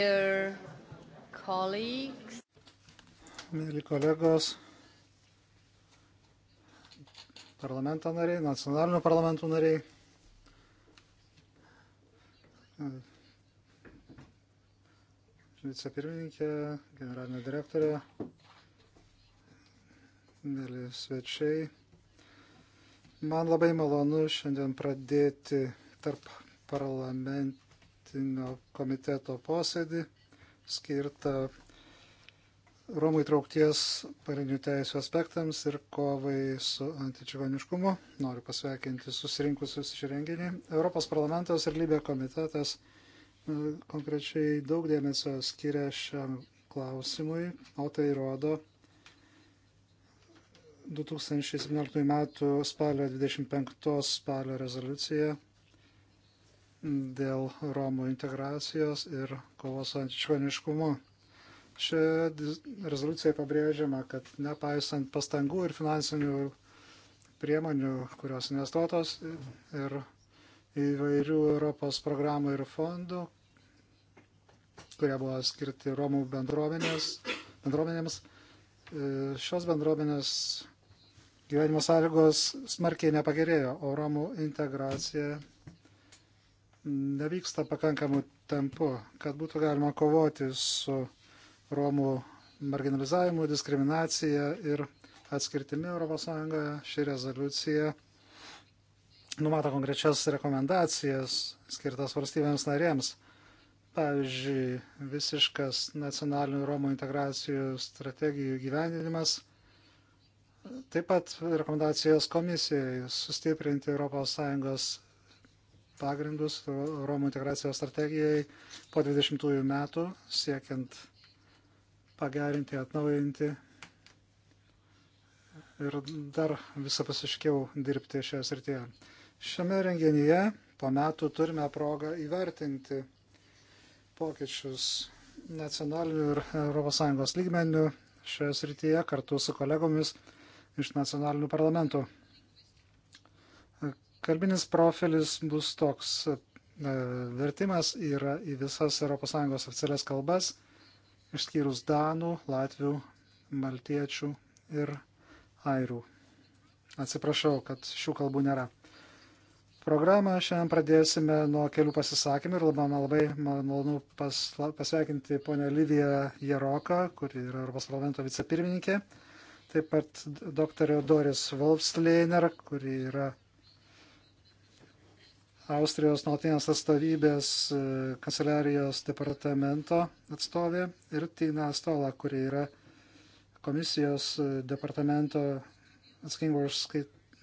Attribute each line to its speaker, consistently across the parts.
Speaker 1: Mėly
Speaker 2: kolegos, parlamento nariai, nacionalinių parlamentų nariai, vicepirmininkė, generalinė direktorė, mėly svečiai. Man labai malonu šiandien pradėti tarp parlament nuolatinio komiteto posėdį skirtą Romų įtraukties parinių teisų aspektams ir kovai su antičigoniškumu. Noriu pasveikinti susirinkusius šį renginį. Europos parlamentas ir Libė komitetas e, konkrečiai daug dėmesio skiria šiam klausimui, o tai rodo 2017 m. spalio 25 spalio rezoliucija dėl Romų integracijos ir kovos su antiškoniškumu. Šioje rezoliucijoje pabrėžiama, kad nepaisant pastangų ir finansinių priemonių, kurios investuotos ir įvairių Europos programų ir fondų, kurie buvo skirti Romų bendruomenėms, e, šios bendruomenės gyvenimo sąlygos smarkiai nepagerėjo, o Romų integracija nevyksta pakankamu tempu, kad būtų galima kovoti su Romų marginalizavimu, diskriminacija ir atskirtimi ES. Ši rezoliucija numato konkrečias rekomendacijas skirtas valstybėms narėms. Pavyzdžiui, visiškas nacionalinių Romų integracijų strategijų gyvendinimas. Taip pat rekomendacijas komisijai sustiprinti ES pagrindus Romų integracijos strategijai po 20 metų, siekiant pagerinti, atnaujinti ir dar visą pasiškiau dirbti šioje srityje. Šiame renginyje po metų turime progą įvertinti pokyčius nacionalinių ir ES lygmenių šioje srityje kartu su kolegomis iš nacionalinių parlamentų. Kalbinis profilis bus toks. E, vertimas yra į visas ES oficialias kalbas, išskyrus Danų, Latvių, Maltiečių ir Airių. Atsiprašau, kad šių kalbų nėra. Programą šiandien pradėsime nuo kelių pasisakymų ir labai, labai malonu pas, pasveikinti ponę Lidiją Jeroką, kuri yra Europos parlamento vicepirmininkė, taip pat dr. Doris Wolfsleiner, kuri yra Austrijos nuolatinės atstovybės e, kanceliarijos departamento atstovė ir Tina Stola, kuri yra komisijos e, departamento atsakingo už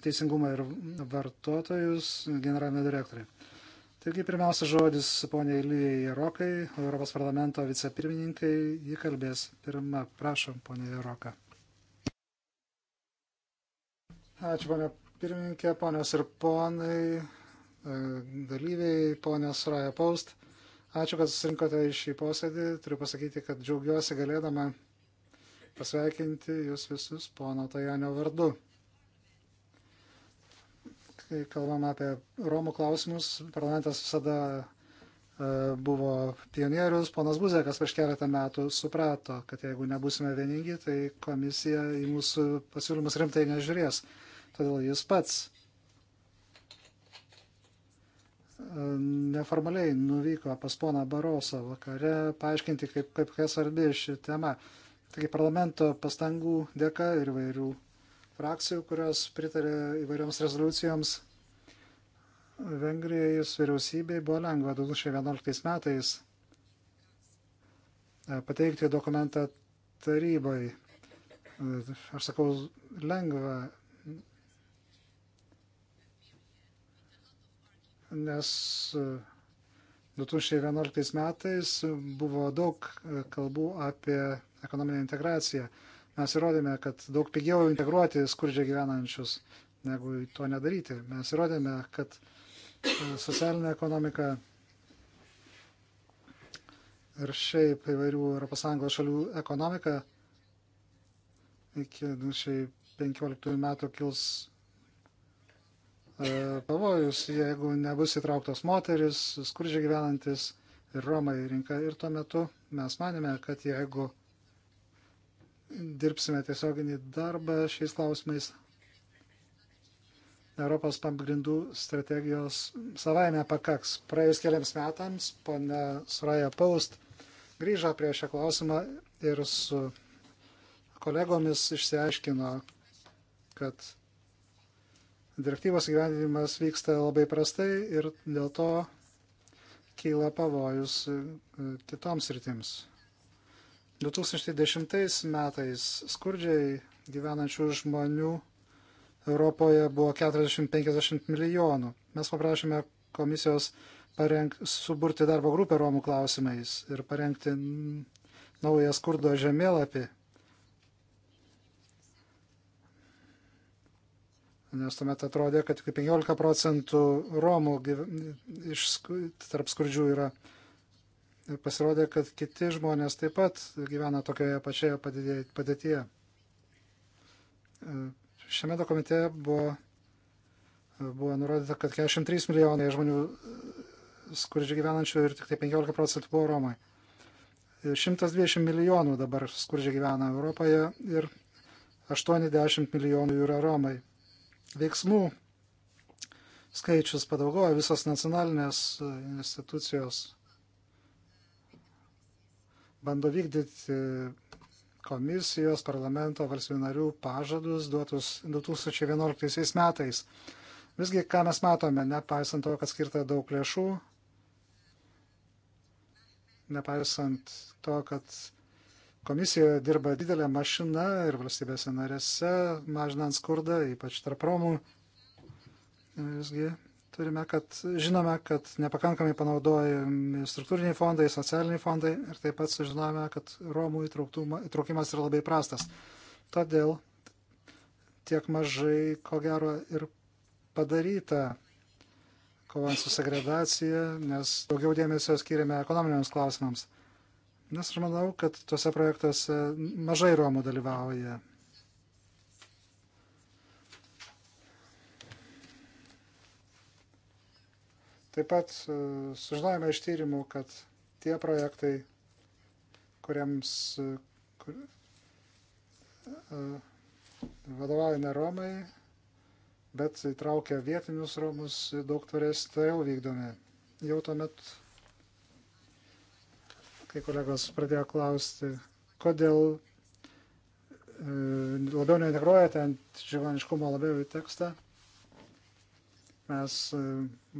Speaker 2: teisingumą ir vartotojus generalinė direktorė. Taigi pirmiausia žodis poniai Lyjai Jarokai, Europos parlamento vicepirmininkai, ji kalbės pirmą, prašom, ponia Jaroka. Ačiū, ponia pirmininkė, ponios ir ponai, E, dalyviai, ponė Suraja Paust. Ačiū, kad susirinkote į šį posėdį. Turiu pasakyti, kad džiaugiuosi galėdama pasveikinti jūs visus pono Tajanio vardu. Kai kalbam apie Romų klausimus, parlamentas visada e, buvo pionierius, ponas Buzekas prieš keletą metų suprato, kad jeigu nebusime vieningi, tai komisija į mūsų pasiūlymus rimtai nežiūrės. Todėl jis pats neformaliai nuvyko pas poną Barosą vakare paaiškinti, kaip, kaip kai svarbi ši tema. Taigi parlamento pastangų dėka ir vairių frakcijų, kurios pritarė įvairioms rezoliucijoms, Vengrijos vyriausybei buvo lengva 2011 metais e, pateikti dokumentą tarybai. E, aš sakau, lengva nes 2011 e, metais buvo daug e, kalbų apie ekonominę integraciją. Mes įrodėme, kad daug pigiau integruoti skurdžiai gyvenančius, negu to nedaryti. Mes įrodėme, kad e, socialinė ekonomika ir šiaip įvairių ES šalių ekonomika iki 2015 metų kils E, pavojus, jeigu nebus įtrauktos moteris, skurdžiai gyvenantis ir Romai rinka. Ir tuo metu mes manėme, kad jeigu dirbsime tiesioginį darbą šiais klausimais, Europos pagrindų strategijos savaime pakaks. Praėjus keliams metams, pana Sraja Paust grįžo prie šią klausimą ir su kolegomis išsiaiškino, kad Direktyvos gyvenimas vyksta labai prastai ir dėl to kyla pavojus e, kitoms rytims. 2010 metais skurdžiai gyvenančių žmonių Europoje buvo 40-50 milijonų. Mes paprašėme komisijos parenk, suburti darbo grupę Romų klausimais ir parengti naują skurdo žemėlapį, nes tuomet atrodė, kad tik 15 procentų Romų iš, tarp skurdžių yra. Pasirodė, kad kiti žmonės taip pat gyvena tokioje pačioje padėtyje. E, šiame dokumente buvo, buvo nurodyta, kad 43 milijonai žmonių e, skurdžiai gyvenančių ir tik tai 15 procentų buvo Romai. 120 e, milijonų dabar skurdžiai gyvena Europoje ir 80 milijonų yra Romai veiksmų skaičius padaugojo, visos nacionalinės e, institucijos bando vykdyti komisijos, parlamento, valstybių narių pažadus duotus 2011 metais. Visgi, ką mes matome, nepaisant to, kad skirta daug lėšų, nepaisant to, kad Komisija dirba didelė mašina ir valstybėse narėse, mažinant skurdą, ypač tarp romų. Visgi turime, kad žinome, kad nepakankamai panaudojami struktūriniai fondai, socialiniai fondai ir taip pat sužinome, kad Romų įtraukimas yra labai prastas. Todėl tiek mažai, ko gero, ir padaryta kovant su segregacija, nes daugiau dėmesio skiriame ekonominiams klausimams. Nes aš manau, kad tuose projektuose mažai Romų dalyvauja. Taip pat e, sužinojame iš tyrimų, kad tie projektai, kuriems e, kur, e, vadovauja ne Romai, bet įtraukia vietinius Romus, daug tvarės, tai jau vykdomi. Jau tuomet kai kolegos pradėjo klausti, kodėl e, labiau neintegruojate ant žigoniškumo labiau į tekstą. Mes e,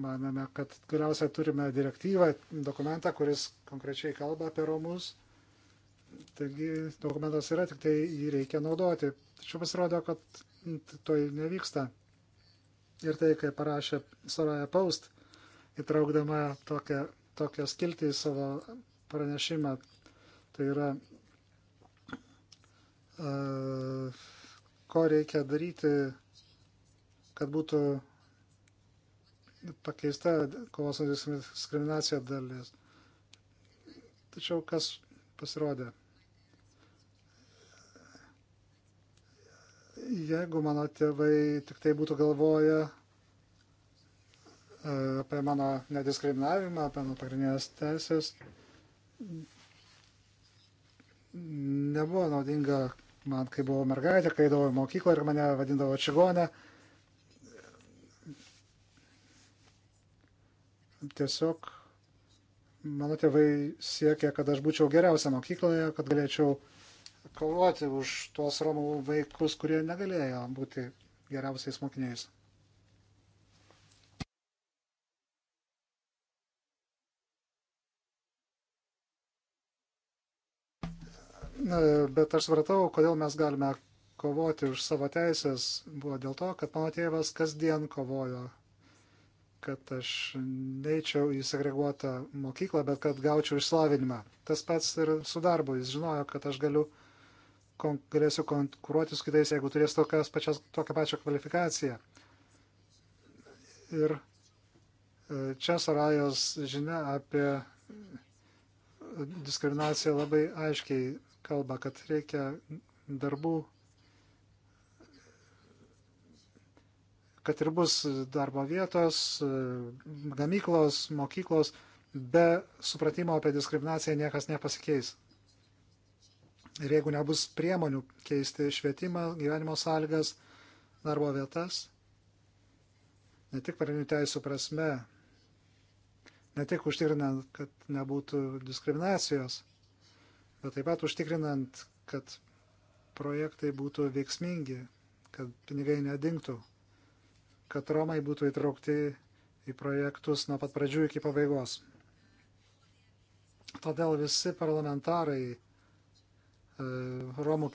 Speaker 2: maname, kad galiausiai turime direktyvą, dokumentą, kuris konkrečiai kalba apie romus. Taigi dokumentas yra, tik tai jį reikia naudoti. Tačiau pasirodo, kad to nevyksta. Ir tai, kai parašė Soraya Paust, įtraukdama tokią, tokią skiltį į savo pranešimą. Tai yra, e, ko reikia daryti, kad būtų pakeista kovos su diskriminacija dalis. Tačiau kas pasirodė? Jeigu mano tėvai tik tai būtų galvoję e, apie mano nediskriminavimą, apie mano pagrindinės teisės, nebuvo naudinga man, kai buvau mergaitė, kai eidavau į mokyklą ir mane vadindavo čigonę. Tiesiog mano tėvai siekė, kad aš būčiau geriausia mokykloje, kad galėčiau kovoti už tuos romų vaikus, kurie negalėjo būti geriausiais mokiniais. bet aš svartau, kodėl mes galime kovoti už savo teisės, buvo dėl to, kad mano tėvas kasdien kovojo, kad aš neičiau į segreguotą mokyklą, bet kad gaučiau išslavinimą. Tas pats ir su darbu, jis žinojo, kad aš galiu, kon, galėsiu konkuruoti su kitais, jeigu turės tokias pačias, tokią pačią kvalifikaciją. Ir e, čia Sarajos žinia apie diskriminacija labai aiškiai kalba, kad reikia darbų, kad ir bus darbo vietos, gamyklos, mokyklos, be supratimo apie diskriminaciją niekas nepasikeis. Ir jeigu nebus priemonių keisti švietimą, gyvenimo sąlygas, darbo vietas, ne tik parinių teisų prasme, ne tik užtikrinant, kad nebūtų diskriminacijos, bet taip pat užtikrinant, kad projektai būtų veiksmingi, kad pinigai nedingtų, kad Romai būtų įtraukti į projektus nuo pat pradžių iki pabaigos. Todėl visi parlamentarai e, Romų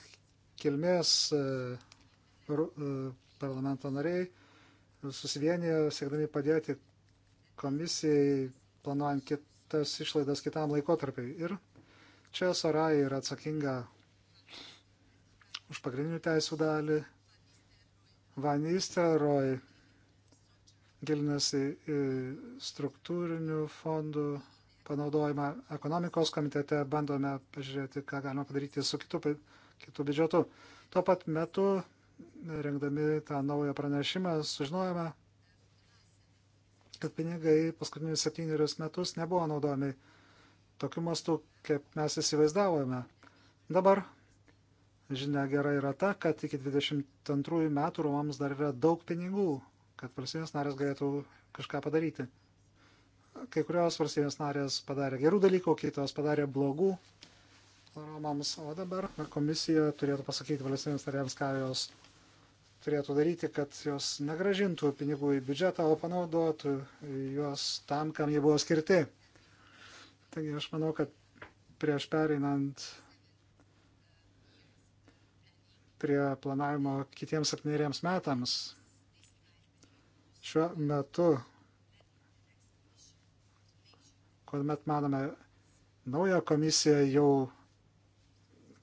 Speaker 2: kilmės e, e, parlamento nariai susivienijo siekdami padėti komisijai planuojant kitas išlaidas kitam laikotarpiai. Ir Čia Sarai yra atsakinga už pagrindinių teisų dalį. Van Isteroj gilinasi į struktūrinių fondų panaudojimą ekonomikos komitete, bandome pažiūrėti, ką galima padaryti su kitu, kitu biudžetu. Tuo pat metu, rengdami tą naują pranešimą, sužinojome, kad pinigai paskutinius septynerius metus nebuvo naudojami tokiu mastu, kaip mes įsivaizdavome. Dabar žinia gera yra ta, kad iki 22 metų Romams dar yra daug pinigų, kad valstybės narės galėtų kažką padaryti. Kai kurios valstybės narės padarė gerų dalykų, kitos padarė blogų Romams, o dabar komisija turėtų pasakyti valstybės narėms, ką jos turėtų daryti, kad jos negražintų pinigų į biudžetą, o panaudotų juos tam, kam jie buvo skirti. Taigi aš manau, kad prieš pereinant prie planavimo kitiems septyneriems metams, šiuo metu, kuomet manome naują komisiją jau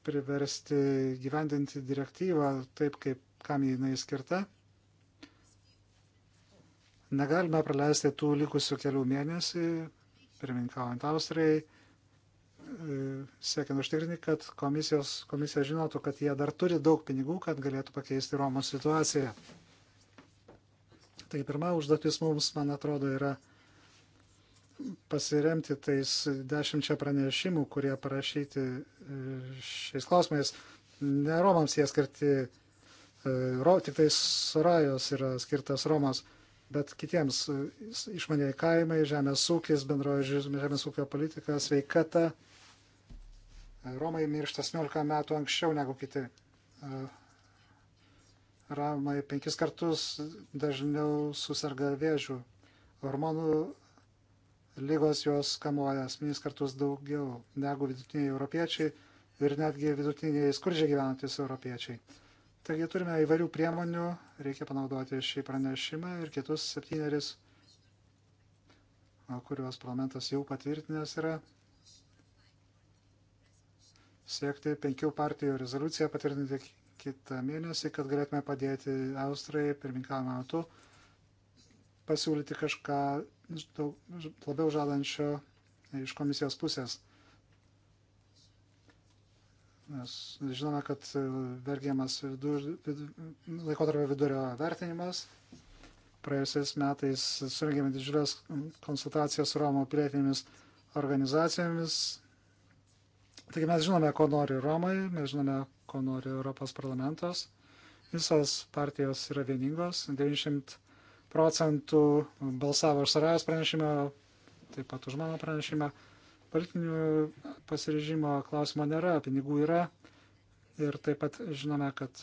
Speaker 2: priversti gyvendinti direktyvą taip, kaip kam jinai skirta. Negalime praleisti tų likusių kelių mėnesių pirmininkaujant Austrijai, e, siekiant užtikrinti, kad komisijos, komisija žinotų, kad jie dar turi daug pinigų, kad galėtų pakeisti Romos situaciją. Tai pirma užduotis mums, man atrodo, yra pasiremti tais dešimčia pranešimų, kurie parašyti e, šiais klausimais. Ne Romams jie skirti, e, ro, tik tais Sorajos yra skirtas Romas bet kitiems e, išmaniai kaimai, žemės ūkis, bendroji žemės ūkio politika, sveikata. E, Romai miršta 18 metų anksčiau negu kiti. E, Romai penkis kartus dažniau susirga vėžių. Hormonų lygos jos kamuoja asmenys kartus daugiau negu vidutiniai europiečiai ir netgi vidutiniai skurdžiai gyvenantis europiečiai. Taigi turime įvairių priemonių, reikia panaudoti šį pranešimą ir kitus septyneris, kuriuos parlamentas jau patvirtinęs yra, siekti penkių partijų rezoliuciją patvirtinti kitą mėnesį, kad galėtume padėti Austrai pirmininkavimo metu pasiūlyti kažką daug, labiau žadančio iš komisijos pusės. Mes žinome, kad e, vergiamas vidur, vid, laikotarpio vidurio vertinimas. Praėjusiais metais surengėme didžiulės konsultacijas su Romo pilietinėmis organizacijomis. Taigi mes žinome, ko nori Romai, mes žinome, ko nori Europos parlamentas. Visos partijos yra vieningos. 90 procentų balsavo už Sarajos pranešimą, taip pat už mano pranešimą. Politinių pasirežimo klausimo nėra, pinigų yra ir taip pat žinome, kad,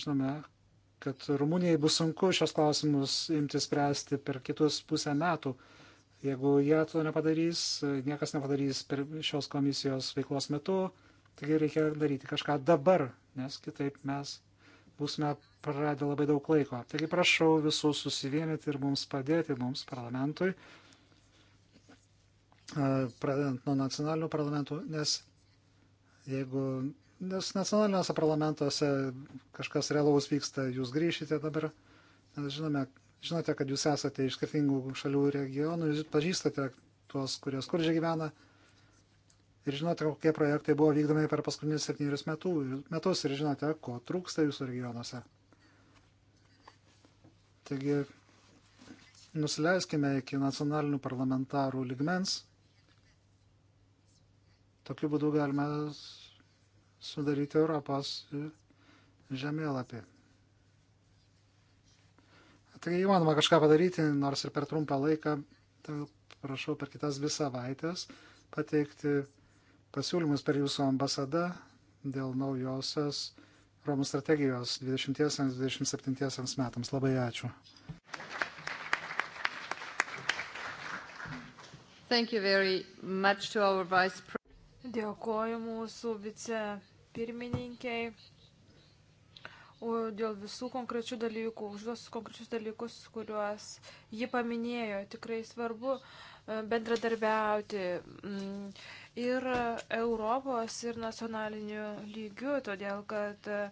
Speaker 2: žinome, kad Rumunijai bus sunku šios klausimus imti spręsti per kitus pusę metų. Jeigu jie to nepadarys, niekas nepadarys per šios komisijos veiklos metu, taigi reikia daryti kažką dabar, nes kitaip mes būsime praradę labai daug laiko. Taigi prašau visų susivienyti ir mums padėti, mums parlamentui, E, pradedant nuo nacionalinių parlamentų, nes jeigu nes nacionaliniuose parlamentuose kažkas realaus vyksta, jūs grįšite dabar, nes žinome, žinote, kad jūs esate iš skirtingų šalių regionų, jūs pažįstate tuos, kurie skurdžiai gyvena ir žinote, kokie projektai buvo vykdomi per paskutinius septynerius metus ir žinote, ko trūksta jūsų regionuose. Taigi, nusileiskime iki nacionalinių parlamentarų ligmens Tokiu būdu galime sudaryti Europos žemėlapį. Tai įmanoma kažką padaryti, nors ir per trumpą laiką, tai prašau per kitas dvi savaitės pateikti pasiūlymus per jūsų ambasadą dėl naujosios Romų strategijos 20-27 metams. Labai ačiū.
Speaker 1: Thank you very much to our vice president.
Speaker 3: Dėkoju mūsų vicepirmininkiai dėl visų konkrečių dalykų, už tuos konkrečius dalykus, kuriuos ji paminėjo. Tikrai svarbu e, bendradarbiauti mm, ir Europos, ir nacionaliniu lygiu, todėl kad e,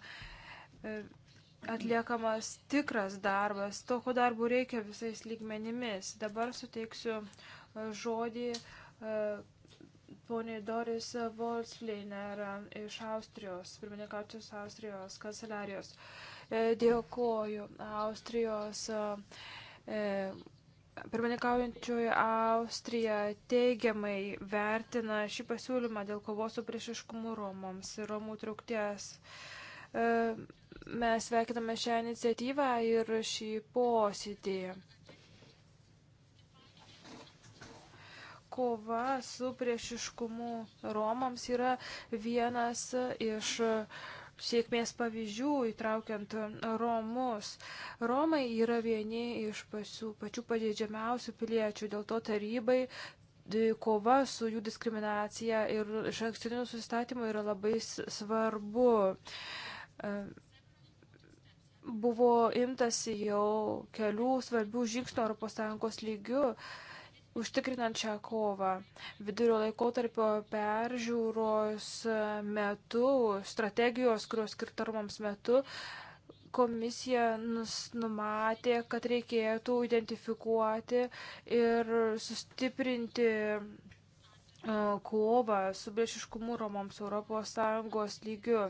Speaker 3: atliekamas tikras darbas, to, ko darbų reikia visais lygmenimis. Dabar suteiksiu žodį e, poniai Doris Volsleiner iš Austrijos, pirmininkaučios Austrijos kanceliarijos. E, dėkoju Austrijos. E, e, pirmininkaujančioji Austrija teigiamai vertina šį pasiūlymą dėl kovos su priešiškumu Romams ir Romų trukties. Mes sveikiname šią iniciatyvą ir šį posėdį. kova su priešiškumu Romams yra vienas iš sėkmės pavyzdžių įtraukiant Romus. Romai yra vieni iš pasių, pačių pažeidžiamiausių piliečių, dėl to tarybai kova su jų diskriminacija ir iš ankstinių sustatymų yra labai svarbu. E, buvo imtasi jau kelių svarbių žingsnių ES lygių užtikrinančią kovą. Vidurio laikotarpio peržiūros metu, strategijos, kurios skirtarmams metu, komisija nus, numatė, kad reikėtų identifikuoti ir sustiprinti e, kovą su priešiškumu Romoms ES lygiu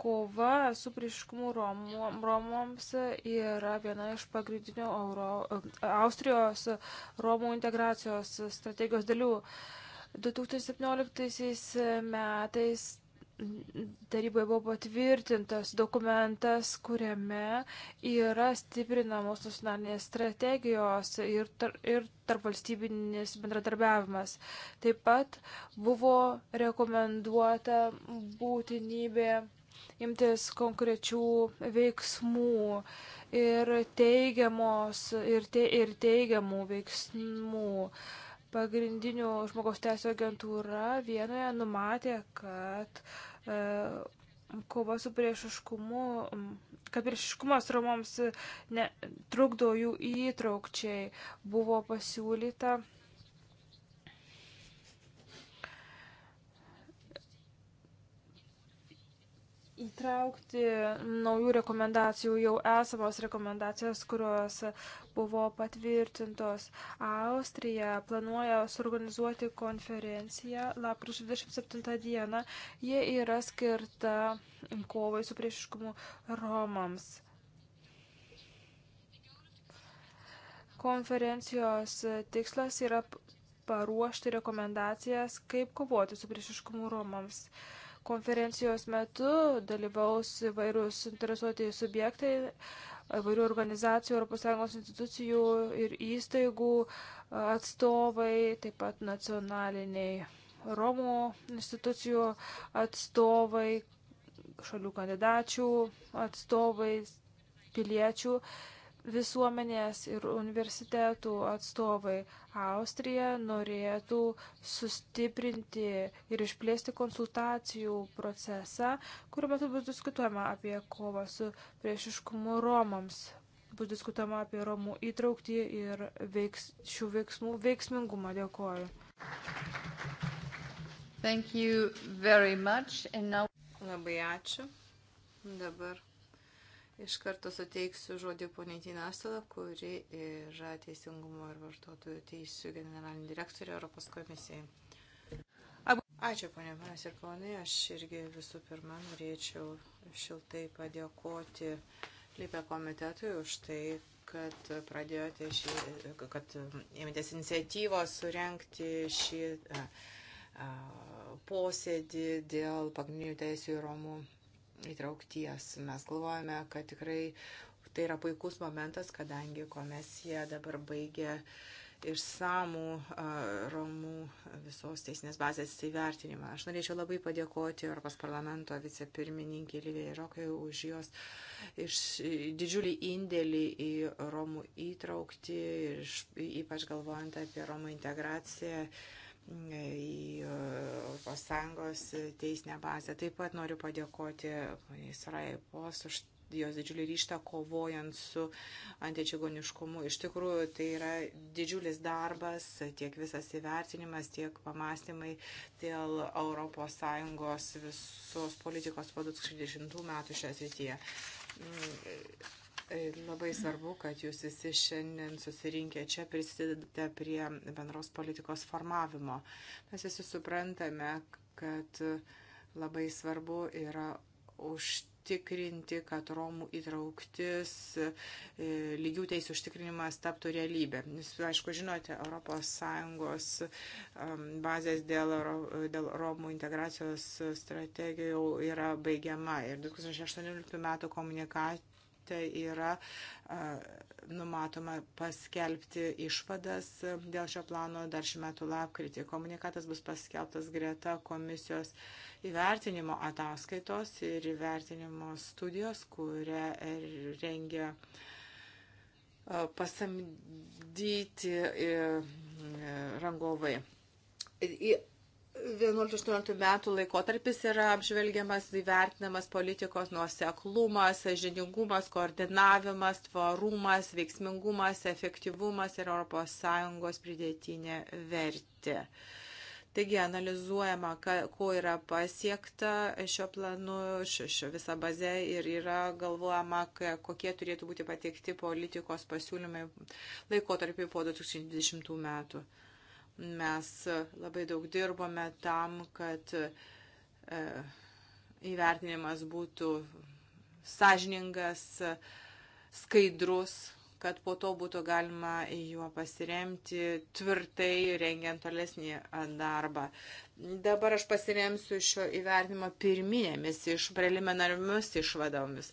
Speaker 3: kova su prieškumu Romom, Romoms yra viena iš pagrindinių Euro, Austrijos Romų integracijos strategijos dalių. 2017 metais taryboje buvo patvirtintas dokumentas, kuriame yra stiprinamos nacionalinės strategijos ir, tar, ir tarpvalstybinis bendradarbiavimas. Taip pat buvo rekomenduota būtinybė imtis konkrečių veiksmų ir teigiamos ir, te, ir teigiamų veiksmų. Pagrindinių žmogaus teisų agentūra vienoje numatė, kad e, kova su priešiškumu, kad priešiškumas romoms ne, trukdo jų įtraukčiai, buvo pasiūlyta įtraukti naujų rekomendacijų jau esamos rekomendacijas, kurios buvo patvirtintos. Austrija planuoja suorganizuoti konferenciją lapkričio 27 dieną. Jie yra skirta kovai su priešiškumu Romams. Konferencijos tikslas yra paruošti rekomendacijas, kaip kovoti su priešiškumu Romams. Uh, Konferencijos metu dalyvaus įvairūs interesuoti subjektai, įvairių organizacijų, ES institucijų ir įstaigų atstovai, taip pat nacionaliniai Romų institucijų atstovai, šalių kandidačių atstovai, piliečių visuomenės ir universitetų atstovai. Austrija norėtų sustiprinti ir išplėsti konsultacijų procesą, kuriuo metu bus diskutuojama apie kovą su priešiškumu Romams. Bus diskutuojama apie Romų įtraukti ir veiks, šių veiksmų veiksmingumą. Dėkoju.
Speaker 1: Thank you very much. And now... Labai ačiū. Dabar Iš karto suteiksiu žodį poniai Tinastalą, kuri yra Teisingumo ir vartotojų teisų generalinė direktorė Europos komisijai. Ačiū, ponė, manas ir ponai. Aš irgi visų pirma norėčiau šiltai padėkoti Lipė komitetui už tai, kad pradėjote šį, kad ėmėtės iniciatyvos surenkti šį a, a, posėdį dėl pagrindinių teisų ir romų įtraukties. Mes galvojame, kad tikrai tai yra puikus momentas, kadangi komisija dabar baigė išsamų Romų visos teisinės bazės įvertinimą. Aš norėčiau labai padėkoti Europos parlamento vicepirmininkį Livijai Rokai už jos iš, didžiulį indėlį į Romų įtraukti, iš, ypač galvojant apie Romų integraciją. Uh, į e, ES teisinę bazę. Taip pat noriu padėkoti Sarai Pos už jos didžiulį ryštą kovojant su antičigoniškumu. Iš tikrųjų, tai yra didžiulis darbas, tiek visas įvertinimas, tiek pamastymai dėl ES visos politikos po 2010 metų šią srityje mm, Tai labai svarbu, kad jūs visi šiandien susirinkę čia prisidedate prie bendros politikos formavimo. Mes visi suprantame, kad labai svarbu yra užtikrinti, kad Romų įtrauktis, e, lygių teisų užtikrinimas taptų realybė. Jūs, aišku, žinote, ES bazės dėl, dėl Romų integracijos strategijų yra baigiama ir 2018 metų komunikacija parlamente yra numatoma paskelbti išvadas dėl šio plano dar šį metų lapkritį. Komunikatas bus paskelbtas greta komisijos įvertinimo ataskaitos ir įvertinimo studijos, kurią rengia pasamdyti rangovai. 11-18 metų laikotarpis yra apžvelgiamas, įvertinamas politikos nuoseklumas, sažiningumas, koordinavimas, tvarumas, veiksmingumas, efektyvumas ir ES pridėtinė vertė. Taigi analizuojama, ka, ko yra pasiekta šio planu, šio, šio visa baze ir yra galvojama, ka, kokie turėtų būti pateikti politikos pasiūlymai laikotarpiai po 2020 metų. Mes labai daug dirbome tam, kad e, įvertinimas būtų sąžiningas, skaidrus, kad po to būtų galima juo pasiremti tvirtai rengiant tolesnį e, darbą. Dabar aš pasiremsiu šio įvertinimo pirminėmis iš preliminariomis išvadomis,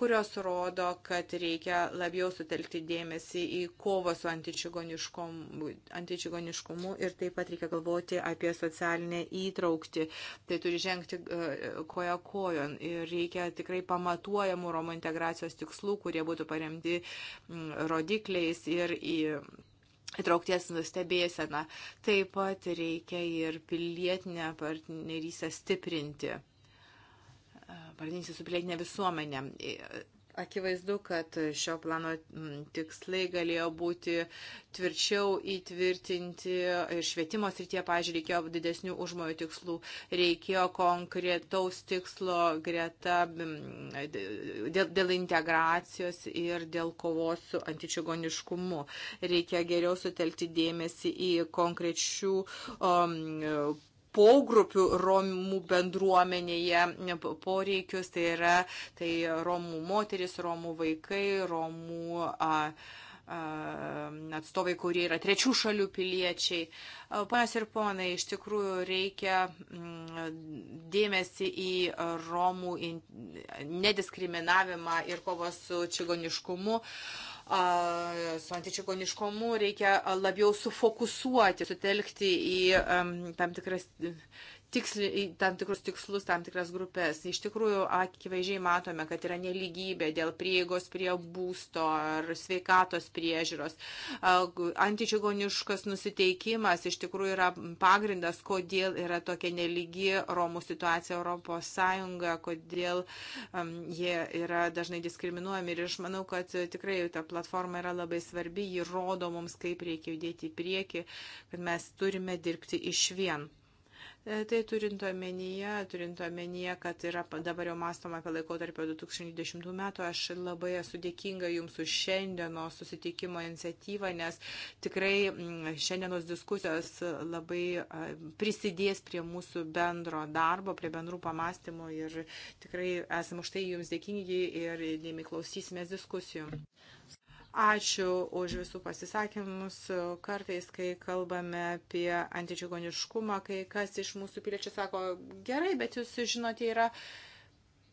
Speaker 1: kurios rodo, kad reikia labiau sutelkti dėmesį į kovą su antičigoniškumu, antičigoniškumu ir taip pat reikia galvoti apie socialinę įtraukti. Tai turi žengti e, koja kojon ir reikia tikrai pamatuojamų Romų integracijos tikslų, kurie būtų paremti rodikliais ir į įtraukties stebėseną. Taip pat reikia ir pilietinę partnerystę stiprinti, partnerystę su pilietinė visuomenė. Akivaizdu, kad šio plano tikslai galėjo būti tvirčiau įtvirtinti ir švietimo srityje, pažiūrėjau, reikėjo didesnių užmojų tikslų, reikėjo konkretaus tikslo greta dėl, dėl integracijos ir dėl kovos su antičigoniškumu. Reikia geriau sutelkti dėmesį į konkrečių um, pogrupių Romų bendruomenėje poreikius, tai yra tai Romų moteris, Romų vaikai, Romų a, a, atstovai, kurie yra trečių šalių piliečiai. Ponios ir ponai, iš tikrųjų reikia mm, dėmesį į Romų nediskriminavimą ir kovos su čigoniškumu. A, su antičigoniškomu reikia labiau sufokusuoti, sutelkti į tam tikras tiksli, tam tikrus tikslus, tam tikras grupės. Iš tikrųjų, akivaizdžiai matome, kad yra neligybė dėl prieigos prie būsto ar sveikatos priežiūros. Antičigoniškas nusiteikimas iš tikrųjų yra pagrindas, kodėl yra tokia nelygi Romų situacija Europos Sąjunga, kodėl um, jie yra dažnai diskriminuojami. Ir aš manau, kad tikrai ta platforma yra labai svarbi, ji rodo mums, kaip reikia judėti į priekį, kad mes turime dirbti iš vien. E, tai turint omenyje, turint omenyje, kad yra dabar jau mąstoma apie laikotarpio 2010 metų, aš labai esu dėkinga Jums už šiandieno susitikimo iniciatyvą, nes tikrai mm, šiandienos diskusijos labai e, prisidės prie mūsų bendro darbo, prie bendrų pamastymų ir tikrai esame už tai Jums dėkingi ir dėmi klausysimės diskusijų. Ačiū už visų pasisakymus. Kartais, kai kalbame apie antičigoniškumą, kai kas iš mūsų piliečių sako, gerai, bet jūs žinote, yra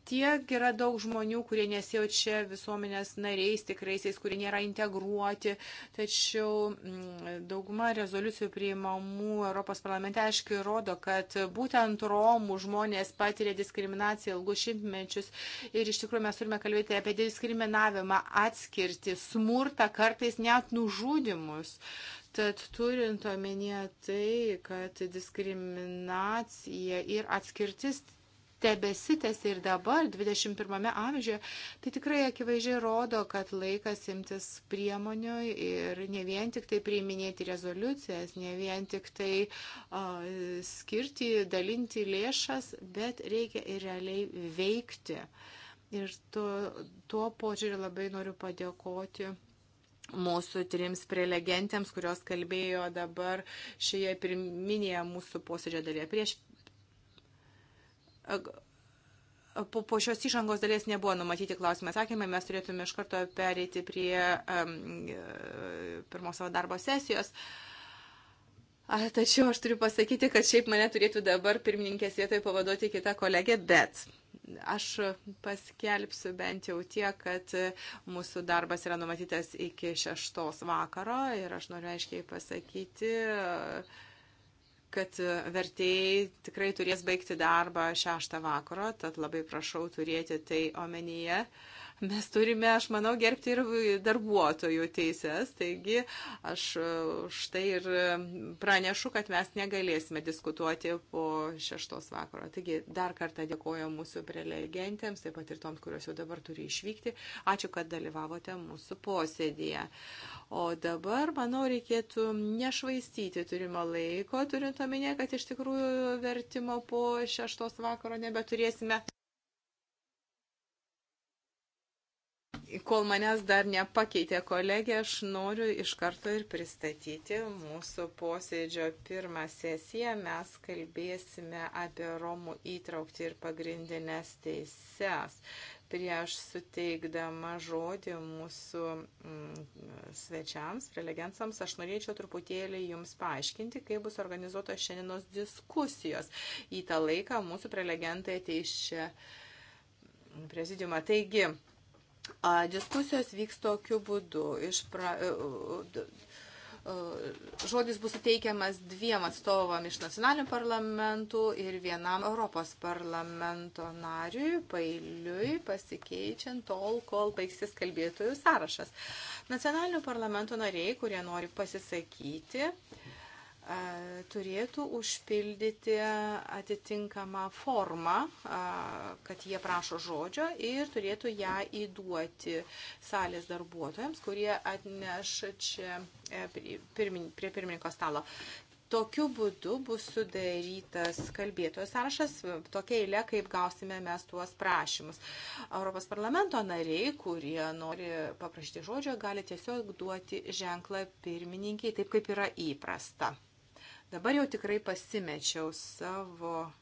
Speaker 1: tiek yra daug žmonių, kurie nesijaučia visuomenės nariais tikraisiais, kurie nėra integruoti, tačiau mm, dauguma rezoliucijų priimamų Europos parlamente aiškiai rodo, kad būtent Romų žmonės patiria diskriminaciją ilgus šimtmečius ir iš tikrųjų mes turime kalbėti apie diskriminavimą, atskirti, smurtą, kartais net nužudimus. Tad turint omenyje tai, kad diskriminacija ir atskirtis tebesitėsi ir dabar, 21 amžiuje, tai tikrai akivaizdžiai rodo, kad laikas imtis priemonių ir ne vien tik tai priiminėti rezoliucijas, ne vien tik tai uh, skirti, dalinti lėšas, bet reikia ir realiai veikti. Ir tuo, tuo požiūriu labai noriu padėkoti mūsų trims prelegentėms, kurios kalbėjo dabar šioje pirminėje mūsų posėdžio dalyje. Prieš po, po šios įžangos dalies nebuvo numatyti klausimai atsakymai, mes turėtume iš karto pereiti prie um, pirmos savo darbo sesijos. A, tačiau aš turiu pasakyti, kad šiaip mane turėtų dabar pirmininkės vietoje pavaduoti kita kolegė, bet aš paskelbsiu bent jau tiek, kad mūsų darbas yra numatytas iki šeštos vakaro ir aš noriu aiškiai pasakyti. Uh, kad e, vertėjai tikrai turės baigti darbą šeštą vakaro, tad labai prašau turėti tai omenyje. Uh, mes turime, aš manau, gerbti ir darbuotojų teises. Taigi aš štai e, ir e, pranešu, kad mes negalėsime diskutuoti po šeštos vakaro. Taigi dar kartą dėkoju mūsų prelegentėms, taip pat ir toms, kurios jau dabar turi išvykti. Ačiū, kad dalyvavote mūsų posėdėje. O dabar, manau, reikėtų nešvaistyti turimo laiko, turint omenyje, kad iš tikrųjų vertimo po šeštos vakaro nebeturėsime. Kol manęs dar nepakeitė kolegė, aš noriu iš karto ir pristatyti mūsų posėdžio pirmą sesiją. Mes kalbėsime apie Romų įtraukti ir pagrindinės teises. Prieš suteikdama žodį mūsų mm, svečiams, prelegensams, aš norėčiau truputėlį jums paaiškinti, kaip bus organizuotos šiandienos diskusijos. Į tą laiką mūsų prelegentai ateis čia prezidiumą. Taigi, Diskusijos vyks tokiu būdu. Iš pra, e, e, žodis bus suteikiamas dviem atstovam iš nacionalinių parlamentų ir vienam Europos parlamento nariui pailiui pasikeičiant tol, kol baigsis kalbėtojų sąrašas. Nacionalinių parlamentų nariai, kurie nori pasisakyti, uh, turėtų užpildyti atitinkamą formą, kad jie prašo žodžio ir turėtų ją įduoti salės darbuotojams, kurie atneša čia e, prie pirmininko stalo. Tokiu būdu bus sudarytas kalbėtojų sąrašas, tokia eilė, kaip gausime mes tuos prašymus. Europos parlamento nariai, kurie nori paprašyti žodžio, gali tiesiog duoti ženklą pirmininkiai, taip kaip yra įprasta. Dabar jau tikrai pasimečiau savo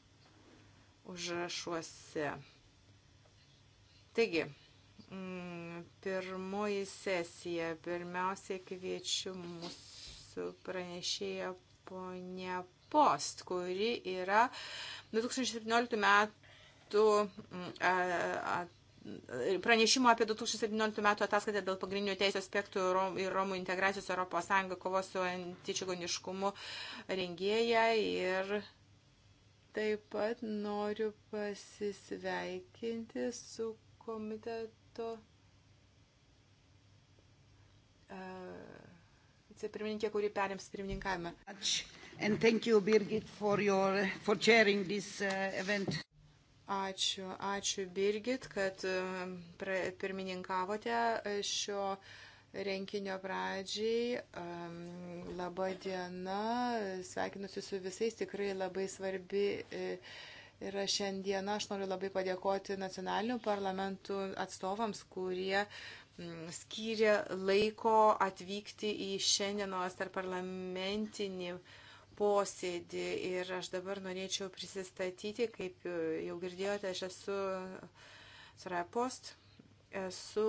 Speaker 1: užrašuose. Taigi, mm, pirmoji sesija. Pirmiausiai kviečiu mūsų pranešėją ponę Post, kuri yra 2017 metų metų mm, pranešimo apie 2017 metų ataskaitą dėl pagrindinių teisų aspektų ir Romų integracijos Europos Sąjunga kovos su antičigoniškumu rengėja ir taip pat noriu pasisveikinti su komiteto vicepirmininkė, kuri perims pirmininkavimą. Ačiū.
Speaker 4: And thank you, Birgit, for, your, for chairing
Speaker 1: this uh, event. Ačiū, ačiū Birgit, kad um, pirmininkavote e, šio renginio pradžiai. Um, Labą dieną, sveikinusi su visais, tikrai labai svarbi. Ir e, šiandieną aš noriu labai padėkoti nacionalinių parlamentų atstovams, kurie mm, skyrė laiko atvykti į šiandienos tarp parlamentinį posėdį ir aš dabar norėčiau prisistatyti, kaip jau girdėjote, aš esu Srapost, esu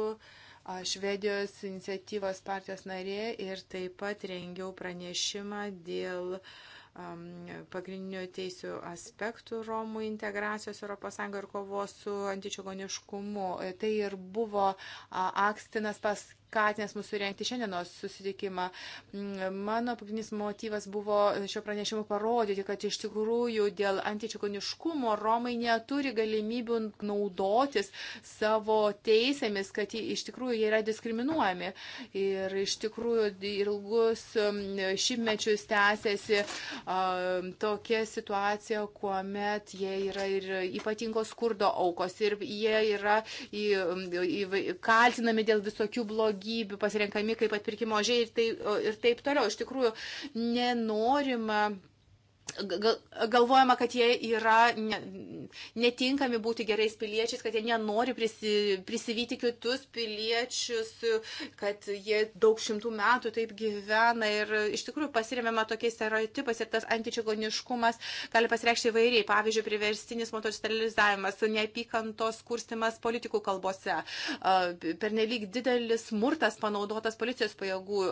Speaker 1: Švedijos iniciatyvos partijos narė ir taip pat rengiau pranešimą dėl um, pagrindinių teisių aspektų Romų integracijos ES ir kovos su antičigoniškumu. Tai ir buvo a, akstinas pas, skatins mūsų rengti šiandienos susitikimą. Mm, mano pagrindinis motyvas buvo šio pranešimo parodyti, kad iš tikrųjų dėl antičikoniškumo Romai neturi galimybių naudotis savo teisėmis, kad iš tikrųjų jie yra diskriminuojami. Ir iš tikrųjų ilgus mm, šimtmečius tęsiasi tokia situacija, kuomet jie yra ir ypatingos skurdo aukos ir jie yra į, mm, į, kaltinami dėl visokių blogių blogybių pasirenkami kaip atpirkimo žiai ir, tai, ir taip toliau. Iš tikrųjų, nenorima galvojama, kad jie yra netinkami būti gerais piliečiais, kad jie nenori prisi, prisivyti kitus piliečius, kad jie daug šimtų metų taip gyvena ir iš tikrųjų pasiremiama tokiais stereotipais ir tas antičigoniškumas gali pasireikšti įvairiai. Pavyzdžiui, priverstinis moterų sterilizavimas, neapykantos kurstimas politikų kalbose, pernelyg didelis smurtas panaudotas policijos pajėgų,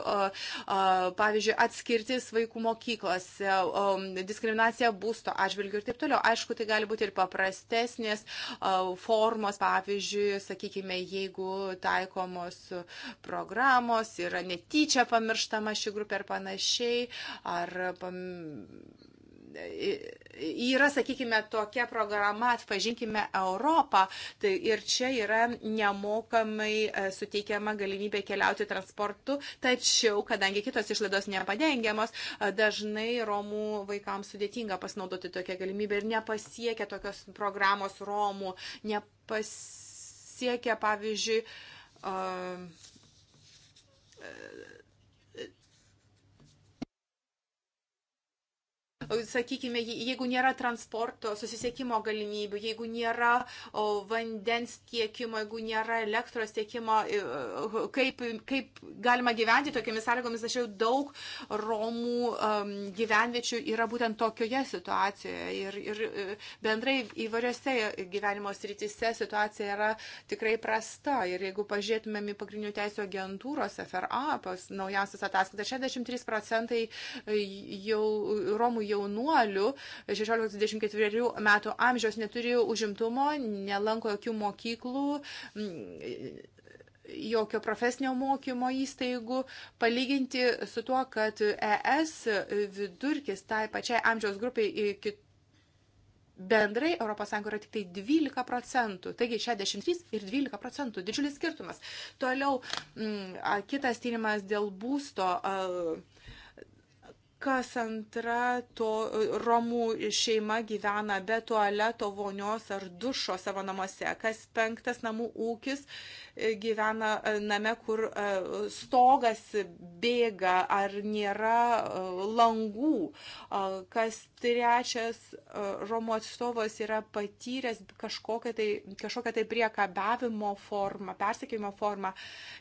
Speaker 1: pavyzdžiui, atskirtis vaikų mokyklose diskriminacija būsto atžvilgių ir taip toliau. Aišku, tai gali būti ir paprastesnės formos, pavyzdžiui, sakykime, jeigu taikomos programos yra netyčia pamirštama ši grupė ir panašiai, ar pam yra, sakykime, tokia programa Atpažinkime Europą tai ir čia yra nemokamai e, suteikiama galimybė keliauti transportu, tačiau, kadangi kitos išlaidos nepadengiamos, e, dažnai Romų vaikams sudėtinga pasinaudoti tokią galimybę ir nepasiekia tokios programos Romų, nepasiekia, pavyzdžiui, uh, sakykime, jeigu nėra transporto, susisiekimo galimybių, jeigu nėra vandens tiekimo, jeigu nėra elektros tiekimo, kaip, kaip galima gyventi tokiamis sąlygomis, aš jau daug Romų um, gyvenviečių yra būtent tokioje situacijoje. Ir, ir e, bendrai įvairiose gyvenimo srityse situacija yra tikrai prasta. Ir jeigu pažiūrėtumėm į pagrindinių teisų agentūros FRA, pas naujausias ataskaitas, 63 procentai jau Romų jau jaunuolių 16-24 metų amžiaus neturi užimtumo, nelanko jokių mokyklų, mm, jokio profesinio mokymo įstaigų, palyginti su tuo, kad ES vidurkis tai pačiai amžiaus grupiai kitų bendrai ES yra tik tai 12 procentų. Taigi 63 ir 12 procentų. Didžiulis skirtumas. Toliau m, mm, kitas tyrimas dėl būsto. A, kas antra to romų šeima gyvena be tualeto, vonios ar dušo savo namuose, kas penktas namų ūkis e, gyvena e, name, kur e, stogas bėga ar nėra langų, kas trečias romų atstovas yra patyręs kažkokią tai, kažkokią tai priekabavimo formą, persekėjimo formą,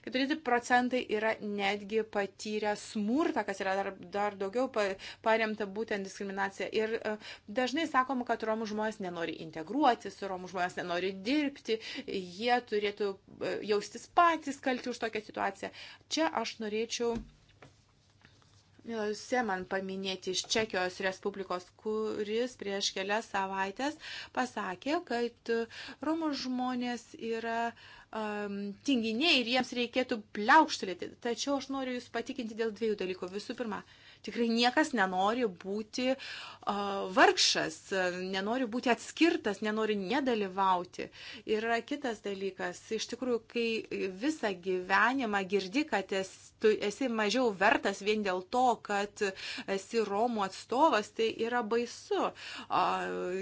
Speaker 1: 4 procentai yra netgi patyrę smurtą, kas yra dar, dar daugiau labiau paremta būtent diskriminacija. Ir e, dažnai sakoma, kad romų žmonės nenori integruotis, romų žmonės nenori dirbti, jie turėtų e, jaustis patys kalti už tokią situaciją. Čia aš norėčiau e, Seman paminėti iš Čekijos Respublikos, kuris prieš kelias savaitės pasakė, kad Romų žmonės yra um, tinginiai ir jiems reikėtų pliaukštelėti. Tačiau aš noriu Jūs patikinti dėl dviejų dalykų. Visų pirma, uh, Tikrai niekas nenori būti vargšas, nenori būti atskirtas, nenori nedalyvauti. Ir yra kitas dalykas, iš tikrųjų, kai visą gyvenimą girdi, kad esi mažiau vertas vien dėl to, kad esi Romų atstovas, tai yra baisu.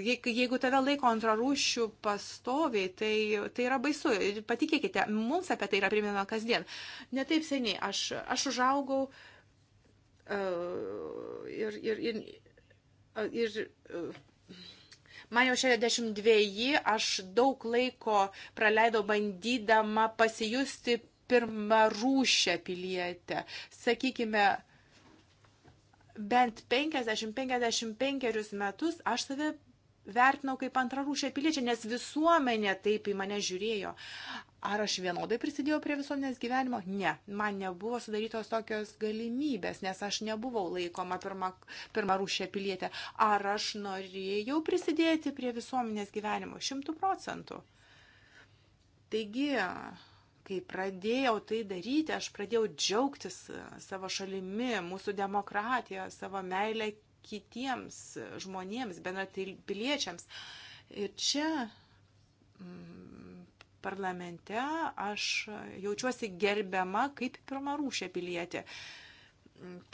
Speaker 1: Jeigu tave laiko antrarūšių pastoviai, tai, tai yra baisu. Patikėkite, mums apie tai yra primena kasdien. Netaip seniai aš, aš užaugau ir, ir, ir, ir Man jau 62, aš daug laiko praleidau bandydama pasijusti pirmą rūšę pilietę. Sakykime, bent 50-55 metus aš save vertinau kaip antrarūšę piliečią, nes visuomenė taip į mane žiūrėjo. Ar aš vienodai prisidėjau prie visuomenės gyvenimo? Ne, man nebuvo sudarytos tokios galimybės, nes aš nebuvau laikoma pirma, pirma rūšė pilietė. Ar aš norėjau prisidėti prie visuomenės gyvenimo? Šimtų procentų. Taigi, kai pradėjau tai daryti, aš pradėjau džiaugtis savo šalimi, mūsų demokratija, savo meilę kitiems žmonėms, bendratilpiliečiams. Ir čia mm, parlamente aš jaučiuosi gerbiama kaip pirmarūšė pilietė.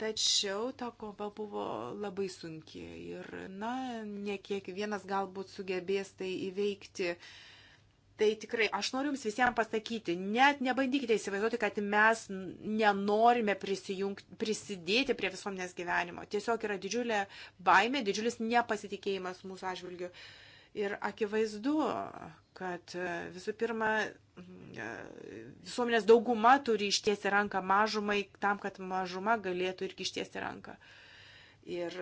Speaker 1: Tačiau ta kova buvo labai sunki ir, na, ne kiekvienas galbūt sugebės tai įveikti. Tai tikrai, aš noriu Jums visiems pasakyti, net nebandykite įsivaizduoti, kad mes nenorime prisidėti prie visuomenės gyvenimo. Tiesiog yra didžiulė baimė, didžiulis nepasitikėjimas mūsų atžvilgiu. Ir akivaizdu, kad e, visų pirma e, visuomenės dauguma turi ištiesti ranką mažumai tam, kad mažuma galėtų irgi ištiesti ranką. Ir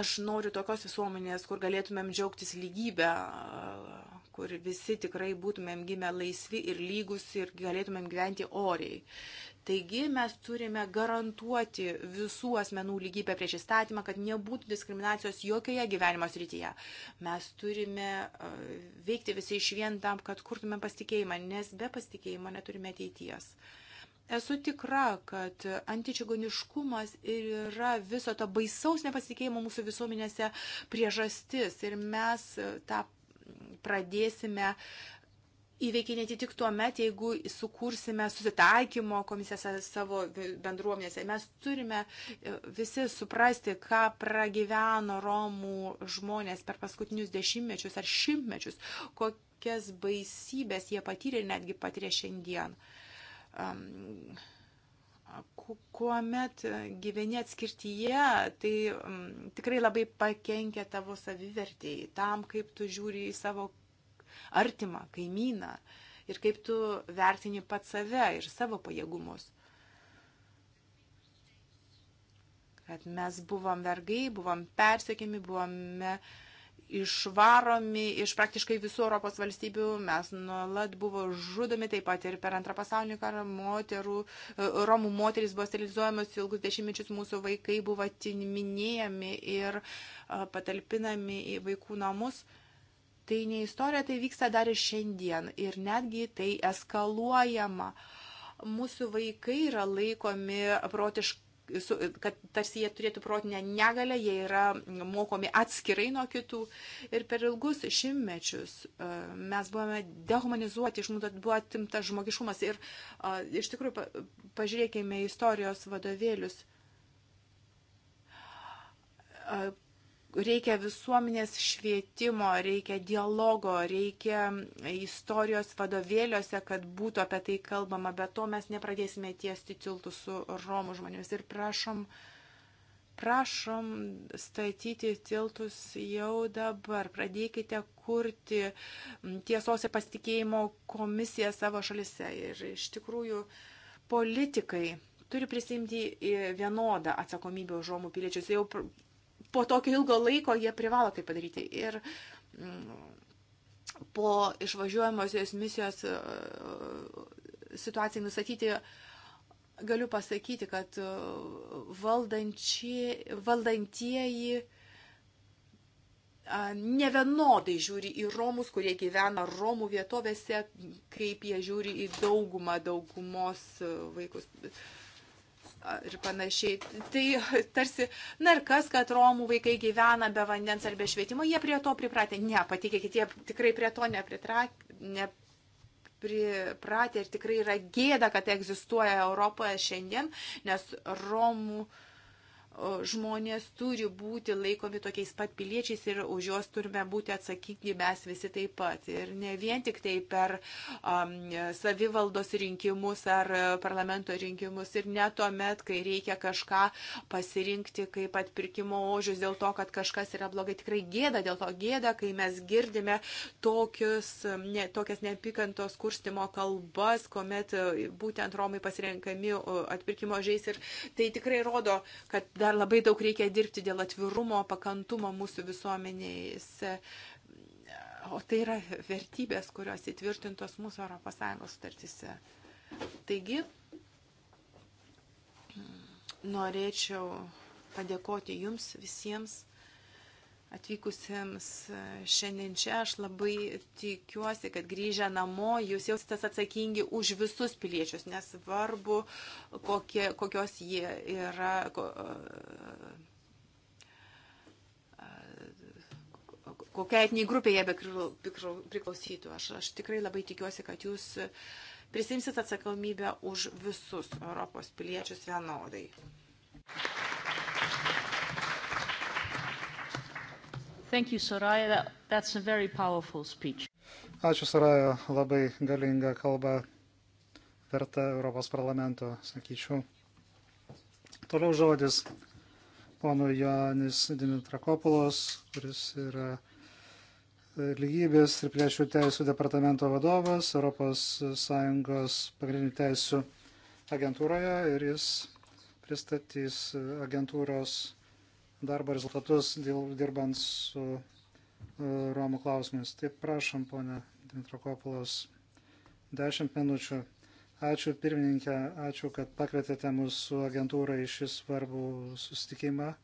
Speaker 1: aš noriu tokios visuomenės, kur galėtumėm džiaugtis lygybę, e, kur visi tikrai būtumėm gimę laisvi ir lygus ir galėtumėm gyventi oriai. Taigi mes turime garantuoti visų asmenų lygybę prieš įstatymą, kad nebūtų diskriminacijos jokioje gyvenimo srityje. Mes turime veikti visi iš vien tam, kad kurtume pasitikėjimą, nes be pasitikėjimo neturime ateities. Esu tikra, kad antičigoniškumas ir yra viso to baisaus nepasitikėjimo mūsų visuomenėse priežastis ir mes tą pradėsime uh, įveikinėti tik tuo met, jeigu sukursime susitaikymo komisijose savo bendruomenėse. Mes turime e, visi suprasti, ką pragyveno Romų žmonės per paskutinius dešimtmečius ar šimtmečius, kokias baisybės jie patyrė ir netgi patyrė šiandien. Um, kuomet gyveni atskirtyje, tai m, tikrai labai pakenkia tavo savivertėjai, tam, kaip tu žiūri į savo artimą kaimyną ir kaip tu vertini pat save ir savo pajėgumus. Kad mes buvom vergai, buvom persekiami, buvome išvaromi iš praktiškai visų Europos valstybių, mes nuolat buvo žudomi taip pat ir per antrą pasaulinį karą moterų, e, romų moteris buvo sterilizuojamos ilgus dešimtmečius, mūsų vaikai buvo atiminėjami ir e, patalpinami į vaikų namus. Uh, tai ne istorija, tai vyksta dar ir šiandien ir netgi tai eskaluojama. Mūsų vaikai yra laikomi protiškai kad tarsi jie turėtų protinę negalę, jie yra mokomi atskirai nuo kitų. Ir per ilgus šimmečius e, mes buvome dehumanizuoti, iš mūsų buvo atimtas žmogiškumas. Ir e, iš tikrųjų, pažiūrėkime istorijos vadovėlius e, Reikia visuomenės švietimo, reikia dialogo, reikia istorijos vadovėliuose, kad būtų apie tai kalbama, bet to mes nepradėsime tiesti tiltų su Romų žmonėmis. Ir prašom, prašom statyti tiltus jau dabar, pradėkite kurti tiesos ir pasitikėjimo komisiją savo šalise. Ir iš tikrųjų politikai turi prisimti vienodą atsakomybę už Romų piliečius. Jau po tokio ilgo laiko jie privalo tai padaryti. Ir mm, po išvažiuojamosios misijos e, situacijai nustatyti, galiu pasakyti, kad e, valdantieji e, ne vienodai žiūri į Romus, kurie gyvena Romų vietovėse, kaip jie žiūri į daugumą, daugumos vaikus. Uh, ir panašiai. Tai tarsi, na ir kas, kad Romų vaikai gyvena be vandens ar be švietimo, jie prie to pripratę. Ne, patikėkit, jie tikrai prie to nepripratę ir tikrai yra gėda, kad tai egzistuoja Europoje šiandien, nes Romų uh, žmonės turi būti laikomi tokiais pat piliečiais ir už juos turime būti atsakingi mes visi taip pat. Ir ne vien tik tai per um, savivaldos rinkimus ar parlamento rinkimus ir ne tuomet, kai reikia kažką pasirinkti kaip atpirkimo ožius dėl to, kad kažkas yra blogai. Tikrai gėda dėl to gėda, kai mes girdime tokius, ne, tokias neapykantos kurstimo kalbas, kuomet būtent Romai pasirenkami atpirkimo žiais ir tai tikrai rodo, kad dar labai daug reikia dirbti dėl atvirumo, pakantumo mūsų visuomenėse. O tai yra vertybės, kurios įtvirtintos mūsų ES sutartise. Taigi, norėčiau padėkoti jums visiems atvykusiems e, šiandien čia. Aš labai tikiuosi, kad grįžę namo jūs jausitės atsakingi už visus piliečius, nesvarbu, kokie, kokios jie yra. Ko, e, e, kokia etniai grupė jie priklausytų. Aš, aš tikrai labai tikiuosi, kad jūs prisimsit atsakomybę už visus Europos piliečius
Speaker 4: vienodai. Thank you. Thank you, Soraya. That, that's a very powerful speech.
Speaker 2: Ačiū, Soraya. Labai galinga kalba verta Europos parlamento, sakyčiau. Toliau žodis pono Joanis Dimitrakopulos, kuris yra e, lygybės ir priešių teisų departamento vadovas ES pagrindinių teisų agentūroje ir jis pristatys agentūros darbo rezultatus dirbant su e, Romų klausimais. Taip prašom, ponė Dimitrokopulos, 10 minučių. Ačiū pirmininkė, ačiū, kad pakvietėte mūsų agentūrą į šį svarbų susitikimą.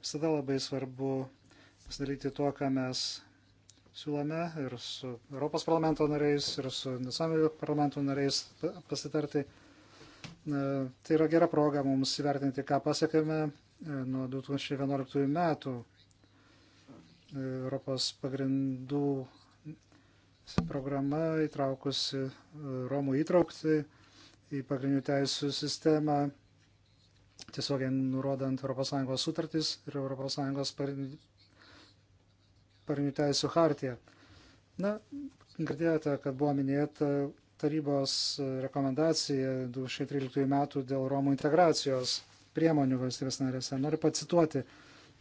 Speaker 2: Visada labai svarbu pasidalyti tuo, ką mes siūlome ir su Europos parlamento nariais, ir su nacionaliniu parlamento nariais pasitarti. Tai yra gera proga mums įvertinti, ką pasiekėme E, nuo 2011 metų Europos pagrindų programa įtraukusi e, Romų įtraukti į pagrindinių teisų sistemą, tiesiog nurodant ES sutartys ir ES pagrindinių teisų hartiją. Na, girdėjote, kad buvo minėta tarybos rekomendacija 2013 metų dėl Romų integracijos priemonių valstybės narėse. Noriu pacituoti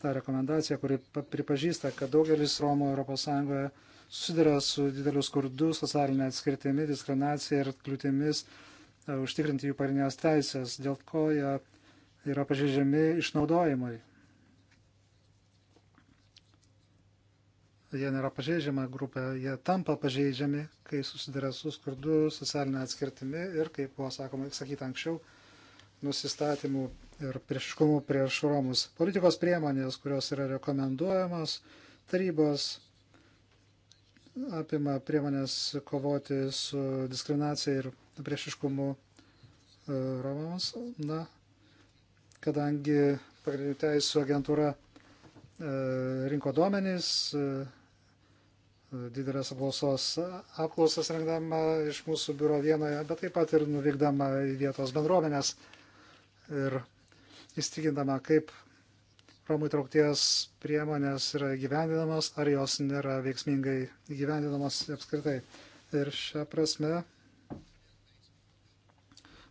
Speaker 2: tą rekomendaciją, kuri pripažįsta, kad daugelis Romų ES susiduria su dideliu skurdu, socialinė atskirtimi, diskriminacija ir kliūtimis e, užtikrinti jų parinės teisės, dėl ko jie yra pažeidžiami išnaudojimui. Jie nėra pažeidžiama grupė, jie tampa pažeidžiami, kai susiduria su skurdu, socialinė atskirtimi ir, kaip buvo sakoma, sakyta anksčiau, nusistatymų ir priešiškumų prieš Romus. Politikos priemonės, kurios yra rekomenduojamos, tarybos apima priemonės kovoti su diskriminacija ir priešiškumu e, Romams. Na, kadangi pagrindinių teisų agentūra e, rinko duomenys, e, didelės apklausos apklausas rengdama iš mūsų biuro vienoje, bet taip pat ir nuvykdama į vietos bendruomenės ir įstikindama, kaip Romų įtraukties priemonės yra gyvendinamos, ar jos nėra veiksmingai gyvendinamos apskritai. Ir šią prasme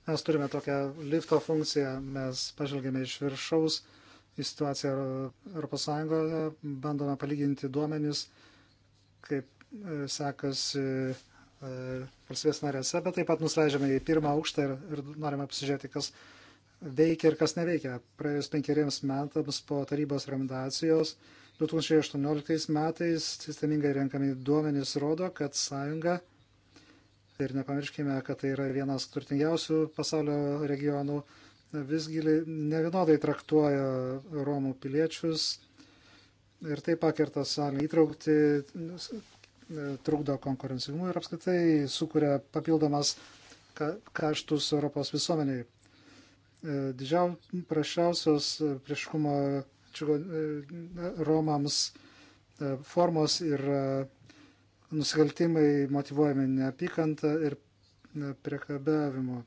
Speaker 2: mes turime tokią lifto funkciją, mes pažvelgėme iš viršaus į situaciją ES, bandome palyginti duomenis, kaip e, sekasi e, valstybės narėse, bet taip pat nusileidžiame į pirmą aukštą ir, ir norime pasižiūrėti, kas veikia ir kas neveikia. Praėjus penkeriems metams po tarybos rekomendacijos 2018 metais sistemingai renkami duomenys rodo, kad sąjunga ir nepamirškime, kad tai yra vienas turtingiausių pasaulio regionų, visgi nevienodai traktuoja Romų piliečius ir tai pakerta sąlygą įtraukti, trukdo konkurencingumui ir apskritai sukuria papildomas kaštus Europos visuomeniai didžiau, prašiausios e, prieškumo e, e, Romams formos ir nusikaltimai motivuojami neapykanta ir priekabiavimu.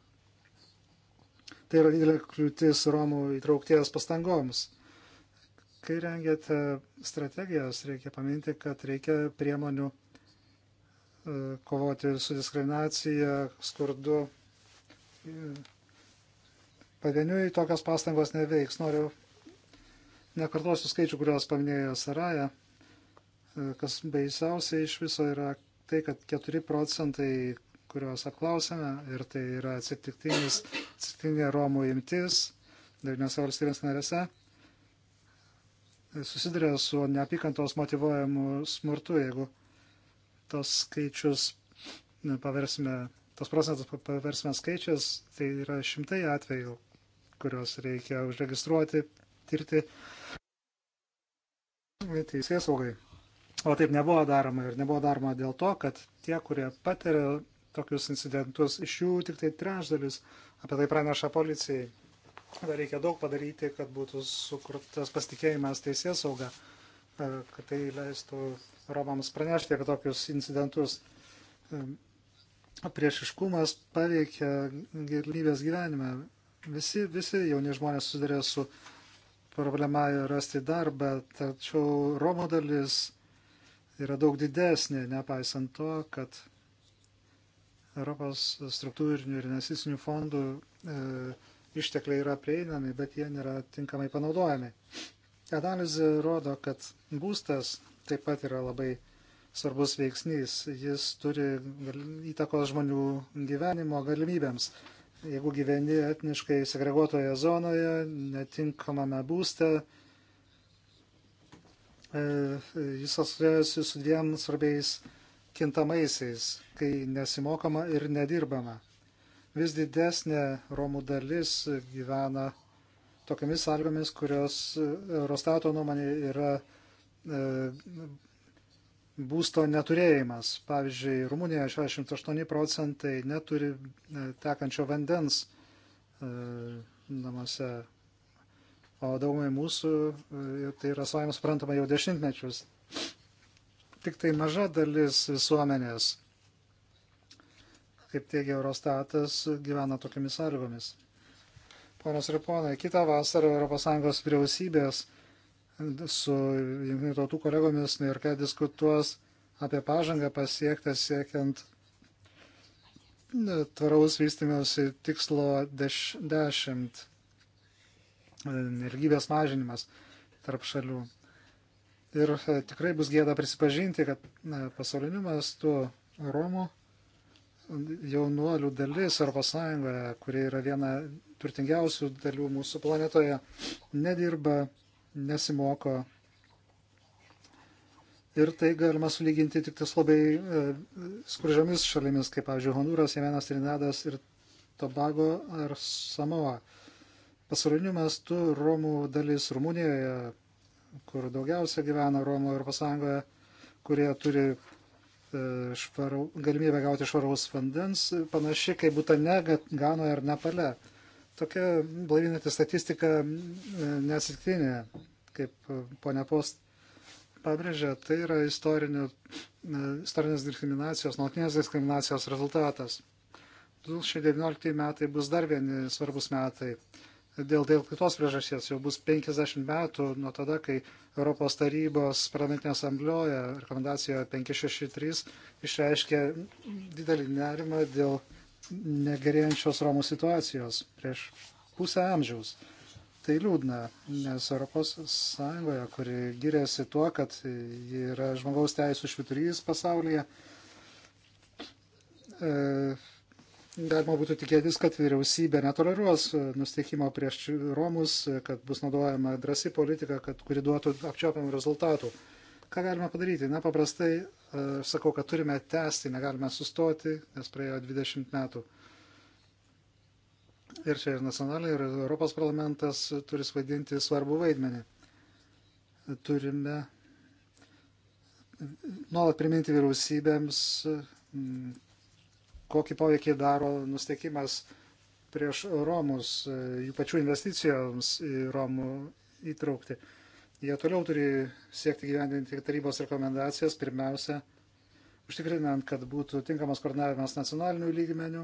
Speaker 2: Tai yra didelė kliūtis Romų įtraukties pastangoms. Kai rengėte strategijas, reikia paminti, kad reikia priemonių kovoti su diskriminacija, skurdu Pavieniui tokios pastangos neveiks. Noriu nekartosiu skaičių, kuriuos paminėjo Saraja. E, kas baisiausia iš viso yra tai, kad 4 procentai, kuriuos apklausėme, ir tai yra atsitiktinis, atsitiktinė Romų imtis, devyniose valstybės narėse, susiduria su neapykantos motivuojamu smurtu, jeigu tos skaičius paversime, tos procentus paversime skaičius, tai yra šimtai atvejų, kurios reikia užregistruoti, tirti teisės saugai. O taip nebuvo daroma ir nebuvo daroma dėl to, kad tie, kurie patiria tokius incidentus, iš jų tik tai trečdalis apie tai praneša policijai. Dar reikia daug padaryti, kad būtų sukurtas pasitikėjimas teisės sauga, kad tai leistų Romams pranešti apie tokius incidentus. Priešiškumas paveikia gerlybės gyvenime Visi, visi jauni žmonės susidarė su problema rasti darbą, tačiau Romo dalis yra daug didesnė, nepaisant to, kad Europos struktūrinių ir investicinių fondų e, ištekliai yra prieinami, bet jie nėra tinkamai panaudojami. Analizė rodo, kad būstas taip pat yra labai svarbus veiksnys. Jis turi įtakos žmonių gyvenimo galimybėms jeigu gyveni etniškai segreguotoje zonoje, netinkamame būste, e, jis asociuojasi su dviem svarbiais kintamaisiais, kai nesimokama ir nedirbama. Vis didesnė Romų dalis gyvena tokiamis sąlygomis, kurios Eurostato nuomonė yra e, būsto neturėjimas. Pavyzdžiui, Rumunijoje 68 procentai neturi e, tekančio vandens e, namuose, o daugumai mūsų e, tai yra savaime suprantama jau dešimtmečius. Tik tai maža dalis visuomenės, kaip teigia Eurostatas, gyvena tokiamis sąlygomis. Ponas ir ponai, kitą vasarą ES vyriausybės su jungtinių tautų kolegomis New York'e diskutuos apie pažangą pasiektą siekiant tvaraus vystimosi tikslo 10 deš, energijos mažinimas tarp šalių. Ir e, tikrai bus gėda prisipažinti, kad na, pasauliniu mastu Romų jaunuolių dalis Europos Sąjungoje, kuri yra viena turtingiausių dalių mūsų planetoje, nedirba nesimoko. Ir tai galima sulyginti tik tais labai e, skurdžiomis šalimis, kaip, pavyzdžiui, Honduras, Jemenas, Trinadas ir Tobago ar Samoa. Pasauliniu mastu Romų dalis Rumunijoje, kur daugiausia gyvena Romų Europos Sąjungoje, kurie turi e, švarau, galimybę gauti švaraus vandens, panašiai kaip Butane, Ganoje ar Nepale. Tokia blaivinanti statistika e, nesitiktinė, kaip e, ponia Post pabrėžia, tai yra istorinio, e, istorinės diskriminacijos, nuotinės diskriminacijos rezultatas. 2019 metai bus dar vieni svarbus metai. Dėl, dėl kitos priežasties jau bus 50 metų nuo tada, kai Europos tarybos parlamentinė asamblioja rekomendacijoje 563 išreiškė didelį nerimą dėl negerėjančios Romų situacijos prieš pusę amžiaus. Tai liūdna, nes Europos Sąjungoje, kuri giriasi tuo, kad ji yra žmogaus teisų šviturys pasaulyje, e, galima būtų tikėtis, kad vyriausybė netoleruos nusteikimo prieš Romus, kad bus naudojama drasi politika, kad, kuri duotų apčiopiamų rezultatų. Ką galime padaryti? Na, paprastai aš e, sakau, kad turime tęsti, negalime sustoti, nes praėjo 20 metų. Ir čia ir nacionaliai, ir Europos parlamentas turi svaidinti svarbų vaidmenį. Turime nuolat priminti vyriausybėms, mm, kokį poveikį daro nusteikimas prieš Romus, jų pačių investicijoms į Romų įtraukti. Jie toliau turi siekti gyvendinti tarybos rekomendacijas, pirmiausia, užtikrinant, kad būtų tinkamas koordinavimas nacionalinių lygmenių.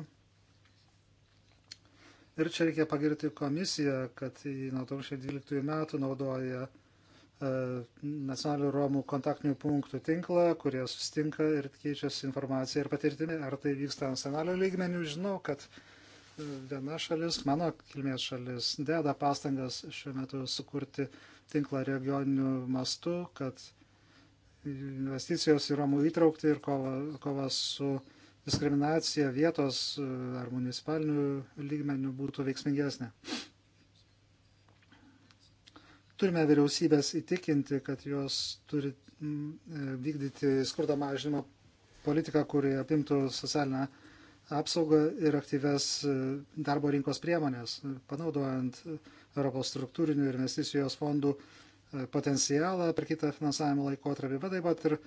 Speaker 2: Ir čia reikia pagirti komisiją, kad nuo 2012 metų naudoja e, nacionalinių Romų kontaktinių punktų tinklą, kurie sustinka ir keičiasi informacija ir patirtimi. Ar tai vyksta nacionalinių lygmenių, žinau, kad e, viena šalis, mano kilmės šalis, deda pastangas šiuo metu sukurti tinklą regioniniu mastu, kad investicijos į Romų įtraukti ir kova, kova su diskriminacija vietos e, ar municipalinių lygmenių būtų veiksmingesnė. Turime vyriausybės įtikinti, kad jos turi e, vykdyti skurdo mažinimo politiką, kuri apimtų socialinę apsaugą ir aktyves e, darbo rinkos priemonės, panaudojant Europos struktūrinių ir investicijos fondų e, potencialą per kitą finansavimo laikotarpį, bet taip pat ir e,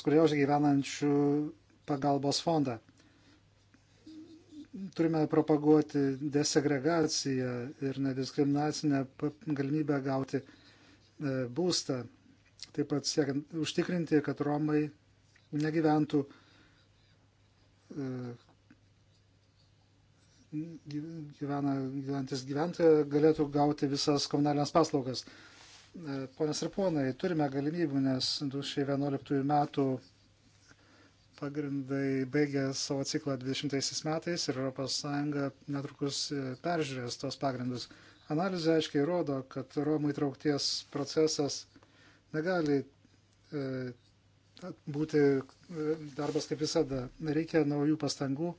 Speaker 2: skurdžiausiai gyvenančių pagalbos fondą. Turime propaguoti desegregaciją ir nediskriminacinę galimybę gauti būstą. Taip pat siekiant užtikrinti, kad Romai negyventų gyvena, gyventis gyventojai galėtų gauti visas komunalinės paslaugas. E, ponas ir ponai, turime galimybių, nes 2011 metų pagrindai baigė savo ciklą 20 metais ir ES netrukus e, peržiūrės tos pagrindus. Analizė aiškiai rodo, kad Romų įtraukties procesas negali e, būti e, darbas kaip visada. Reikia naujų pastangų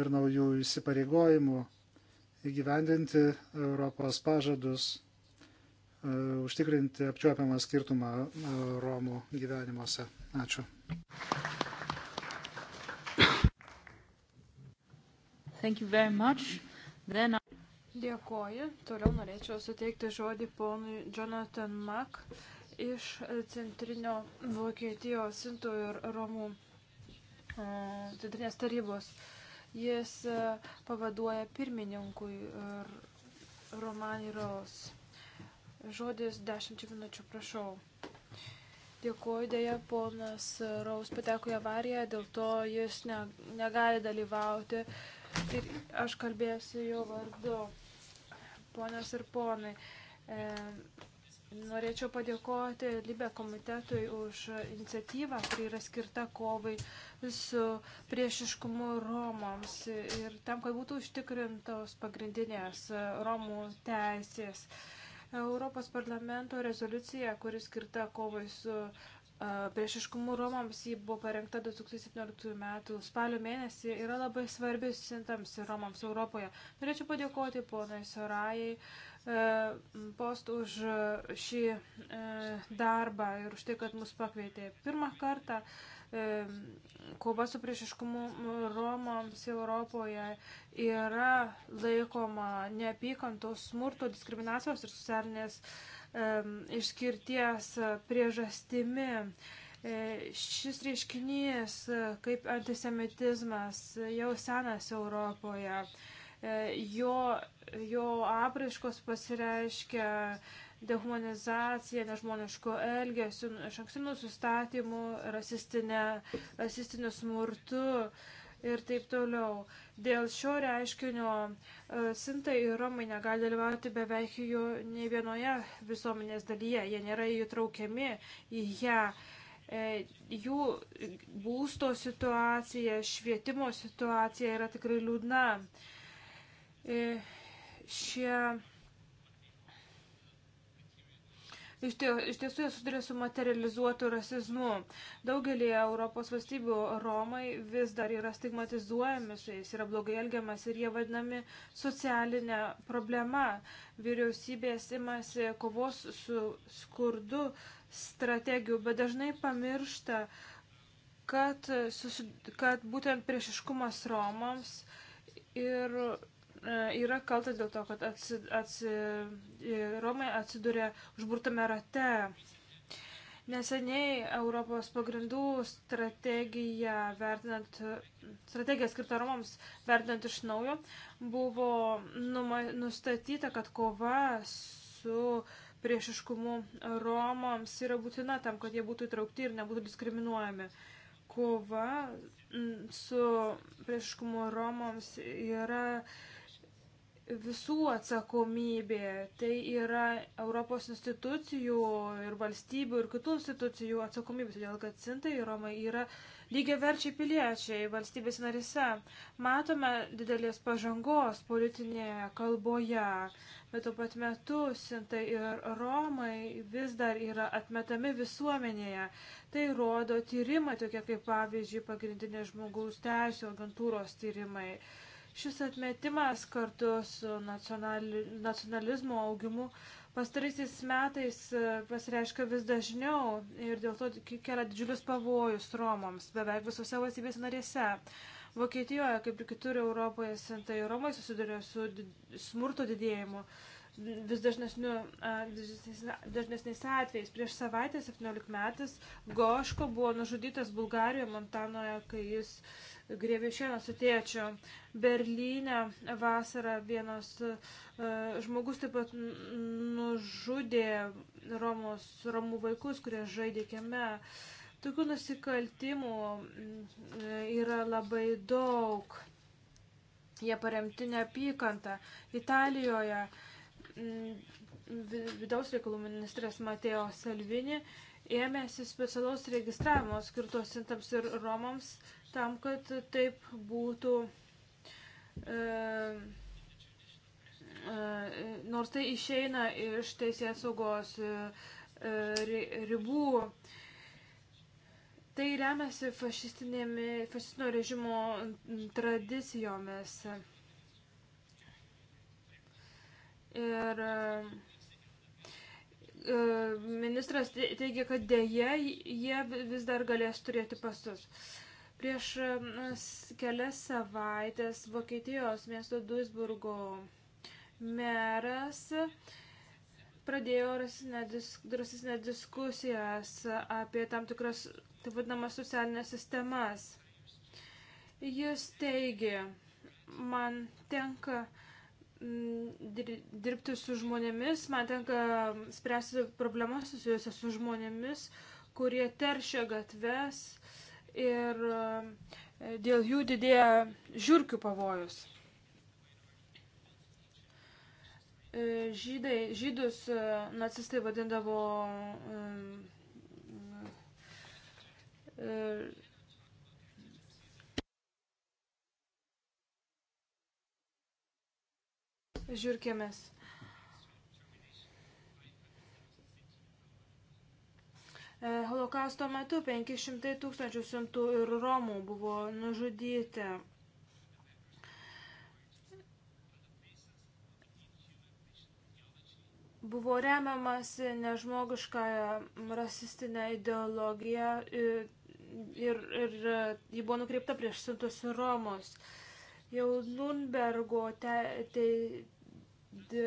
Speaker 2: ir naujų įsipareigojimų įgyvendinti Europos pažadus, e, užtikrinti apčiuopiamą skirtumą e, Romų gyvenimuose. Ačiū.
Speaker 3: Then... Dėkoju. Toliau norėčiau suteikti žodį ponui Jonathan Mack iš Centrinio Vokietijos Sintų ir Romų e, Centrinės tarybos. Uh, Jis e, pavaduoja pirmininkui Romanį Raus. Žodis 10 minučių, prašau. Dėkuoju, dėja, ponas Raus pateko į avariją, dėl to jis ne, negali dalyvauti. Ir aš kalbėsiu jo vardu. Ponas ir ponai, e, Norėčiau padėkoti Libė komitetui už iniciatyvą, kuri yra skirta kovai su priešiškumu Romams ir tam, kad būtų užtikrintos pagrindinės Romų teisės. Europos parlamento rezoliucija, kuri skirta kovai su priešiškumu Romams, ji buvo parengta 2017 m. spalio mėnesį, yra labai svarbi sintams Romams Europoje. Norėčiau padėkoti ponai Sorajai E, post už e, šį e, darbą ir už tai, kad mus pakvietė. Pirmą kartą kova su priešiškumu Romams Europoje yra laikoma neapykantos smurto, diskriminacijos ir socialinės išskirties priežastimi. Šis reiškinys kaip antisemitizmas jau senas Europoje E, jo, jo apraiškos pasireiškia dehumanizacija, nežmoniško elgesio, nu, iš ankstinių sustatymų, rasistiniu smurtu ir taip toliau. Dėl šio reiškinio e, sintai ir romai negali dalyvauti beveik jų nei vienoje visuomenės dalyje, jie nėra įtraukiami į ją. E, jų būsto situacija, švietimo situacija yra tikrai liūdna. E, šie. Iš, tie, iš tiesų jie susiduria su materializuotu rasizmu. Daugelį Europos valstybių Romai vis dar yra stigmatizuojami su jais, yra blogai elgiamas ir jie vadinami socialinė problema. Vyriausybės imasi kovos su skurdu strategijų, bet dažnai pamiršta, kad, susid... kad būtent priešiškumas Romams ir E, yra kaltas dėl to, kad atsi, atsi, e, Romai atsiduria užburtame rate. Neseniai Europos pagrindų strategija, vertinant, strategija skirta Romams, vertinant iš naujo, buvo numa, nustatyta, kad kova su priešiškumu Romams yra būtina tam, kad jie būtų įtraukti ir nebūtų diskriminuojami. Kova su priešiškumu Romams yra uh, visų atsakomybė. Tai yra Europos institucijų ir valstybių ir kitų institucijų atsakomybė, todėl kad Sintai ir Romai yra lygiai verčiai piliečiai valstybės narise. Matome didelės pažangos politinėje kalboje, bet tuo pat metu Sintai ir Romai vis dar yra atmetami visuomenėje. Tai rodo tyrimai, tokie kaip pavyzdžiui pagrindinės žmogaus teisų agentūros tyrimai. Uh, Šis atmetimas kartu su nacionalizmo augimu pastaraisiais metais e, pasireiškia vis dažniau ir dėl to kelia didžiulius pavojus Romoms beveik visose valstybės narėse. Vokietijoje, kaip ir kitur Europoje, sentai Romai susiduria su smurto didėjimu vis dažnesniu, dažnesniais atvejais. Prieš savaitę 17 metais Goško buvo nužudytas Bulgarijoje, Montanoje, kai jis uh, Grievešėną su tėčiu. Berlyne vasarą vienas e, žmogus taip pat nužudė Romos, Romų vaikus, kurie žaidė kieme. Tokių nusikaltimų mm, yra labai daug. Jie paremti neapykantą. Italijoje mm, vidaus reikalų ministras Mateo Salvini ėmėsi specialaus registravimo skirtos sintams ir Romams tam, kad taip būtų. E, e, nors tai išeina iš teisės saugos e, e ribų. Tai remiasi fašistinio režimo tradicijomis. Ir e, ministras teigia, kad dėje jie vis dar galės turėti pasus. Uh, Prieš kelias savaitės Vokietijos miesto Duisburgo meras pradėjo rasinę diskusijas apie tam tikras, taip vadinamas, socialinės sistemas. Jis teigė, man tenka mm, dirbti su žmonėmis, man tenka spręsti problemas susijusias su žmonėmis, kurie teršia gatves, ir e, dėl jų didėja žiūrkių pavojus. E, žydai, žydus e, nacistai vadindavo žiūrkėmis. E, holokausto metu 500 tūkstančių simtų ir romų buvo nužudyti. Buvo remiamasi nežmogišką rasistinę ideologiją ir, ir, ir ji buvo nukreipta prieš simtus ir romus. Jau Nunbergo te, te,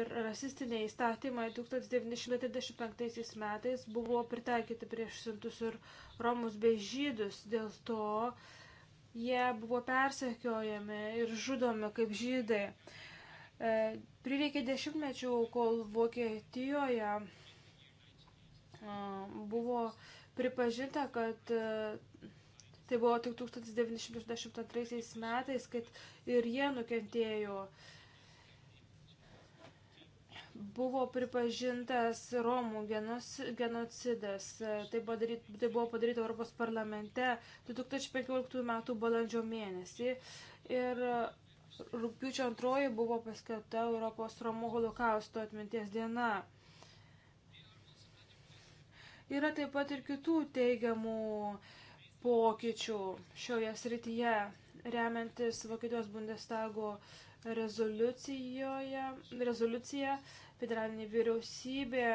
Speaker 3: rasistiniai įstatymai 1935 metais buvo pritaikyti prieš sintus ir romus bei žydus, dėl to jie buvo persekiojami ir žudomi kaip žydai. E, prireikė dešimtmečių, kol Vokietijoje e, buvo pripažinta, kad e, tai buvo tik 1922 metais, kad ir jie nukentėjo buvo pripažintas Romų genocidas. Tai, padaryt, tai buvo padaryta Europos parlamente 2015 m. balandžio mėnesį. Ir rūpiučio antroji buvo paskelbta Europos Romų holokausto atminties diena. Yra taip pat ir kitų teigiamų pokyčių šioje srityje, remiantis Vokietijos Bundestago rezoliucijoje, rezoliucija federalinė vyriausybė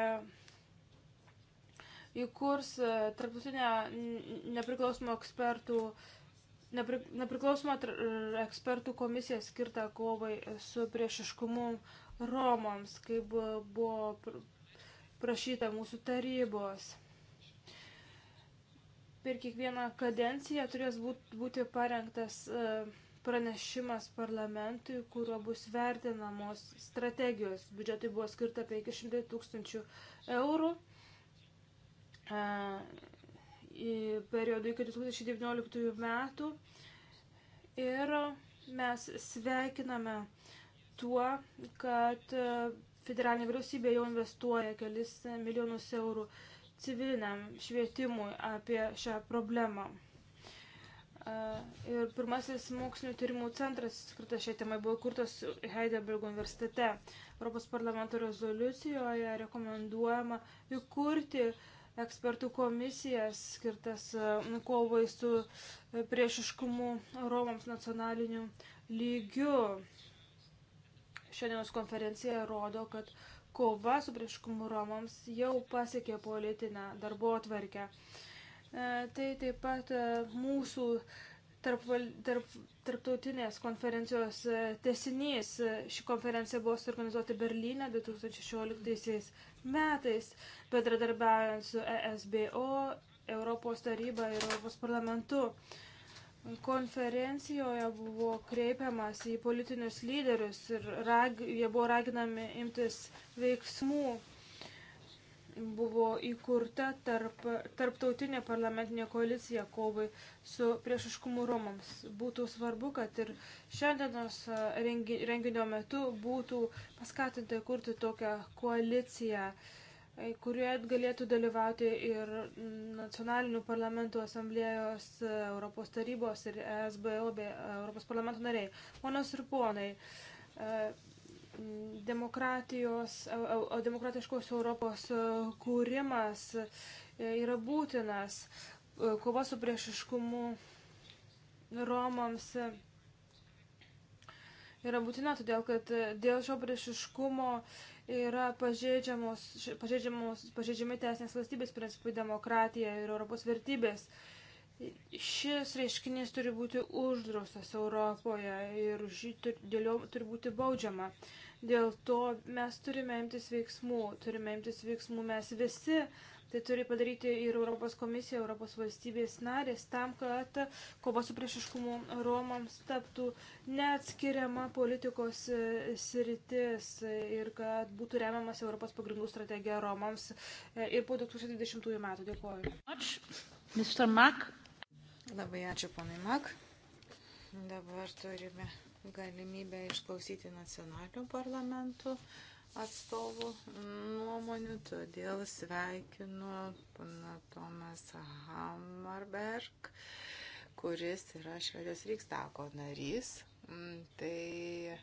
Speaker 3: įkurs e, tarptautinę nepriklausomą ekspertų nepri, nepriklausomą ekspertų komisiją skirtą kovai su priešiškumu Romoms, kaip buvo prašyta mūsų tarybos. Per kiekvieną kadenciją turės būti parengtas uh, pranešimas parlamentui, kuriuo bus vertinamos strategijos. Biudžetui buvo skirta 500 tūkstančių eurų e, periodui iki 2019 metų ir mes sveikiname tuo, kad federalinė vyriausybė jau investuoja kelis milijonus eurų civiliniam švietimui apie šią problemą. Ir pirmasis mokslinio tyrimų centras skirtas šiai temai buvo kurtas Heidelbergo universitete. Europos parlamento rezoliucijoje rekomenduojama įkurti ekspertų komisijas skirtas kovai su priešiškumu Romams nacionaliniu lygiu. Šiandienos konferencija rodo, kad kova su priešiškumu Romams jau pasiekė politinę darbo atvarkę. Uh, E, tai taip pat e, mūsų tarp, tarp, tarptautinės konferencijos e, tesinys. Ši konferencija buvo suorganizuota Berlyne 2016 metais, bendradarbiaujant su ESBO, Europos taryba ir Europos parlamentu. Konferencijoje buvo kreipiamas į politinius lyderius ir rag, jie buvo raginami imtis veiksmų buvo įkurta tarp, tarptautinė parlamentinė koalicija kovai su priešiškumu Romams. Būtų svarbu, kad ir šiandienos renginio metu būtų paskatinta įkurti tokią koaliciją, kurioje galėtų dalyvauti ir nacionalinių parlamentų asamblėjos, Europos tarybos ir ESBO bei Europos parlamento nariai. Ponas ir ponai, demokratijos, e, e, o demokratiškos Europos e, kūrimas yra būtinas. Kova su priešiškumu Romams yra būtina, todėl kad dėl šio priešiškumo yra pažeidžiamos, pažeidžiamos, pažeidžiami teisinės valstybės principai, demokratija ir Europos vertybės. Uh, Šis reiškinys turi būti uždraustas Europoje ir už jį turi, dėl jo turi būti baudžiama. Dėl to mes turime imtis veiksmų, turime imtis veiksmų mes visi. Tai turi padaryti ir Europos komisija, Europos valstybės narės, tam, kad kova su priešiškumu Romams taptų neatskiriama politikos e, sritis ir kad būtų remiamas Europos pagrindų strategija Romams e, ir po 2020 metų. Dėkuoju. Ačiū.
Speaker 1: Mr. Mack, Labai ačiū, ponai Mak. Dabar turime galimybę išklausyti nacionalinių parlamentų atstovų nuomonių, todėl sveikinu pana Tomas Hammerberg, kuris yra Švedijos Rikstako narys. Mm, tai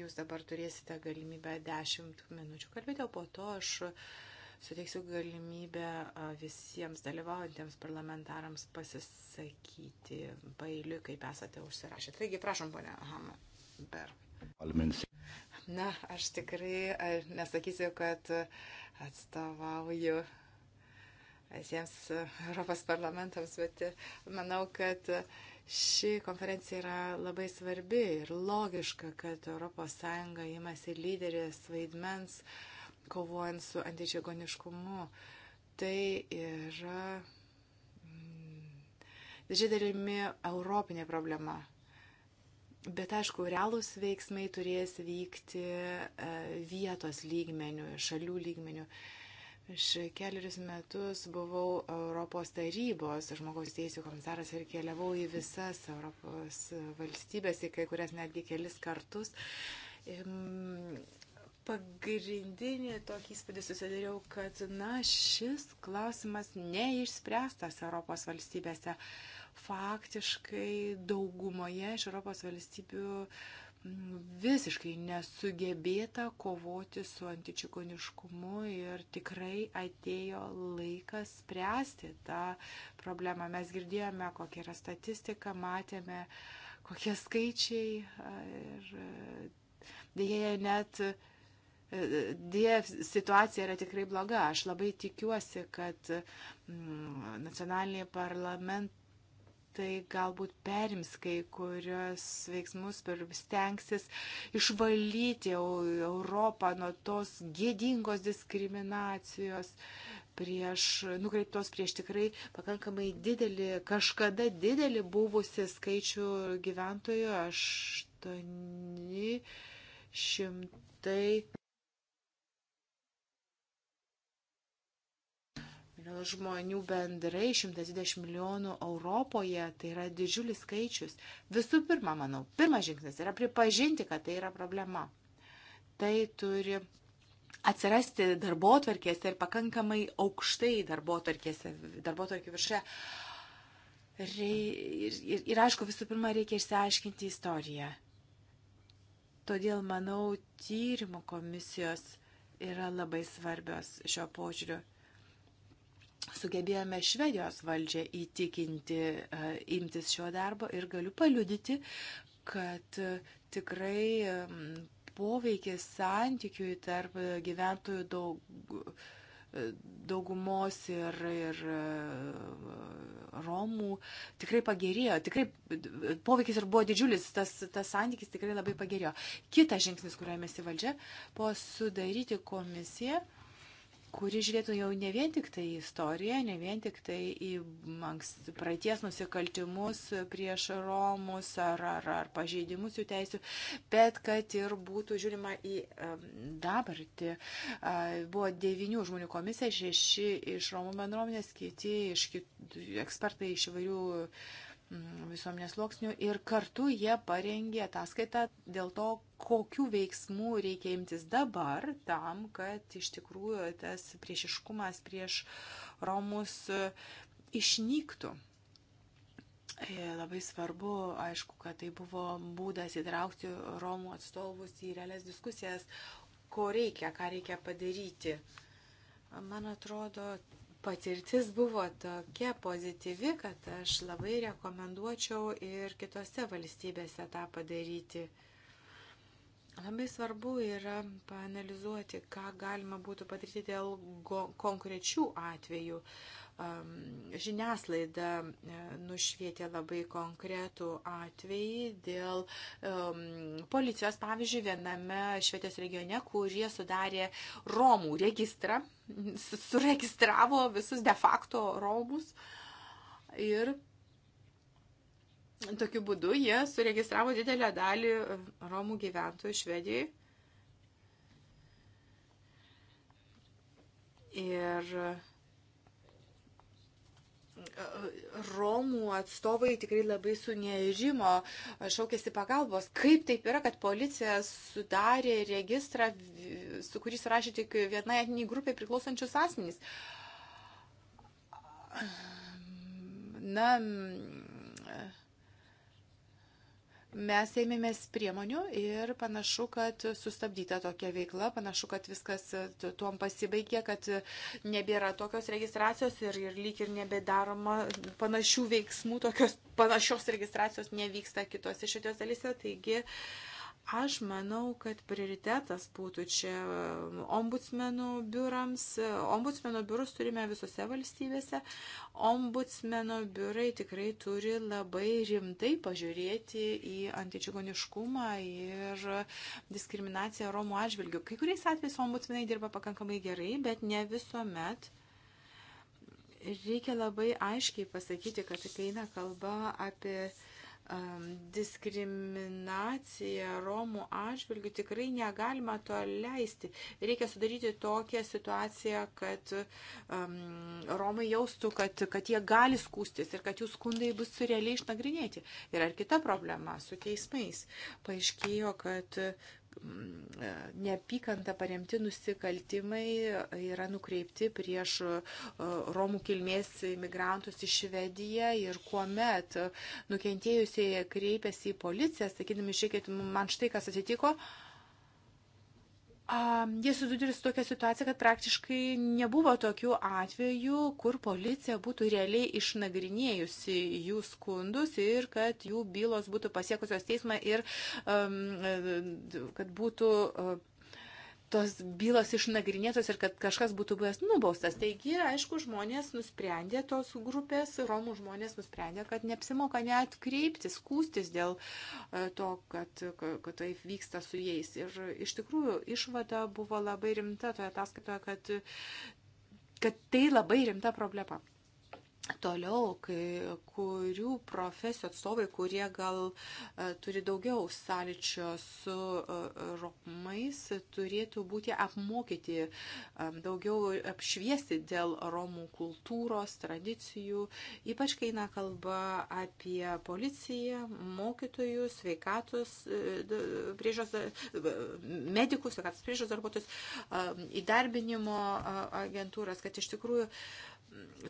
Speaker 1: jūs dabar turėsite galimybę 10 minučių kalbėti, o po to aš suteiksiu galimybę visiems dalyvaujantiems parlamentarams pasisakyti pailiu, kaip esate užsirašę. Taigi, prašom, ponia Hammer. Na, aš tikrai nesakysiu, kad atstovauju visiems Europos parlamentams, bet manau, kad ši konferencija yra labai svarbi ir logiška, kad ES imasi lyderės vaidmens uh, kovojant su antičiagoniškumu. Tai yra mm, didžiai dalimi europinė problema. Bet aišku, realūs veiksmai turės vykti e, vietos lygmenių, šalių lygmenių. Aš keliarius metus buvau Europos tarybos žmogaus teisų komisaras ir keliavau į visas Europos valstybės, į kai kurias netgi kelis kartus pagrindinį tokį įspūdį susidariau, kad, na, šis klausimas neišspręstas Europos valstybėse. Faktiškai daugumoje iš Europos valstybių visiškai nesugebėta kovoti su antičikoniškumu ir tikrai atėjo laikas spręsti tą problemą. Mes girdėjome, kokia yra statistika, matėme, kokie skaičiai ir e, dėja net dėv situacija yra tikrai bloga. Aš labai tikiuosi, kad mm, nacionaliniai parlamentai galbūt perims kai kurios veiksmus ir stengsis išvalyti Europą nuo tos gėdingos diskriminacijos prieš, nukreiptos prieš tikrai pakankamai didelį, kažkada didelį buvusi skaičių gyventojų, aštuoni šimtai žmonių bendrai, 120 milijonų Europoje, tai yra didžiulis skaičius. Visų pirma, manau, pirmas žingsnis yra pripažinti, kad tai yra problema. Tai turi atsirasti darbo tvarkėse ir pakankamai aukštai darbo tvarkėse, darbo tvarkė viršė. Ir, ir, ir, ir aišku, visų pirma, reikia išsiaiškinti istoriją. Todėl, manau, tyrimo komisijos yra labai svarbios šio požiūriu sugebėjome Švedijos valdžią įtikinti e, imtis šio darbo ir galiu paliudyti, kad e, tikrai poveikis santykiui tarp gyventojų daug, e, daugumos ir, ir Romų tikrai pagerėjo, tikrai poveikis ir buvo didžiulis, tas, tas santykis tikrai labai pagerėjo. Kitas žingsnis, kuriuo mes į valdžią, buvo sudaryti komisiją kuri žiūrėtų jau ne vien tik tai į istoriją, ne vien tik tai į praeities nusikaltimus prieš Romus ar, ar, ar pažeidimus jų teisų, bet kad ir būtų žiūrima į dabartį. Buvo devinių žmonių komisija, šeši iš Romų bendruomenės, kiti iš kitų, ekspertai iš įvairių Mm, visuomenės sluoksnių ir kartu jie parengė ataskaitą dėl to, kokių veiksmų reikia imtis dabar tam, kad iš tikrųjų tas priešiškumas prieš Romus e, išnyktų. E, labai svarbu, aišku, kad tai buvo būdas įtraukti Romų atstovus į realias diskusijas, ko reikia, ką reikia padaryti. Man atrodo, patirtis buvo tokia pozityvi, kad aš labai rekomenduočiau ir kitose valstybėse tą padaryti. Labai svarbu yra panalizuoti, ką galima būtų padaryti dėl konkrečių atvejų. Žiniaslaida e, nušvietė labai konkretų atvejį dėl um, policijos, pavyzdžiui, viename Švedijos regione, kurie sudarė Romų registrą, suregistravo visus de facto Romus ir Tokiu būdu jie suregistravo didelę dalį Romų gyventojų Švedijai. Ir e, Romų atstovai tikrai labai sunežimo, šaukėsi pagalbos. Kaip taip yra, kad policija sudarė registrą, su kurį surašė tik vienai etniniai grupiai priklausančius asmenys? Na, mes ėmėmės priemonių ir panašu, kad sustabdyta tokia veikla, panašu, kad viskas e, tuom pasibaigė, kad e, nebėra tokios registracijos ir, ir lyg ir nebedaroma panašių veiksmų, tokios panašios registracijos nevyksta kitose šitose dalyse. Taigi, uh, Aš manau, kad prioritetas būtų čia ombudsmenų biurams. Ombudsmenų biurus turime visose valstybėse. Ombudsmenų biurai tikrai turi labai rimtai pažiūrėti į antičigoniškumą ir diskriminaciją Romų atžvilgių. Kai kuriais atvejais ombudsmenai dirba pakankamai gerai, bet ne visuomet. Reikia labai aiškiai pasakyti, kad kai eina kalba apie diskriminaciją Romų atžvilgių tikrai negalima to leisti. Reikia sudaryti tokią situaciją, kad um, Romai jaustų, kad, kad jie gali skūstis ir kad jų skundai bus realiai išnagrinėti. Ir ar kita problema su teismais. Paaiškėjo, kad uh, Mm, neapykanta paremti nusikaltimai yra nukreipti prieš e, Romų kilmės imigrantus į Švediją ir kuomet nukentėjusieji kreipiasi į policiją, sakydami, žiūrėkit, man štai kas atsitiko, uh, jie susidūrė su tokia situacija, kad praktiškai nebuvo tokių atvejų, kur policija būtų realiai išnagrinėjusi jų skundus ir kad jų bylos būtų pasiekusios teismą ir um, kad būtų tos bylos išnagrinėtos ir kad kažkas būtų buvęs nubaustas. Taigi, aišku, žmonės nusprendė, tos grupės, Romų žmonės nusprendė, kad neapsimoka net kreiptis, skūstis dėl e, to, kad, kad tai vyksta su jais. Ir iš tikrųjų, išvada buvo labai rimta toje ataskaitoje, kad, kad tai labai rimta problema toliau, kai, kurių profesijų atstovai, kurie gal e, turi daugiau sąlyčio su e, romais, turėtų būti apmokyti, e, daugiau apšviesti dėl romų kultūros, tradicijų, ypač kai eina kalba apie policiją, mokytojus, sveikatos e, priežos, e, medikus, sveikatos priežos darbuotojus, e, įdarbinimo agentūras, kad iš tikrųjų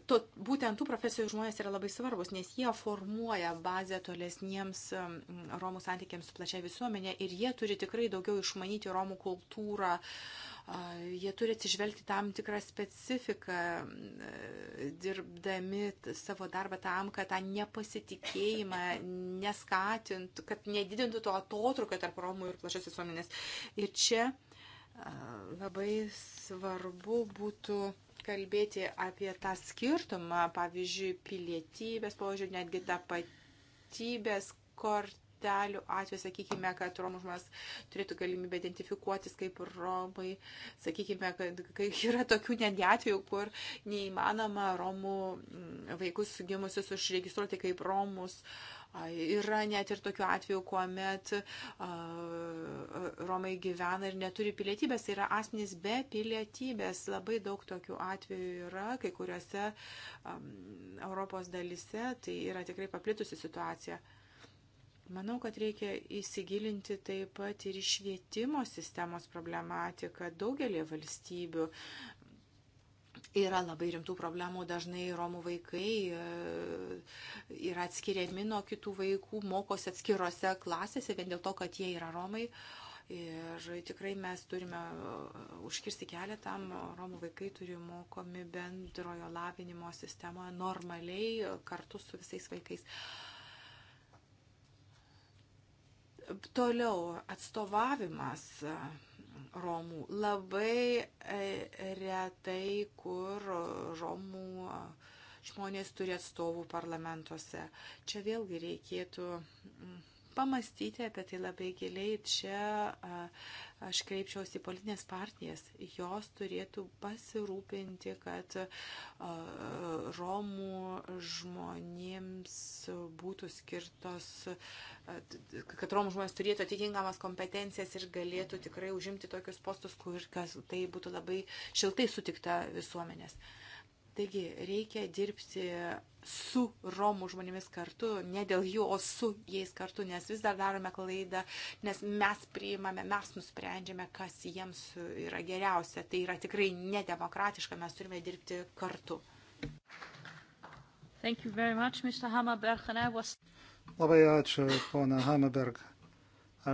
Speaker 1: to, būtent tų profesijų žmonės yra labai svarbus, nes jie formuoja bazę tolesniems um, Romų santykiams su plačia visuomenė ir jie turi tikrai daugiau išmanyti Romų kultūrą, jie turi atsižvelgti tam tikrą specifiką, e, dirbdami savo darbą tam, kad tą nepasitikėjimą neskatint, kad nedidintų to atotrukio tarp Romų ir plačios visuomenės. Ir čia labai svarbu būtų kalbėti apie tą skirtumą, pavyzdžiui, pilietybės, pavyzdžiui, netgi tapatybės kortelę kortelių atveju, sakykime, kad romų žmonės turėtų galimybę identifikuotis kaip romai, sakykime, kad kai yra tokių netgi atvejų, kur neįmanoma romų mm, vaikus gimusius užregistruoti kaip romus, uh, Yra net ir tokių atvejų, kuomet Romai gyvena ir neturi pilietybės, tai yra asmenys be pilietybės. Labai daug tokių atvejų yra, kai kuriuose Europos dalise tai yra tikrai paplitusi situacija. Manau, kad reikia įsigilinti taip pat ir į švietimo sistemos problematiką daugelį valstybių. Yra labai rimtų problemų, dažnai Romų vaikai e, yra atskiriami nuo kitų vaikų, mokosi atskirose klasėse vien dėl to, kad jie yra Romai. Ir tikrai mes turime e, užkirsti kelią tam, Romų vaikai turi mokomi bendrojo lavinimo sistemoje normaliai e, kartu su visais vaikais. Toliau atstovavimas Romų. Labai e, retai, kur Romų e, žmonės turi atstovų parlamentuose. Čia vėlgi reikėtų mm, pamastyti apie tai labai giliai. Ir čia aš kreipčiausi į politinės partijas. Jos turėtų pasirūpinti, kad Romų žmonėms būtų skirtos, kad Romų žmonės turėtų atitinkamas kompetencijas ir galėtų tikrai užimti tokius postus, kur kas, tai būtų labai šiltai sutikta visuomenės. Uh, Taigi reikia dirbti su Romų žmonėmis kartu, ne dėl jų, o su jais kartu, nes vis dar darome klaidą, nes mes priimame, mes nusprendžiame, kas jiems yra geriausia. Tai yra tikrai nedemokratiška, mes turime dirbti kartu.
Speaker 4: Much, was...
Speaker 2: Labai ačiū, pona Hammerberg.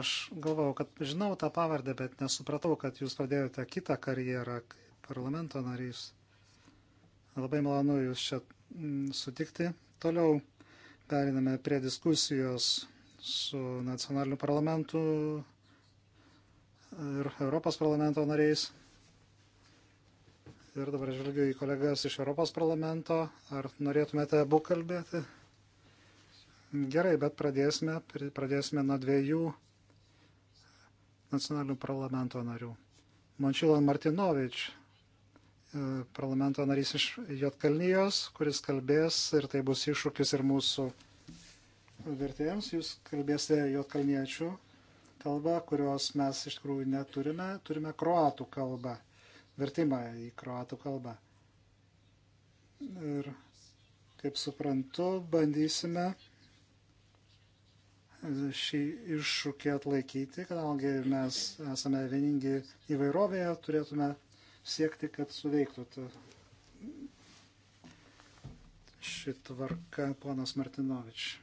Speaker 2: Aš galvau, kad žinau tą pavardę, bet nesupratau, kad jūs pradėjote kitą karjerą kaip parlamento narys. Labai malonu Jūs čia mm, sutikti. Toliau periname prie diskusijos su nacionaliniu parlamentu ir Europos parlamento nariais. Ir dabar žvelgiu į kolegas iš Europos parlamento. Ar norėtumėte abu kalbėti? Gerai, bet pradėsime, pradėsime nuo dviejų nacionalinių parlamento narių. Mončilan Martinovič E, parlamento narys iš Jotkalnyjos, kuris kalbės ir tai bus iššūkis ir mūsų vertėjams. Jūs kalbėsite Jotkalniečių kalbą, kurios mes iš tikrųjų neturime. Turime kroatų kalbą, vertimą į kroatų kalbą. Ir kaip suprantu, bandysime šį iššūkį atlaikyti, kadangi mes esame vieningi įvairovėje, turėtume siekti, kad suveiktų ta ši tvarka, ponas Martinovič.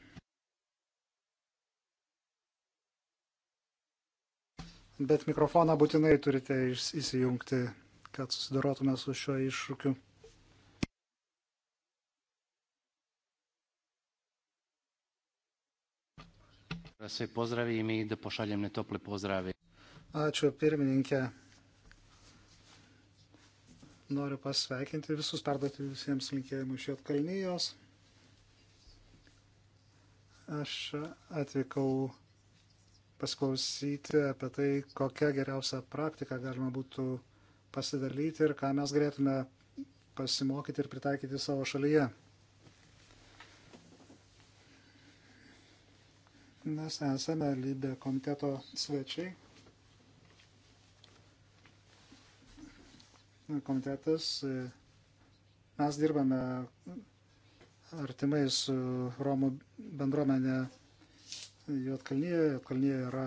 Speaker 2: Bet mikrofoną būtinai turite įsijungti, kad susidarotume su šiuo iššūkiu. Sve pozdravim i da pošaljem netople pozdrave. Ačiū pirmininkė. Noriu pasveikinti visus, perduoti visiems linkėjimų iš Jotkalnyjos. Aš atvykau pasiklausyti apie tai, kokią geriausią praktiką galima būtų pasidalyti ir ką mes galėtume pasimokyti ir pritaikyti savo šalyje. Mes esame lybė komiteto svečiai komitetas. E, mes dirbame artimai su Romų bendruomenė Juotkalnyje. Juotkalnyje yra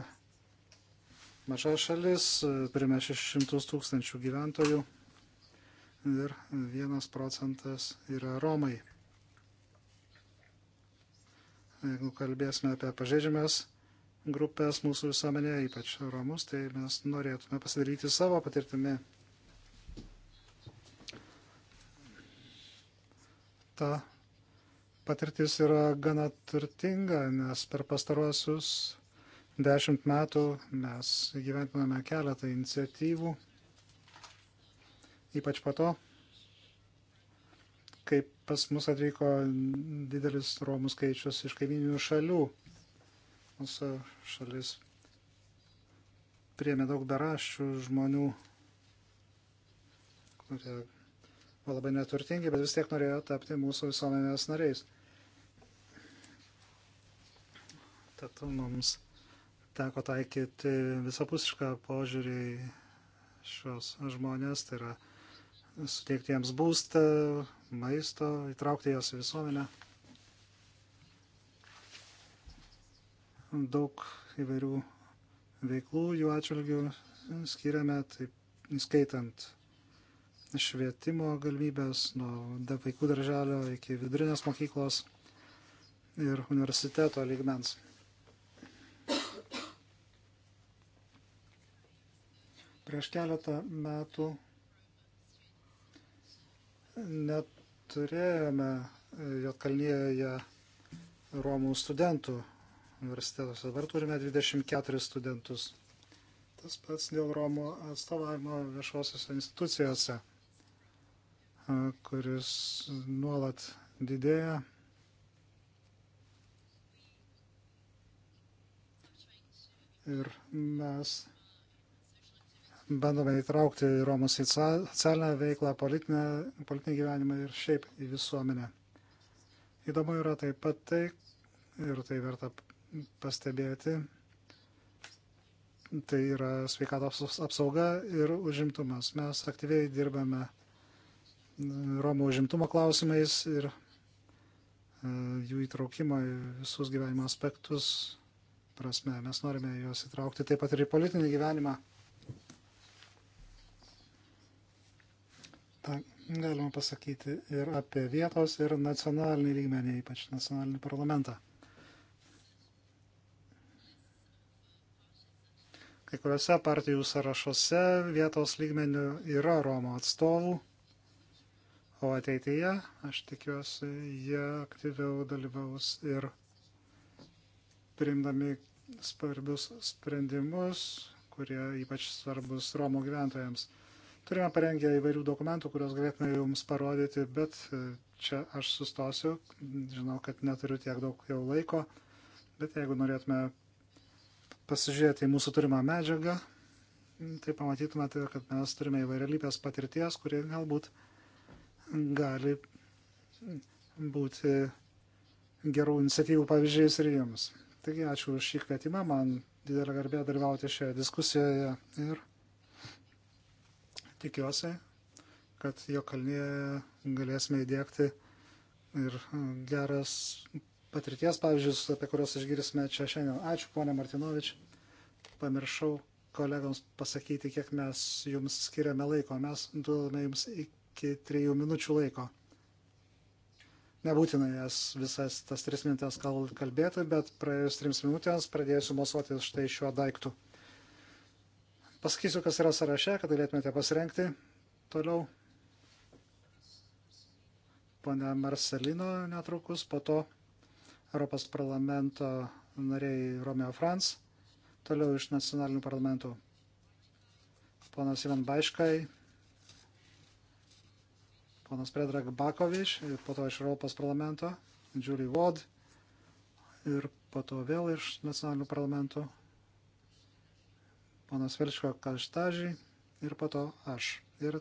Speaker 2: maža šalis, e, turime 600 tūkstančių gyventojų ir 1 procentas yra Romai. Jeigu kalbėsime apie pažeidžiamas grupės mūsų visuomenėje, ypač Romus, tai mes norėtume pasidaryti savo patirtimi ta patirtis yra gana turtinga, nes per pastaruosius dešimt metų mes gyventiname keletą iniciatyvų, ypač po to, kaip pas mus atvyko didelis romų skaičius iš kaiminių šalių. Mūsų šalis priemė daug beraščių žmonių, kurie buvo labai neturtingi, bet vis tiek norėjo tapti mūsų visuomenės nariais. Tad mums teko taikyti visapusišką požiūrį šios žmonės, tai yra suteikti jiems būstą, maisto, įtraukti juos į visuomenę. Daug įvairių veiklų jų atžvilgių skiriame, taip, skaitant švietimo galimybės nuo vaikų darželio iki vidurinės mokyklos ir universiteto lygmens. Prieš keletą metų neturėjome Jotkalnyje Romų studentų universitetuose. Dabar turime 24 studentus. Tas pats dėl Romų atstovavimo viešosiuose institucijose kuris nuolat didėja. Ir mes bandome įtraukti Romus į socialinę veiklą, politinę, politinį gyvenimą ir šiaip į visuomenę. Įdomu yra taip pat tai, ir tai verta pastebėti, tai yra sveikatos apsauga ir užimtumas. Mes aktyviai dirbame Romų užimtumo klausimais ir e, jų įtraukimo į visus gyvenimo aspektus prasme. Mes norime juos įtraukti taip pat ir į politinį gyvenimą. Ta, galima pasakyti ir apie vietos, ir nacionalinį lygmenį, ypač nacionalinį parlamentą. Kai kuriuose partijų sąrašuose vietos lygmenių yra Romo atstovų. O ateityje, aš tikiuosi, jie aktyviau dalyvaus ir priimdami svarbius sprendimus, kurie ypač svarbus Romų gyventojams. Turime parengę įvairių dokumentų, kuriuos galėtume jums parodyti, bet e, čia aš sustosiu. Žinau, kad neturiu tiek daug jau laiko, bet jeigu norėtume pasižiūrėti į mūsų turimą medžiagą, tai pamatytumėte, kad mes turime įvairialypės patirties, kurie galbūt gali būti gerų iniciatyvų pavyzdžiais ir jums. Taigi ačiū už šį kvietimą, man didelė garbė dalyvauti šioje diskusijoje ir tikiuosi, kad jo kalnyje galėsime įdėkti ir geras patirties pavyzdžius, apie kuriuos išgirsime čia šiandien. Ačiū, ponė Martinovič. Pamiršau kolegams pasakyti, kiek mes jums skiriame laiko. Mes duodame jums iki trijų minučių laiko. Nebūtina jas visas tas tris minutės kalbėti, bet praėjus trims minutėms pradėsiu mosuoti štai šiuo daiktu. Pasakysiu, kas yra sąraše, kad galėtumėte pasirenkti toliau. Pone Marcelino netrukus, po to Europos parlamento nariai Romeo Franz, toliau iš nacionalinių parlamentų. Ponas Ivan Baiškai, ponas Predrag Bakovič, po to iš Europos parlamento, Julie Ward ir po to vėl iš nacionalinių parlamentų, ponas Velško Kaštažį ir po to aš. Ir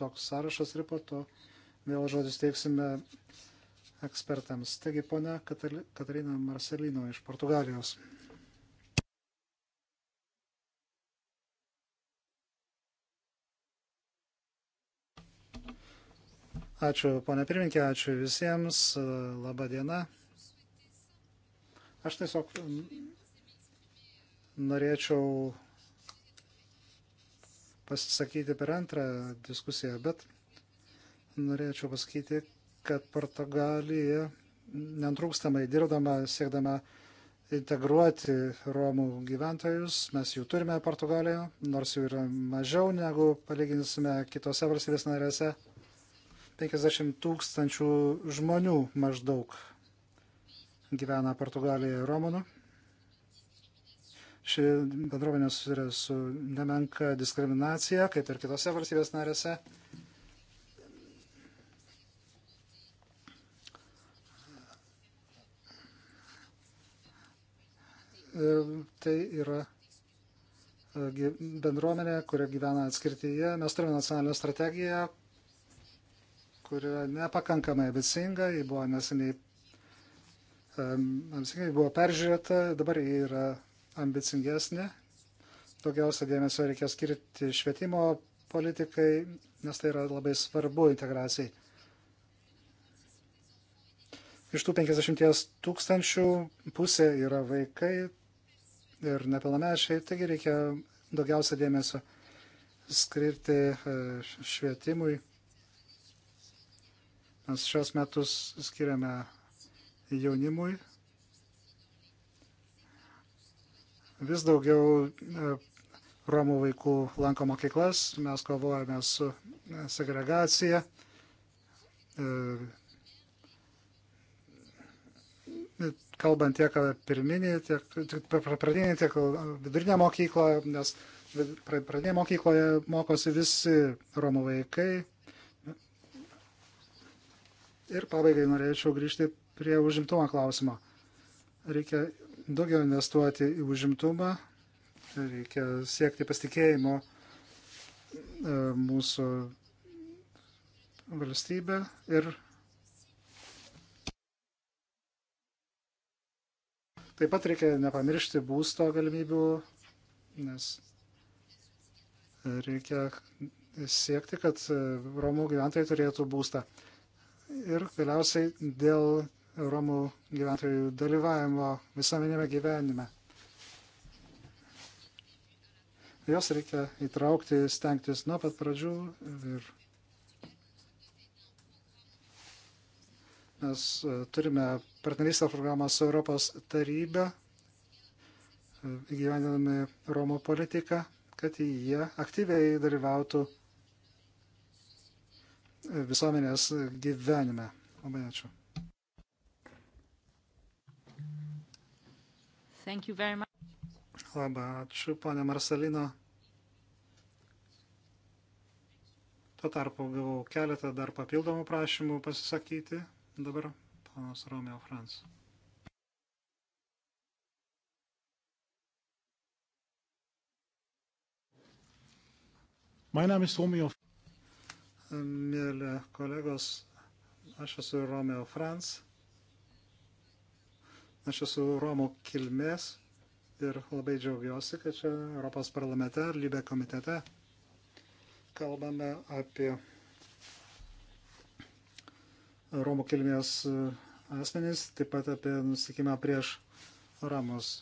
Speaker 2: toks sąrašas ir po to vėl žodis teiksime ekspertams. Taigi, ponia Katarina Marcelino iš Portugalijos. Ačiū, ponė pirminkė, ačiū visiems. Labą dieną. Aš tiesiog mm, norėčiau pasisakyti per antrą diskusiją, bet norėčiau pasakyti, kad Portugalija nentrūkstamai dirbdama, siekdama integruoti Romų gyventojus. Mes jų turime Portugalijoje, nors jų yra mažiau negu palyginsime kitose valstybės narėse. 50 tūkstančių žmonių maždaug gyvena Portugalijoje Romanų. Ši bendruomenė susiduria su nemenka diskriminacija, kaip ir kitose valstybės narėse. Tai yra e, bendruomenė, kuria gyvena atskirtyje. Mes turime nacionalinę strategiją, kuri yra nepakankamai ambicinga, ji buvo neseniai ambicinga, ji buvo peržiūrėta, dabar ji yra ambicingesnė. Daugiausia dėmesio reikia skirti švietimo politikai, nes tai yra labai svarbu integracijai. Iš tų 50 tūkstančių pusė yra vaikai ir nepilnamečiai, taigi reikia daugiausia dėmesio skirti e, švietimui Mes šios metus skiriame jaunimui. Vis daugiau e, Romų vaikų lanko mokyklas, mes kovojame su e, segregacija. E, kalbant tiek apie pirminį, tiek, tiek pradinį, tiek vidurinę mokyklą, nes pradinėje mokykloje mokosi visi Romų vaikai. Ir pabaigai norėčiau grįžti prie užimtumo klausimo. Reikia daugiau investuoti į užimtumą, reikia siekti pasitikėjimo e, mūsų valstybę ir taip pat reikia nepamiršti būsto galimybių, nes reikia siekti, kad Romų gyventojai turėtų būstą ir galiausiai dėl Romų gyventojų dalyvavimo visuomenėme gyvenime. Jos reikia įtraukti, stengtis nuo pat pradžių ir mes e, turime partnerystės programą su Europos taryba, e, gyvendinami Romų politiką, kad jie aktyviai dalyvautų visuomenės gyvenime. Labai ačiū. Labai ačiū, ponė Marcelino. Tuo tarpu gavau keletą dar papildomų prašymų pasisakyti. Dabar panas Romeo Frans. Mein Name ist Romeo mėly kolegos, aš esu Romeo Franz, aš esu Romų kilmės ir labai džiaugiuosi, kad čia Europos parlamente ar lybė komitete kalbame apie Romų kilmės e, asmenys, taip pat apie nusikimą prieš Romus.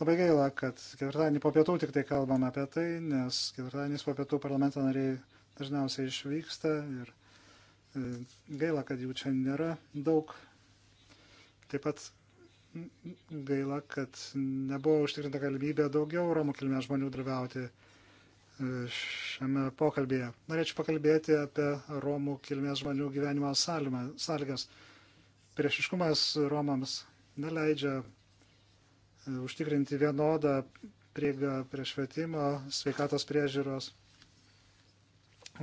Speaker 2: Labai gaila, kad ketvirtadienį po pietų tik tai kalbam apie tai, nes ketvirtadienį po pietų parlamento nariai dažniausiai išvyksta ir e, gaila, kad jų čia nėra daug. Taip pat gaila, kad nebuvo užtikrinta galimybė daugiau romų kilmės žmonių dalyvauti e, šiame pokalbėje. Norėčiau pakalbėti apie romų kilmės žmonių gyvenimo sąlygas. Priešiškumas romams neleidžia užtikrinti vienodą prieigą prie švietimo, sveikatos priežiūros,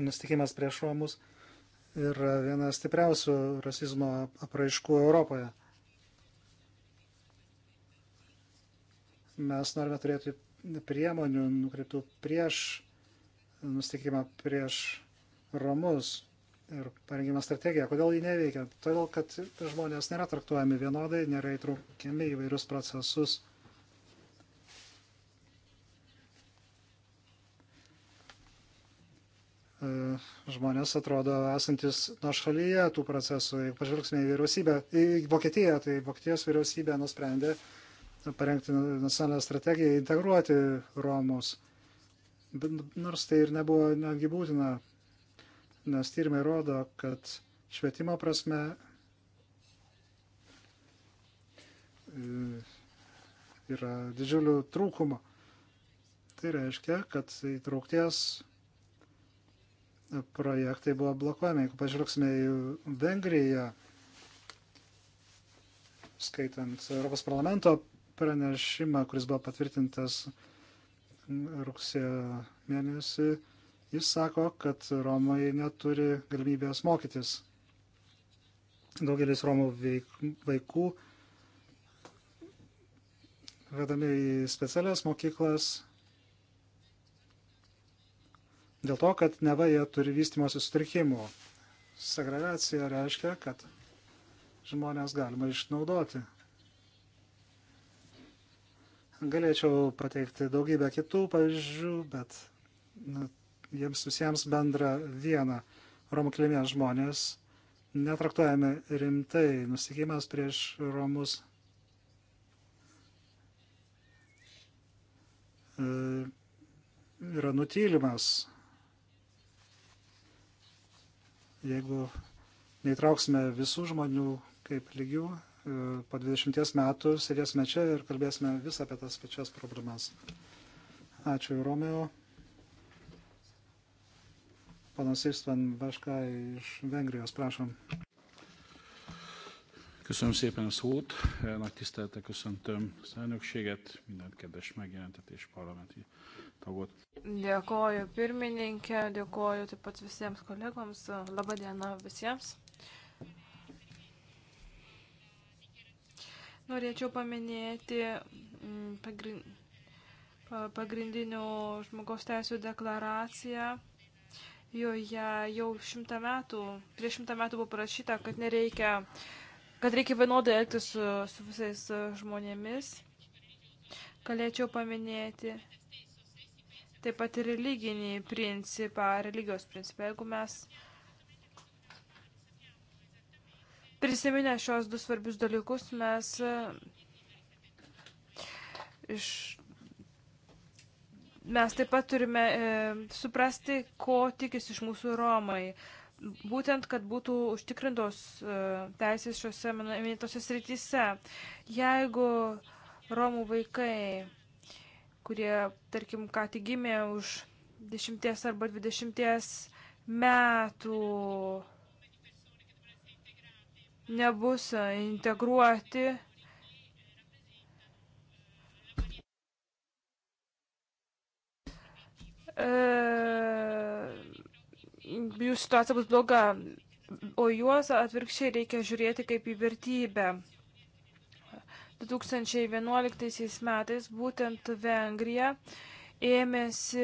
Speaker 2: nustikimas prieš romus yra viena stipriausių rasizmo apraiškų Europoje. Mes norime turėti priemonių nukreiptų prieš nustikimą prieš romus ir parengimą strategiją. Kodėl jį neveikia? Todėl, kad žmonės nėra traktuojami vienodai, nėra įtraukiami įvairius procesus žmonės atrodo esantis nuo šalyje tų procesų. Jeigu pažvelgsime į vyriausybę, į Vokietiją, tai Vokietijos vyriausybė nusprendė parengti nacionalinę strategiją integruoti Romus. Nors tai ir nebuvo netgi būtina, nes tyrimai rodo, kad švietimo prasme e, yra didžiulių trūkumų. Tai reiškia, kad įtraukties projektai buvo blokuojami. Jeigu pažvelgsime į Vengriją, skaitant Europos parlamento pranešimą, kuris buvo patvirtintas rugsėjo mėnesį, jis sako, kad Romai neturi galimybės mokytis. Daugelis Romų vaikų vedami į specialias mokyklas dėl to, kad neva jie turi vystimosi sutrikimų. Segregacija reiškia, kad žmonės galima išnaudoti. Galėčiau pateikti daugybę kitų pavyzdžių, bet na, jiems visiems bendra viena. Romų kilmės žmonės netraktuojami rimtai. Nusikimas prieš Romus e, yra nutylimas Jeigu neįtrauksime visų žmonių kaip lygių, e, po 20 metų sėdėsime čia ir kalbėsime vis apie tas pačias problemas. Ačiū, Romeo. Panas Istvan Vaška iš Vengrijos, prašom. Köszönöm szépen a szót, nagy tisztelettel köszöntöm az elnökséget, minden kedves megjelentetés parlamenti
Speaker 3: Dėkoju pirmininkė, dėkoju taip pat visiems kolegoms. Labadiena visiems. Norėčiau paminėti mm, pagrindinių žmogaus teisų deklaraciją. Joje jau šimtą metų, prieš šimtą metų buvo parašyta, kad nereikia, kad reikia vienodai elgtis su, su visais žmonėmis. Galėčiau paminėti taip pat ir religinį principą, religijos principą. Jeigu mes prisiminę šios du svarbius dalykus, mes e, iš. Mes taip pat turime e, suprasti, ko tikisi iš mūsų Romai. Būtent, kad būtų užtikrintos e, teisės šiuose minėtose srityse. Jeigu Romų vaikai kurie, tarkim, ką tik gimė už 10 arba 20 metų, nebus integruoti. E, jų situacija bus bloga, o juos atvirkščiai reikia žiūrėti kaip į vertybę. 2011 metais būtent Vengrija ėmėsi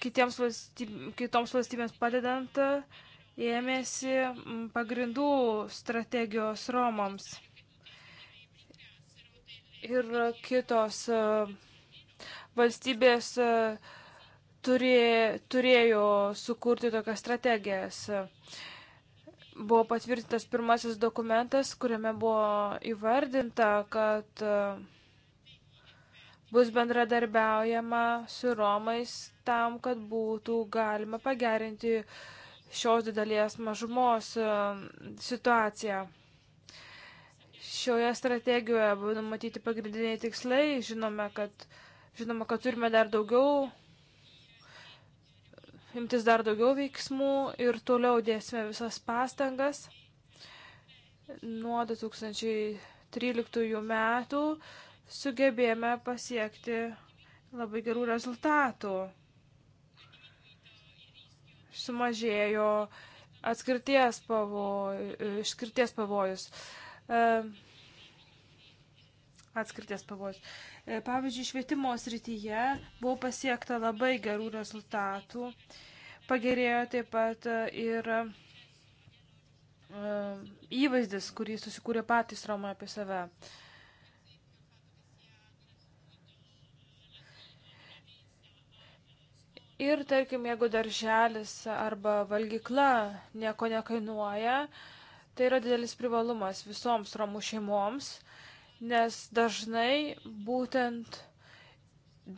Speaker 3: kitiems valstyb, kitoms valstybėms padedant, ėmėsi pagrindų strategijos Romams. Ir kitos e, valstybės e, turė, turėjo sukurti tokias strategijas buvo patvirtintas pirmasis dokumentas, kuriame buvo įvardinta, kad e, bus bendradarbiaujama su Romais tam, kad būtų galima pagerinti šios didelės mažumos e, situaciją. Šioje strategijoje buvo numatyti pagrindiniai tikslai, žinome, kad, žinoma, kad turime dar daugiau imtis dar daugiau veiksmų ir toliau dėsime visas pastangas. Nuo 2013 metų sugebėjome pasiekti labai gerų rezultatų. Sumažėjo atskirties pavojus, išskirties pavojus. E, atskirties pavojus. E, pavyzdžiui, švietimo srityje buvo pasiekta labai gerų rezultatų. Pagerėjo taip pat e, ir e, įvaizdis, kurį susikūrė patys Romai apie save. Ir tarkim, jeigu darželis arba valgykla nieko nekainuoja, tai yra didelis privalumas visoms romų šeimoms. Uh, nes dažnai būtent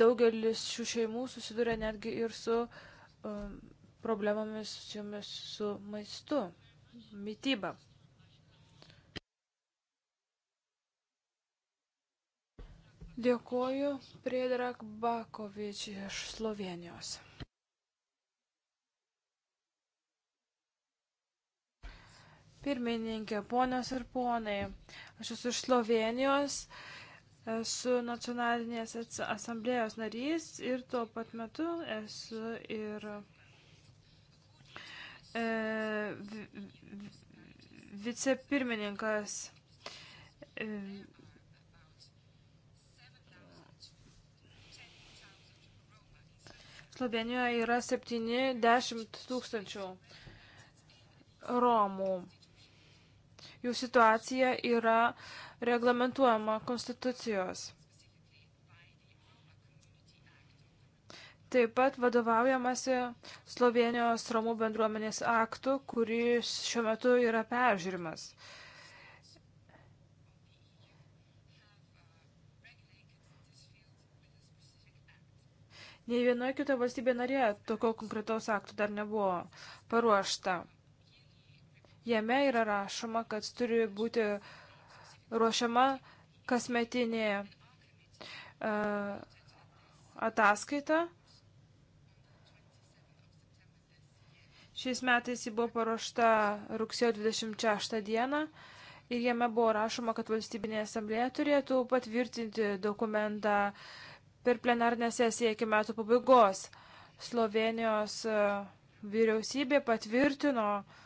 Speaker 3: daugelis šių šeimų susiduria netgi ir su um, problemomis susijomis su maistu, mytyba. Dėkuoju Priedrak Bakovič iš Slovenijos. Pirmininkė, ponios ir ponai, aš esu iš Slovenijos, esu nacionalinės asamblėjos narys ir tuo pat metu esu ir e, vicepirmininkas. E, Slovenijoje yra 7-10 tūkstančių Romų jų situacija yra reglamentuojama konstitucijos. Taip pat vadovaujamasi Slovenijos Romų bendruomenės aktų, kuris šiuo metu yra peržiūrimas. Nei vienoje kitoje valstybėje narėje tokio konkretaus aktų dar nebuvo paruošta. Jame yra rašoma, kad turi būti ruošiama kasmetinė e, ataskaita. Šiais metais ji buvo paruošta rugsėjo 26 dieną ir jame buvo rašoma, kad valstybinė asamblėje turėtų patvirtinti dokumentą per plenarnę sesiją iki metų pabaigos. Slovenijos e, vyriausybė patvirtino uh,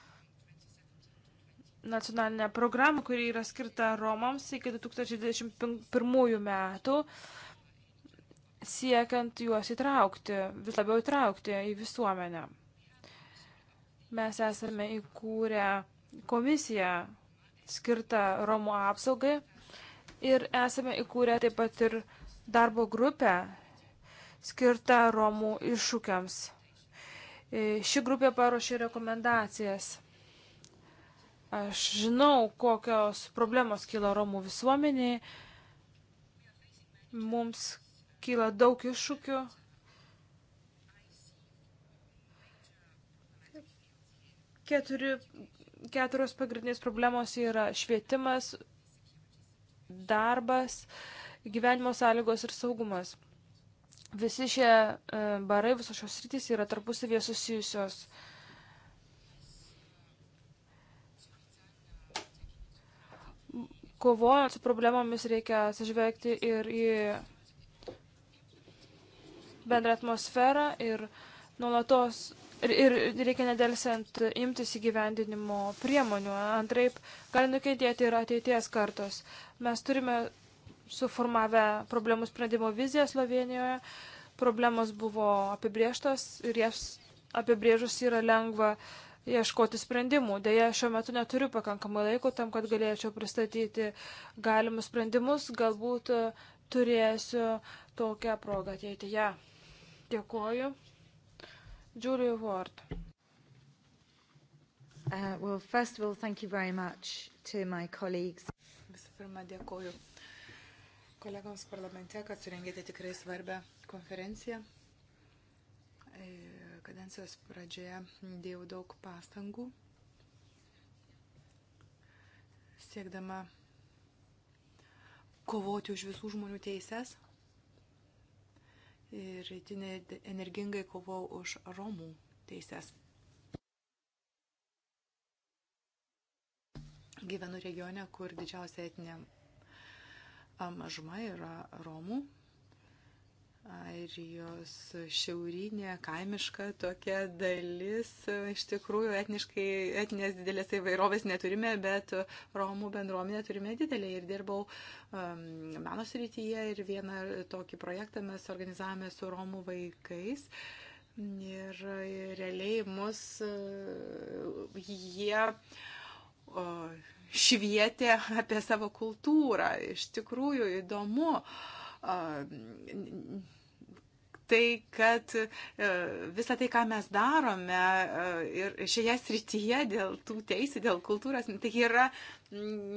Speaker 3: nacionalinę programą, kuri yra skirta Romams iki 2021 metų, siekiant juos įtraukti, vis labiau įtraukti į visuomenę. Mes esame įkūrę komisiją skirtą Romų apsaugai ir esame įkūrę taip pat ir darbo grupę skirtą Romų iššūkiams. Ši grupė paruošė rekomendacijas Aš žinau, kokios problemos kyla Romų visuomeniai. Mums kyla daug iššūkių. Keturi, keturios pagrindinės problemos yra švietimas, darbas, gyvenimo sąlygos ir saugumas. Visi šie e, barai, visos šios rytis yra tarpusavie susijusios. Uh, kovojant su problemomis reikia atsižvelgti ir į bendrą atmosferą ir nuolatos ir, ir reikia nedelsiant imtis įgyvendinimo priemonių. Antraip gali nukentėti ir ateities kartos. Mes turime suformavę problemų sprendimo viziją Slovenijoje. Problemos buvo apibrieštos ir jas apibrėžus yra lengva uh, ieškoti sprendimų. Deja, šiuo metu neturiu pakankamai laiko tam, kad galėčiau pristatyti galimus sprendimus. Galbūt e, turėsiu tokią progą ateityje. Dėkuoju. Julie Ward. Uh, well, first of all, thank you very much
Speaker 4: to my colleagues.
Speaker 1: Visų pirma, dėkoju kolegoms parlamente, kad surengėte tikrai svarbę konferenciją. Ir e, kadencijos pradžioje dėjau daug pastangų, siekdama kovoti už visų žmonių teises. Ir itin energingai kovau už Romų teises. Gyvenu regione, kur didžiausia etinė mažuma yra Romų Airijos šiaurinė, kaimiška tokia dalis. Iš tikrųjų, etniškai, etinės didelės įvairovės neturime, bet Romų bendruomenę turime didelį. Ir dirbau um, meno srityje ir vieną tokį projektą mes organizavome su Romų vaikais. Ir realiai mus uh, jie. Uh, Švietė apie savo kultūrą. Iš tikrųjų įdomu. Uh, tai, kad e, visą tai, ką mes darome e, ir šioje srityje dėl tų teisų, dėl kultūros, tai yra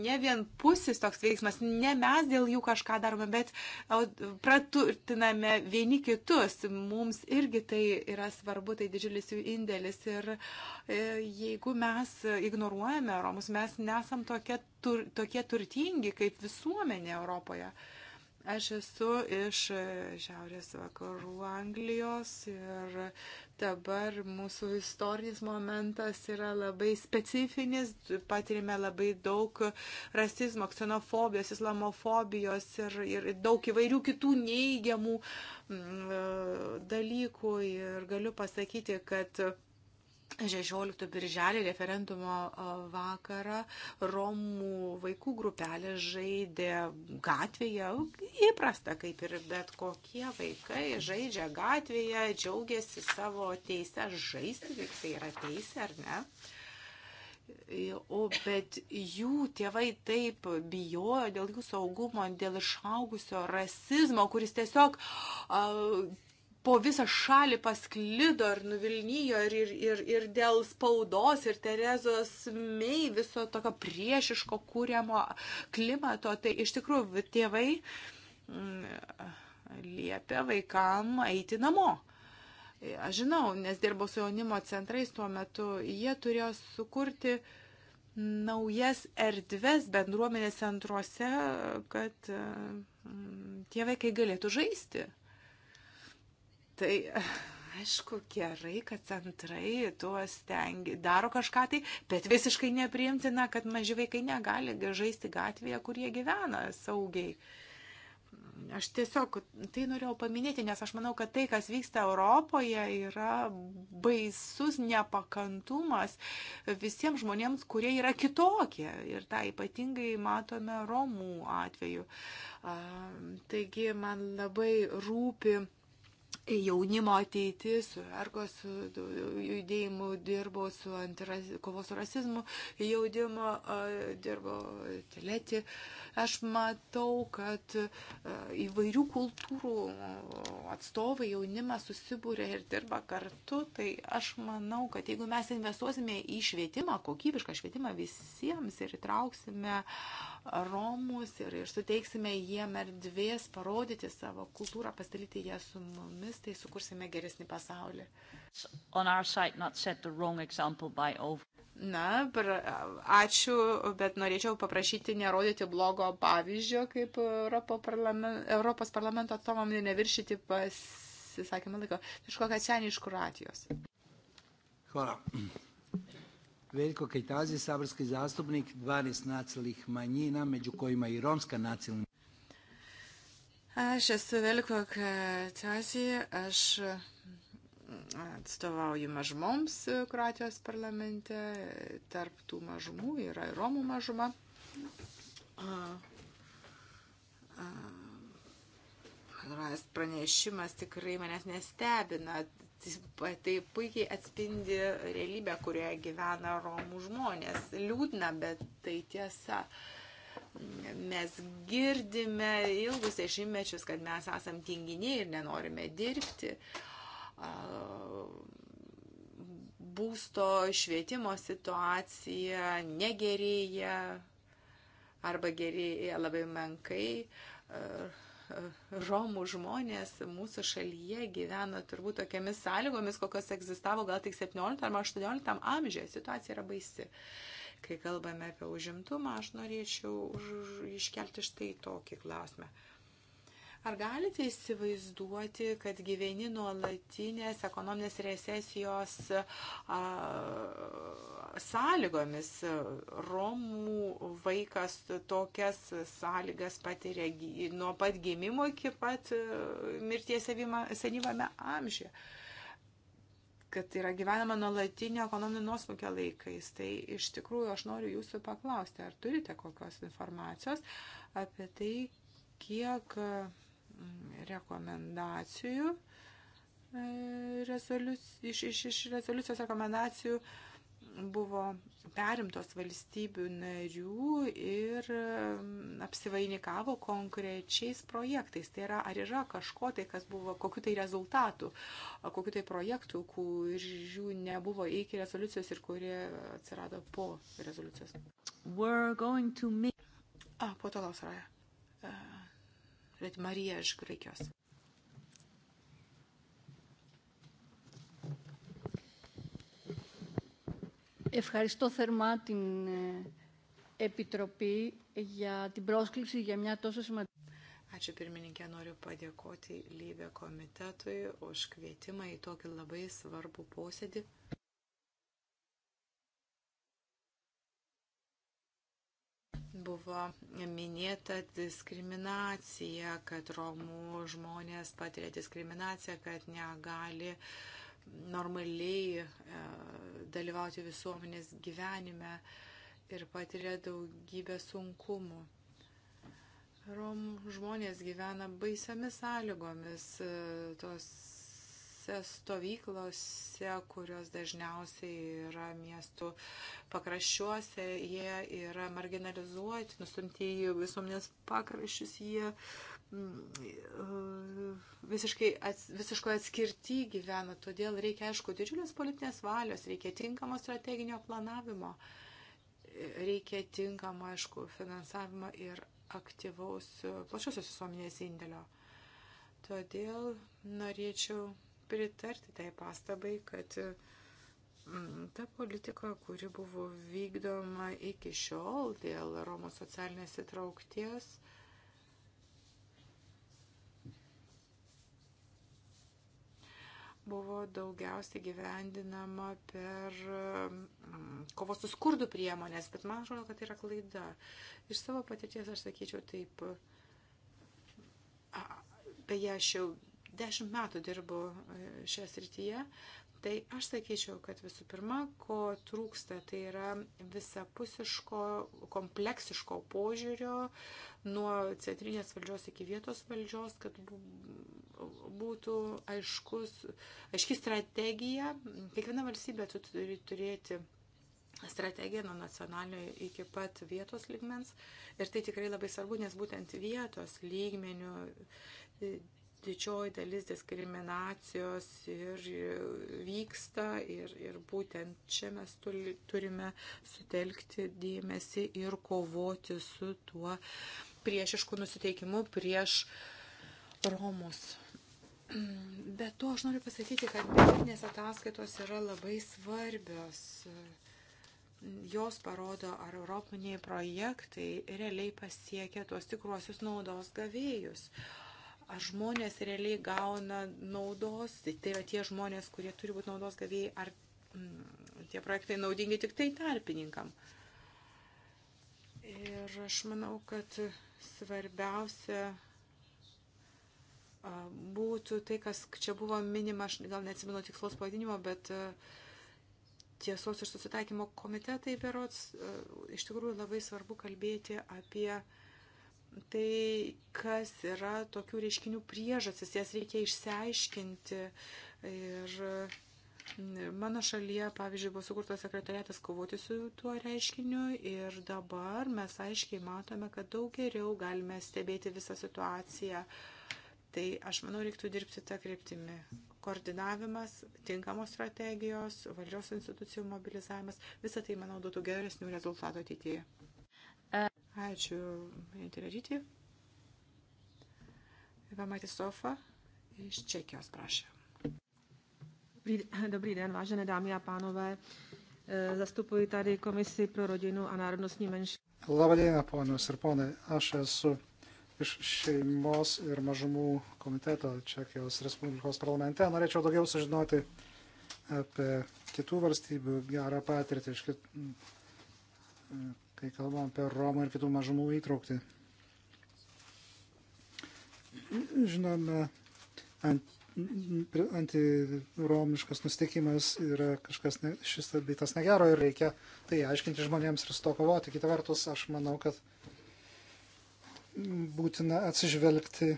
Speaker 1: ne vien pusis toks veiksmas, ne mes dėl jų kažką darome, bet praturtiname vieni kitus. Mums irgi tai yra svarbu, tai didžiulis jų indėlis. Ir e, jeigu mes ignoruojame Romus, mes nesam tokie, tur, tokie turtingi kaip visuomenė Europoje. Uh, Aš esu iš e, šiaurės vakarų Anglijos ir dabar mūsų istorinis momentas yra labai specifinis, patirime labai daug rasizmo, ksenofobijos, islamofobijos ir, ir daug įvairių kitų neįgiamų mm, e, dalykų. Ir galiu pasakyti, kad 16 birželį referendumo vakarą Romų vaikų grupelė žaidė gatvėje, įprasta kaip ir bet kokie vaikai žaidžia gatvėje, džiaugiasi savo teisę žaisti, kaip tai yra teisė ar ne. O bet jų tėvai taip bijojo dėl jų saugumo, dėl išaugusio rasizmo, kuris tiesiog uh, po visą šalį pasklido ir nuvilnyjo ir, ir, ir, ir dėl spaudos ir Terezos mei viso tokio priešiško kūriamo klimato. Tai iš tikrųjų tėvai mm, liepia vaikam eiti namo. Aš žinau, nes dirbau su jaunimo centrais tuo metu, jie turėjo sukurti naujas erdves bendruomenės centruose, kad mm, tie vaikai galėtų žaisti. Tai aišku, gerai, kad centrai tuos tengi, daro kažką tai, bet visiškai nepriimtina, kad maži vaikai negali žaisti gatvėje, kur jie gyvena saugiai. Aš tiesiog tai norėjau paminėti, nes aš manau, kad tai, kas vyksta Europoje, yra baisus nepakantumas visiems žmonėms, kurie yra kitokie. Ir tą ypatingai matome Romų atveju. Taigi man labai rūpi jaunimo ateitis, su ergos judėjimu dirbo, su kovos su rasizmu jaudimo dirbo teletį. Aš matau, kad įvairių kultūrų atstovai jaunimas susibūrė ir dirba kartu, tai aš manau, kad jeigu mes investuosime į švietimą, kokybišką švietimą visiems ir įtrauksime uh, Romus ir, ir suteiksime jiem erdvės parodyti savo kultūrą, pasidalyti ją su mumis, tai sukursime geresnį pasaulį. Na, per, ačiū, bet norėčiau paprašyti nerodyti blogo pavyzdžio, kaip parlament, Europos parlamento atstovam neviršyti pasisakymą laiko. Iš kokią senį iš kuratijos.
Speaker 2: Hvala. Veljko Kajtazi, saborski zastupnik 12 nacionalnih manjina, među kojima i romska nacionalna. Aš esu
Speaker 1: Veljko e, Kajtazi, aš mm, atstovauju mažmoms e, Kroatijos parlamente, tarp tų mažumų yra ir romų mažuma. Pranešimas tikrai manęs nestebina, Tai puikiai atspindi realybę, kurioje gyvena Romų žmonės. Liūdna, bet tai tiesa. Mes girdime ilgus dešimtmečius, kad mes esam tinginiai ir nenorime dirbti būsto švietimo situacija negerėja arba gerėja labai menkai. Romų žmonės mūsų šalyje gyvena turbūt tokiamis sąlygomis, kokios egzistavo gal tik 17 ar 18 amžiuje. Situacija yra baisi. Kai kalbame apie užimtumą, aš norėčiau už, iškelti štai tokį klausimą. Uh, Ar galite įsivaizduoti, kad gyveni nuolatinės ekonominės recesijos a, sąlygomis? Romų vaikas tokias sąlygas patiria nuo pat gimimo iki pat e, mirties senyvame amžiuje kad yra gyvenama nuolatinio ekonominio nuosmukio laikais. Tai iš tikrųjų aš noriu jūsų paklausti, ar turite kokios informacijos apie tai, kiek rekomendacijų, e, rezoliuc, iš, iš, iš rezoliucijos rekomendacijų buvo perimtos valstybių narių ir mm, apsivainikavo konkrečiais projektais. Tai yra, ar yra kažko tai, kas buvo, kokiu tai rezultatų, kokiu tai projektų, kurių nebuvo iki rezoliucijos ir kurie atsirado po rezoliucijos. To... A, po to klausoje. Bet Marija iš Graikijos.
Speaker 4: Ευχαριστώ θερμά την Επιτροπή
Speaker 1: για την πρόσκληση για μια τόσο σημαντική. Ačiū pirmininkė, noriu padėkoti Lybė komitetui už kvietimą į tokį labai svarbų posėdį. Buvo minėta diskriminacija, kad romų žmonės patiria diskriminaciją, kad negali normaliai e, dalyvauti visuomenės gyvenime ir patiria daugybę sunkumų. Rom žmonės gyvena baisiomis sąlygomis, e, tos stovyklose, kurios dažniausiai yra miestų pakraščiuose, jie yra marginalizuoti, nustumti į visuomenės pakraščius, jie mm, visiškai, ats, visiškai atskirti gyvena. Todėl reikia, aišku, didžiulės politinės valios, reikia tinkamo strateginio planavimo, reikia tinkamo, aišku, finansavimo ir aktyvaus plačiosios visuomenės indėlio. Todėl norėčiau pritarti tai pastabai, kad mm, ta politika, kuri buvo vykdoma iki šiol dėl Romos socialinės įtraukties, buvo daugiausiai gyvendinama per mm, kovos su skurdu priemonės, bet man atrodo, kad tai yra klaida. Iš savo patirties aš sakyčiau taip, beje, aš jau dešimt metų dirbu e, šią srityje, tai aš sakyčiau, kad visų pirma, ko trūksta, tai yra visapusiško, kompleksiško požiūrio nuo centrinės valdžios iki vietos valdžios, kad būtų aiškus, aiški strategija. Kiekviena valstybė tu turi turėti strategiją nuo nacionalinio iki pat vietos lygmens. Ir tai tikrai labai svarbu, nes būtent vietos lygmenių didžioji dalis diskriminacijos ir vyksta ir, ir būtent čia mes turime sutelkti dėmesį ir kovoti su tuo priešišku nusiteikimu prieš Romus. Bet to aš noriu pasakyti, kad metinės ataskaitos yra labai svarbios jos parodo, ar europiniai projektai realiai pasiekia tuos tikruosius naudos gavėjus žmonės realiai gauna naudos, tai, tai yra tie žmonės, kurie turi būti naudos gavėjai, ar mm, tie projektai naudingi tik tai tarpininkam. Ir aš manau, kad svarbiausia būtų tai, kas čia buvo minima, aš gal neatsimenu tikslaus pavadinimo, bet tiesos ir susitaikymo komitetai berots, iš tikrųjų labai svarbu kalbėti apie tai, kas yra tokių reiškinių priežastis, jas reikia išsiaiškinti. Ir mano šalyje, pavyzdžiui, buvo sukurtas sekretariatas kovoti su tuo reiškiniu ir dabar mes aiškiai matome, kad daug geriau galime stebėti visą situaciją. Tai aš manau, reiktų dirbti tą kryptimį. Koordinavimas, tinkamos strategijos, valdžios institucijų mobilizavimas, visą tai, manau, duotų geresnių rezultatų ateityje. Ačiū, Intereryti. Iva Matisova iš Čekijos prašė. Dobrý den, vážené dámy a pánové. E, zastupuji tady Komisi pro rodinu a národnostní menšiny.
Speaker 2: Labą dieną, ponios ir ponai. Aš esu iš šeimos ir mažumų komiteto Čekijos Respublikos parlamente. Norėčiau daugiau sužinoti apie kitų valstybių gerą patirtį iš kitų kai kalbam apie Romų ir kitų mažumų įtraukti. Žinome, ant antiromiškas nusteikimas yra kažkas ne, šis bei tai tas negero ir reikia tai aiškinti žmonėms ir su to kovoti. Kita vertus, aš manau, kad būtina atsižvelgti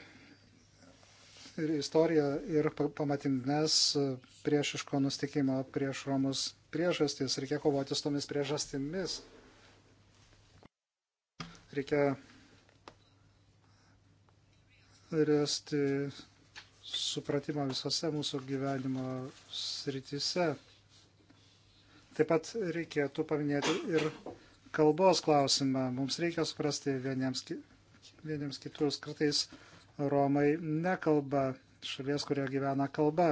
Speaker 2: ir istoriją ir pamatinės priešiško nusteikimo prieš Romus priežastis. Reikia kovoti su tomis priežastimis. Reikia rasti supratimą visose mūsų gyvenimo srityse. Taip pat reikėtų paminėti ir kalbos klausimą. Mums reikia suprasti vieniems, vieniems kitus. Kartais Romai nekalba šalies, kurioje gyvena kalba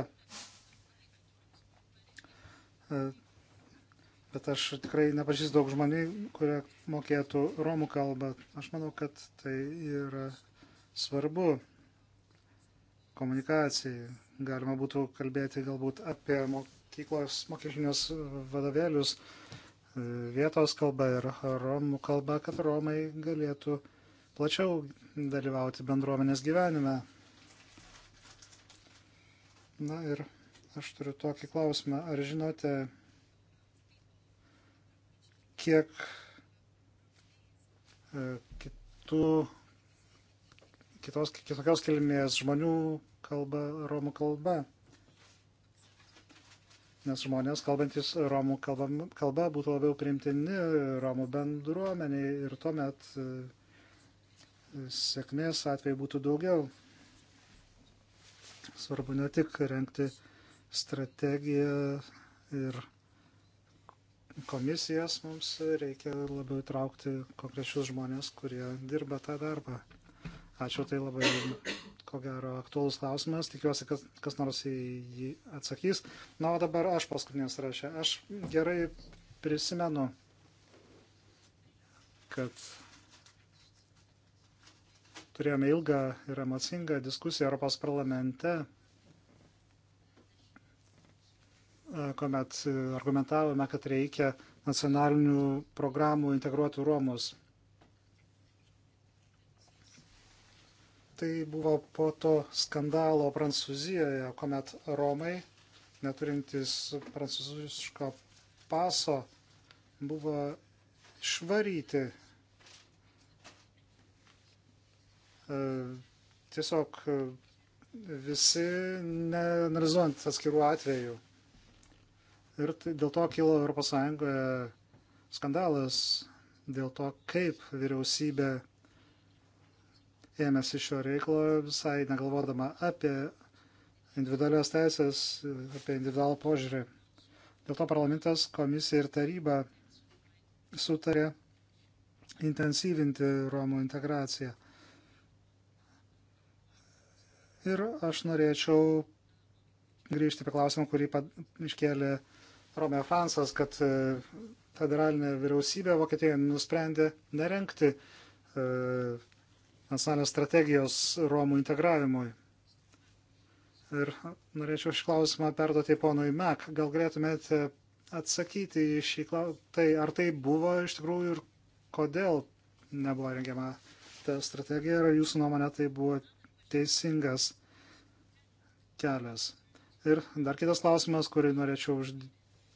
Speaker 2: bet aš tikrai nepažįstu daug žmonių, kurie mokėtų romų kalbą. Aš manau, kad tai yra svarbu komunikacijai. Galima būtų kalbėti galbūt apie mokyklos mokyklinius vadovėlius e, vietos kalba ir romų kalba, kad romai galėtų plačiau dalyvauti bendruomenės gyvenime. Na ir aš turiu tokį klausimą. Ar žinote, kiek e, kitų, kitos, kitokios kilmės žmonių kalba romų kalba. Nes žmonės kalbantis romų kalba, kalba būtų labiau primtini romų bendruomeniai ir tuomet e, sėkmės atveju būtų daugiau. Svarbu ne tik renkti strategiją ir komisijas, mums reikia labiau traukti konkrečius žmonės, kurie dirba tą darbą. Ačiū, tai labai, ko gero, aktuolus klausimas. Tikiuosi, kad kas nors į jį atsakys. Na, o dabar aš paskutinės rašė. Aš gerai prisimenu, kad turėjome ilgą ir emocingą diskusiją Europos parlamente E, kuomet argumentavome, kad reikia nacionalinių programų integruotų Romus. Tai buvo po to skandalo Prancūzijoje, kuomet Romai, neturintys prancūziško paso, buvo išvaryti e, tiesiog visi, neanalizuojant atskirų atvejų. Ir tai dėl to kilo ES skandalas, dėl to, kaip vyriausybė ėmėsi šio reikalo visai negalvodama apie individualias teisės, apie individualų požiūrį. Dėl to parlamentas, komisija ir taryba sutarė intensyvinti Romų integraciją. Ir aš norėčiau grįžti prie klausimą, kurį iškėlė Romeo Fransas, kad e, federalinė vyriausybė Vokietijoje nusprendė nerenkti e, nacionalinės strategijos Romų integravimui. Ir norėčiau šį klausimą perduoti ponui Mek. Gal galėtumėte atsakyti į šį klausimą, tai ar tai buvo iš tikrųjų ir kodėl nebuvo rengiama ta strategija ir jūsų nuomonė tai buvo teisingas kelias. Ir dar kitas klausimas, kurį norėčiau uždėti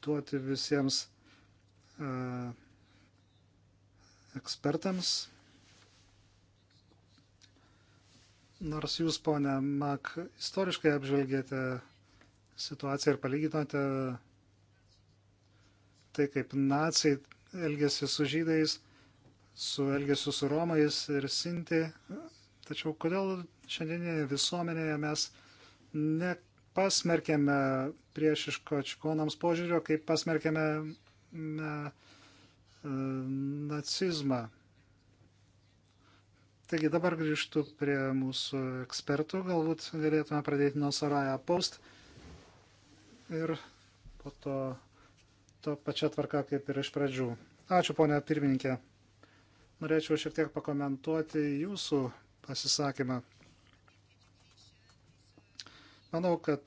Speaker 2: duoti visiems e, ekspertams. Nors jūs, ponė Mak, istoriškai apžvelgėte situaciją ir palyginote tai, kaip nacijai elgėsi su žydais, su elgėsiu su romais ir sinti. Tačiau kodėl šiandieninėje visuomenėje mes ne pasmerkėme priešiško čikonams požiūrio, kaip pasmerkėme na, e, nacizmą. Taigi dabar grįžtu prie mūsų ekspertų, galbūt galėtume pradėti nuo Saraja Post ir po to, to pačia tvarka kaip ir iš pradžių. Ačiū, ponia pirmininkė. Norėčiau šiek tiek pakomentuoti jūsų pasisakymą. Manau, kad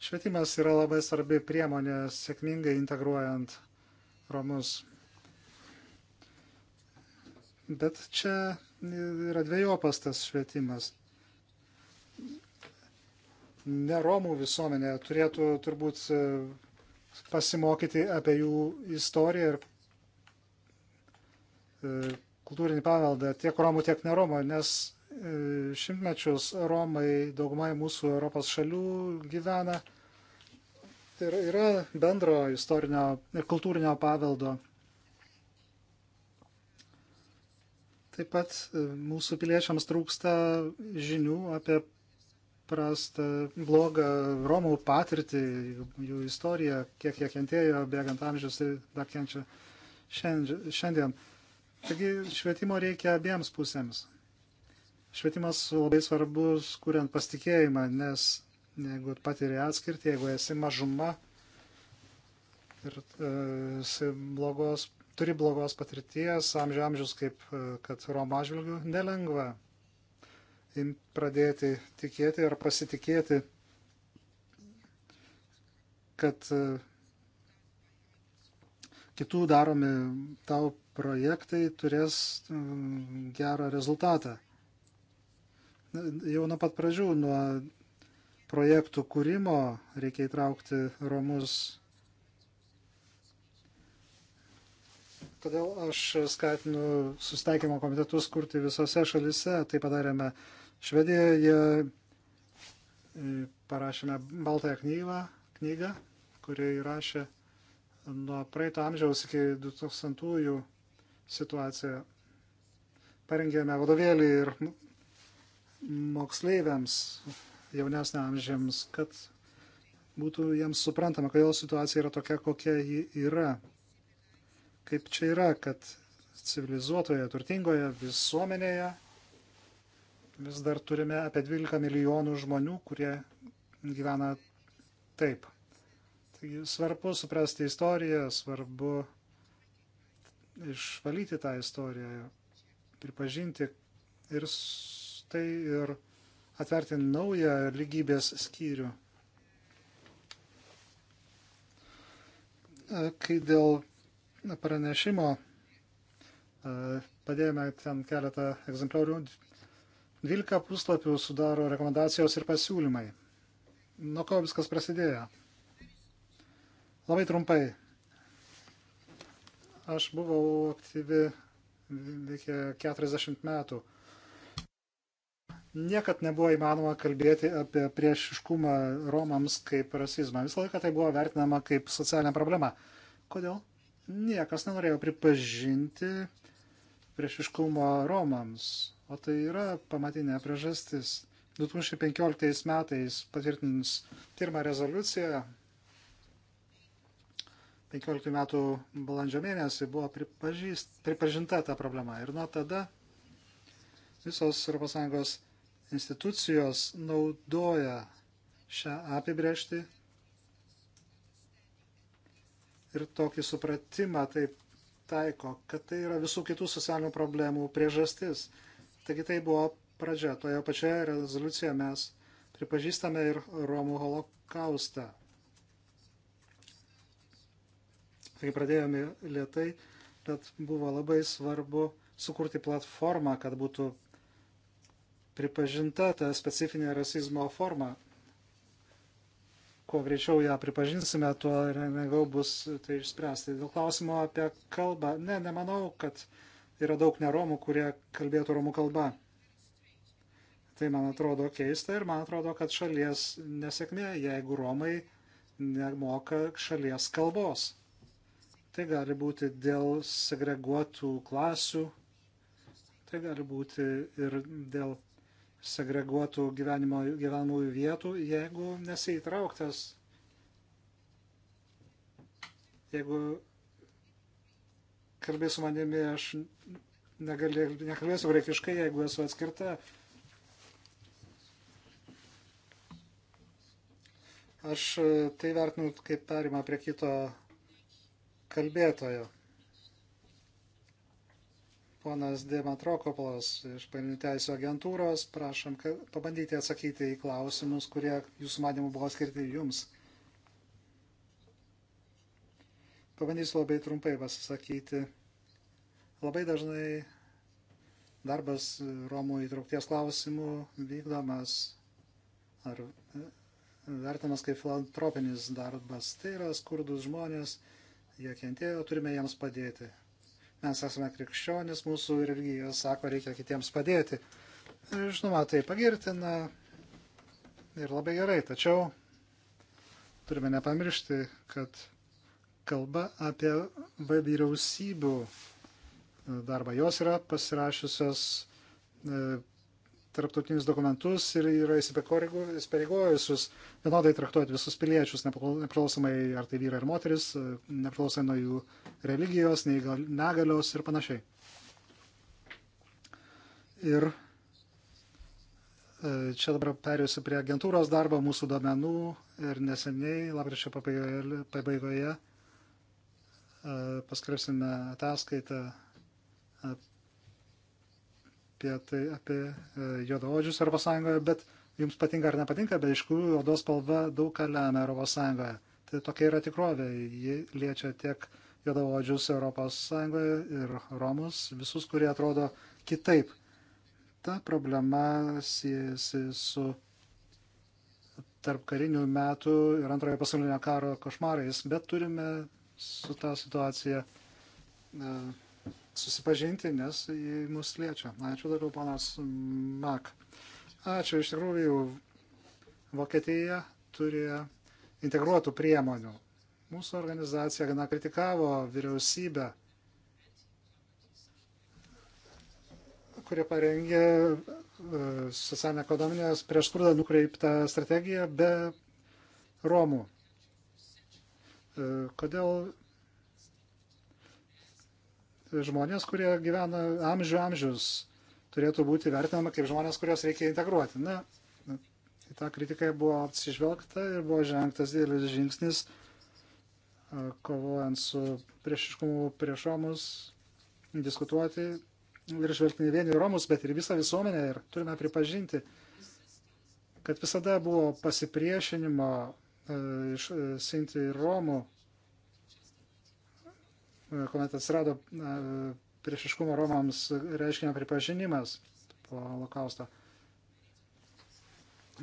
Speaker 2: švietimas yra labai svarbi priemonė sėkmingai integruojant romus. Bet čia yra dviejopas tas švietimas. Ne romų visuomenė turėtų turbūt e, pasimokyti apie jų istoriją ir e, kultūrinį paveldą tiek romų, tiek neromų, nes šimtmečius Romai daugumai mūsų Europos šalių gyvena. Ir yra bendro istorinio ir kultūrinio paveldo. Taip pat e, mūsų piliečiams trūksta žinių apie prastą, blogą Romų patirtį, jų istoriją, kiek jie kentėjo bėgant amžius ir dar kenčia šiandien. Taigi švietimo reikia abiems pusėms. Švietimas labai svarbus, kuriant pasitikėjimą, nes jeigu patiri atskirti, jeigu esi mažuma ir e, esi blogos, turi blogos patirties, amžių amžius kaip e, kad Romo atžvilgių, nelengva pradėti tikėti ir pasitikėti, kad e, kitų daromi tau projektai turės gerą rezultatą jau nuo pat pradžių, nuo projektų kūrimo reikia įtraukti Romus. Todėl aš skatinu susitaikymo komitetus kurti visose šalise. Tai padarėme Švedijoje, parašėme Baltąją knygą, knygą kuri įrašė nuo praeito amžiaus iki 2000-ųjų situaciją. Parengėme vadovėlį ir moksleiviams jaunesnio amžiams, kad būtų jiems suprantama, kodėl situacija yra tokia, kokia ji yra. Kaip čia yra, kad civilizuotoje, turtingoje visuomenėje vis dar turime apie 12 milijonų žmonių, kurie gyvena taip. Taigi svarbu suprasti istoriją, svarbu išvalyti tą istoriją, pripažinti ir tai ir atverti naują lygybės skyrių. E, kai dėl pranešimo e, padėjome ten keletą egzempliorių, 12 puslapių sudaro rekomendacijos ir pasiūlymai. Nuo ko viskas prasidėjo? Labai trumpai. Aš buvau aktyvi iki 40 metų niekad nebuvo įmanoma kalbėti apie priešiškumą Romams kaip rasizmą. Visą laiką tai buvo vertinama kaip socialinė problema. Kodėl? Niekas nenorėjo pripažinti priešiškumo Romams. O tai yra pamatinė priežastis. 2015 metais patvirtins pirmą rezoliuciją. 15 metų balandžio mėnesį buvo pripažįst, pripažinta ta problema. Ir nuo tada visos ES institucijos naudoja šią apibrėžtį ir tokį supratimą taip taiko, kad tai yra visų kitų socialinių problemų priežastis. Taigi tai buvo pradžia. Toje pačioje rezoliucijoje mes pripažįstame ir Romų holokaustą. Taigi pradėjome lietai, bet buvo labai svarbu sukurti platformą, kad būtų pripažinta ta specifinė rasizmo forma. Kuo greičiau ją pripažinsime, tuo lengviau bus tai išspręsti. Dėl klausimo apie kalbą, ne, nemanau, kad yra daug neromų, kurie kalbėtų romų kalba. Tai man atrodo keista ir man atrodo, kad šalies nesėkmė, jeigu romai nemoka šalies kalbos. Tai gali būti dėl segreguotų klasių, tai gali būti ir dėl segreguotų gyvenimo, gyvenamųjų vietų, jeigu nesiįtrauktas, jeigu kalbės su manimi, aš negalė, nekalbėsiu graikiškai, jeigu esu atskirta. Aš e, tai vertinu kaip perimą prie kito kalbėtojo ponas Dematrokopolas iš Pagrindinių teisų agentūros. Prašom pabandyti atsakyti į klausimus, kurie jūsų manimų buvo skirti jums. Pabandysiu labai trumpai pasisakyti. Labai dažnai darbas Romų įtraukties klausimų vykdomas ar e, vertinamas kaip filantropinis darbas. Tai yra skurdus žmonės, jie kentėjo, turime jiems padėti. Mes esame krikščionis, mūsų religija sako, reikia kitiems padėti. Žinoma, tai pagirtina ir labai gerai, tačiau turime nepamiršti, kad kalba apie vyriausybių darbą. Jos yra pasirašiusios e, tarptautinius dokumentus ir yra įsipareigojusius vienodai traktuoti visus piliečius, nepriklausomai ar tai vyrai ar moteris, nepriklausomai nuo jų religijos, negalios ir panašiai. Ir e, čia dabar perėjusiu prie agentūros darbo mūsų domenų ir neseniai, lapkričio pabaigoje, pabaigoje e, paskelbsime ataskaitą apie, tai, apie e, juodaodžius Europos Sąjungoje, bet jums patinka ar nepatinka, bet iš kurių odos spalva daug ką lemia Europos Sąjungoje. Tai tokia yra tikrovė, ji liečia tiek juodaodžius Europos Sąjungoje ir Romus, visus, kurie atrodo kitaip. Ta problema siejasi su tarp karinių metų ir antrojo pasaulinio karo košmarais, bet turime su tą situaciją uh, susipažinti, nes jį mus liečia. Ačiū toliau, panas Mak. Ačiū, iš tikrųjų, Vokietija turi integruotų priemonių. Mūsų organizacija gana kritikavo vyriausybę, kurie parengė e, socialinę ekonominės prieš skurdą nukreiptą strategiją be Romų. E, kodėl žmonės, kurie gyvena amžių amžius, turėtų būti vertinama kaip žmonės, kuriuos reikia integruoti. Na, į tą kritiką buvo atsižvelgta ir buvo žengtas didelis žingsnis kovojant su priešiškumu priešomus, diskutuoti ir žvelgti ne vien į Romus, bet ir visą visuomenę ir turime pripažinti, kad visada buvo pasipriešinimo iš Sinti ir Romų kuomet atsirado priešiškumo Romams reiškinio pripažinimas po holokausto.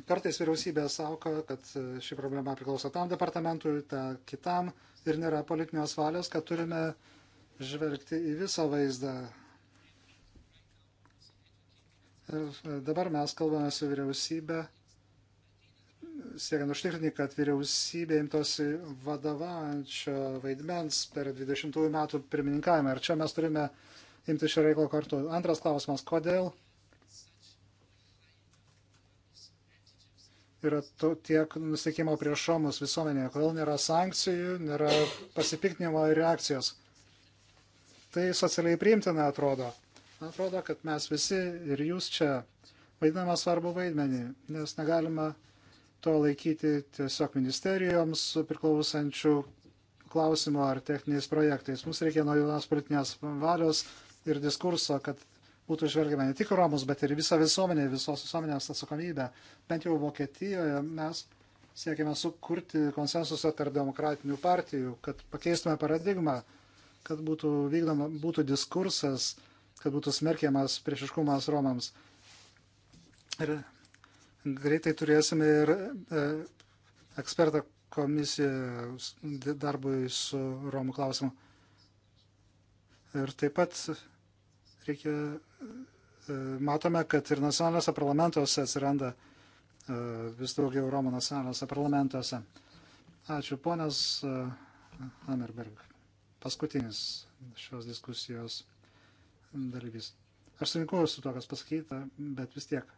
Speaker 2: Kartais vyriausybė sauka, kad ši problema priklauso tam departamentui, ta kitam ir nėra politinės valios, kad turime žvelgti į visą vaizdą. Ir dabar mes kalbame su vyriausybė siekiant užtikrinti, kad vyriausybė imtosi vadovaujančio vaidmens per 20 metų pirmininkavimą. Ir čia mes turime imti šio reikalo kartu. Antras klausimas, kodėl yra to, tiek nusikimo prieš šomus visuomenėje, kodėl nėra sankcijų, nėra pasipiktinimo ir reakcijos. Tai socialiai priimtina atrodo. Atrodo, kad mes visi ir jūs čia vaidiname svarbu vaidmenį, nes negalima to laikyti tiesiog ministerijoms priklausančių klausimų ar techniniais projektais. Mums reikia naujos politinės valios ir diskurso, kad būtų žvelgiama ne tik Romus, bet ir visa visuomenė, visos visuomenės atsakomybė. Bent jau Vokietijoje mes siekime sukurti konsensusą tarp demokratinių partijų, kad pakeistume paradigmą, kad būtų vykdoma, būtų diskursas, kad būtų smerkiamas priešiškumas Romams. Ir greitai turėsime ir e, ekspertą komisiją darbui su Romų klausimu. Ir taip pat reikia, e, matome, kad ir nacionaliniuose parlamentuose atsiranda e, vis daugiau Romų nacionaliniuose parlamentuose. Ačiū, ponas Hammerberg. Paskutinis šios diskusijos dalyvis. Aš sutinku su to, kas pasakyta, bet vis tiek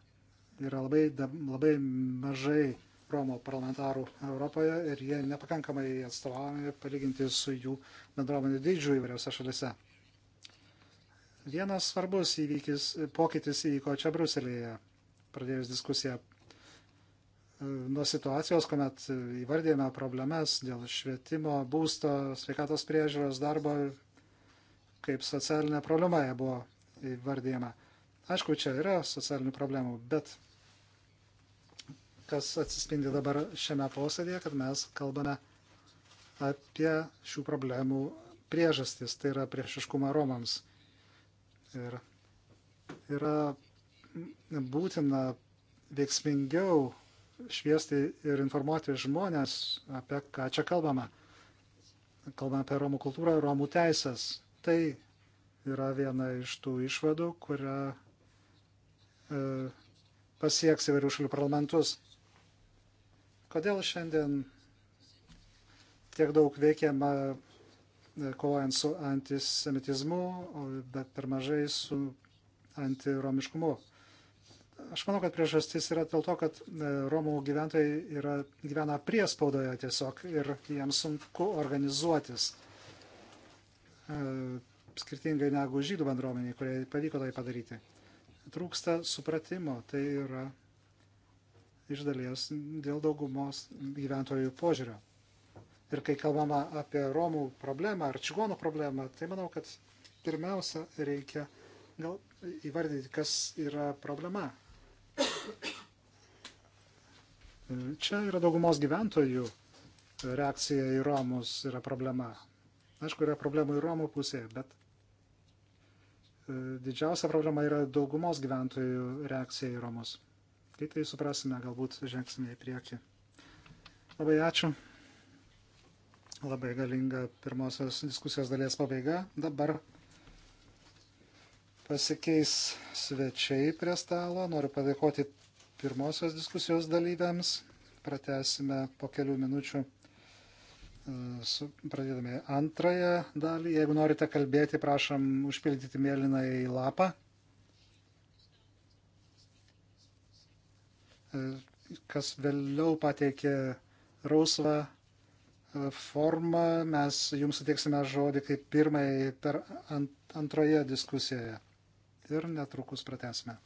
Speaker 2: yra labai, labai mažai Romų parlamentarų Europoje ir jie nepakankamai atstovaujami palyginti su jų bendruomenių dydžiu įvairiose šalise. Vienas svarbus įvykis, pokytis įvyko čia Bruselėje, pradėjus diskusiją e, nuo situacijos, kuomet įvardėjome problemas dėl švietimo, būsto, sveikatos priežiūros, darbo, kaip socialinė problema jie buvo įvardėjama. Aišku, čia yra socialinių problemų, bet kas atsispindi dabar šiame posėdėje, kad mes kalbame apie šių problemų priežastis, tai yra priešiškumą Romams. Ir yra būtina veiksmingiau šviesti ir informuoti žmonės, apie ką čia kalbame. Kalbame apie Romų kultūrą, Romų teisės. Tai yra viena iš tų išvadų, kurią e, pasieks įvairių šalių parlamentus. Kodėl šiandien tiek daug veikiama e, kovojant su antisemitizmu, bet per mažai su antiromiškumu? Aš manau, kad priežastis yra dėl to, kad e, Romų gyventojai yra, gyvena priespaudoje tiesiog ir jiems sunku organizuotis e, skirtingai negu žydų bendruomeniai, kurie pavyko tai padaryti. Trūksta supratimo, tai yra iš dalies dėl daugumos gyventojų požiūrio. Ir kai kalbama apie Romų problemą ar čigonų problemą, tai manau, kad pirmiausia reikia gal įvardyti, kas yra problema. Čia yra daugumos gyventojų reakcija į Romus yra problema. Aišku, yra problemų į Romų pusėje, bet e, didžiausia problema yra daugumos gyventojų reakcija į Romus. Kai tai suprasime, galbūt žengsime į priekį. Labai ačiū. Labai galinga pirmosios diskusijos dalies pabaiga. Dabar pasikeis svečiai prie stalo. Noriu padėkoti pirmosios diskusijos dalyviams. Pratesime po kelių minučių e, pradėdami antrąją dalį. Jeigu norite kalbėti, prašom užpildyti mėlyną į lapą. kas vėliau pateikė rausvą e, formą, mes jums suteiksime žodį kaip pirmąjį per antroje diskusijoje. Ir netrukus pratesime.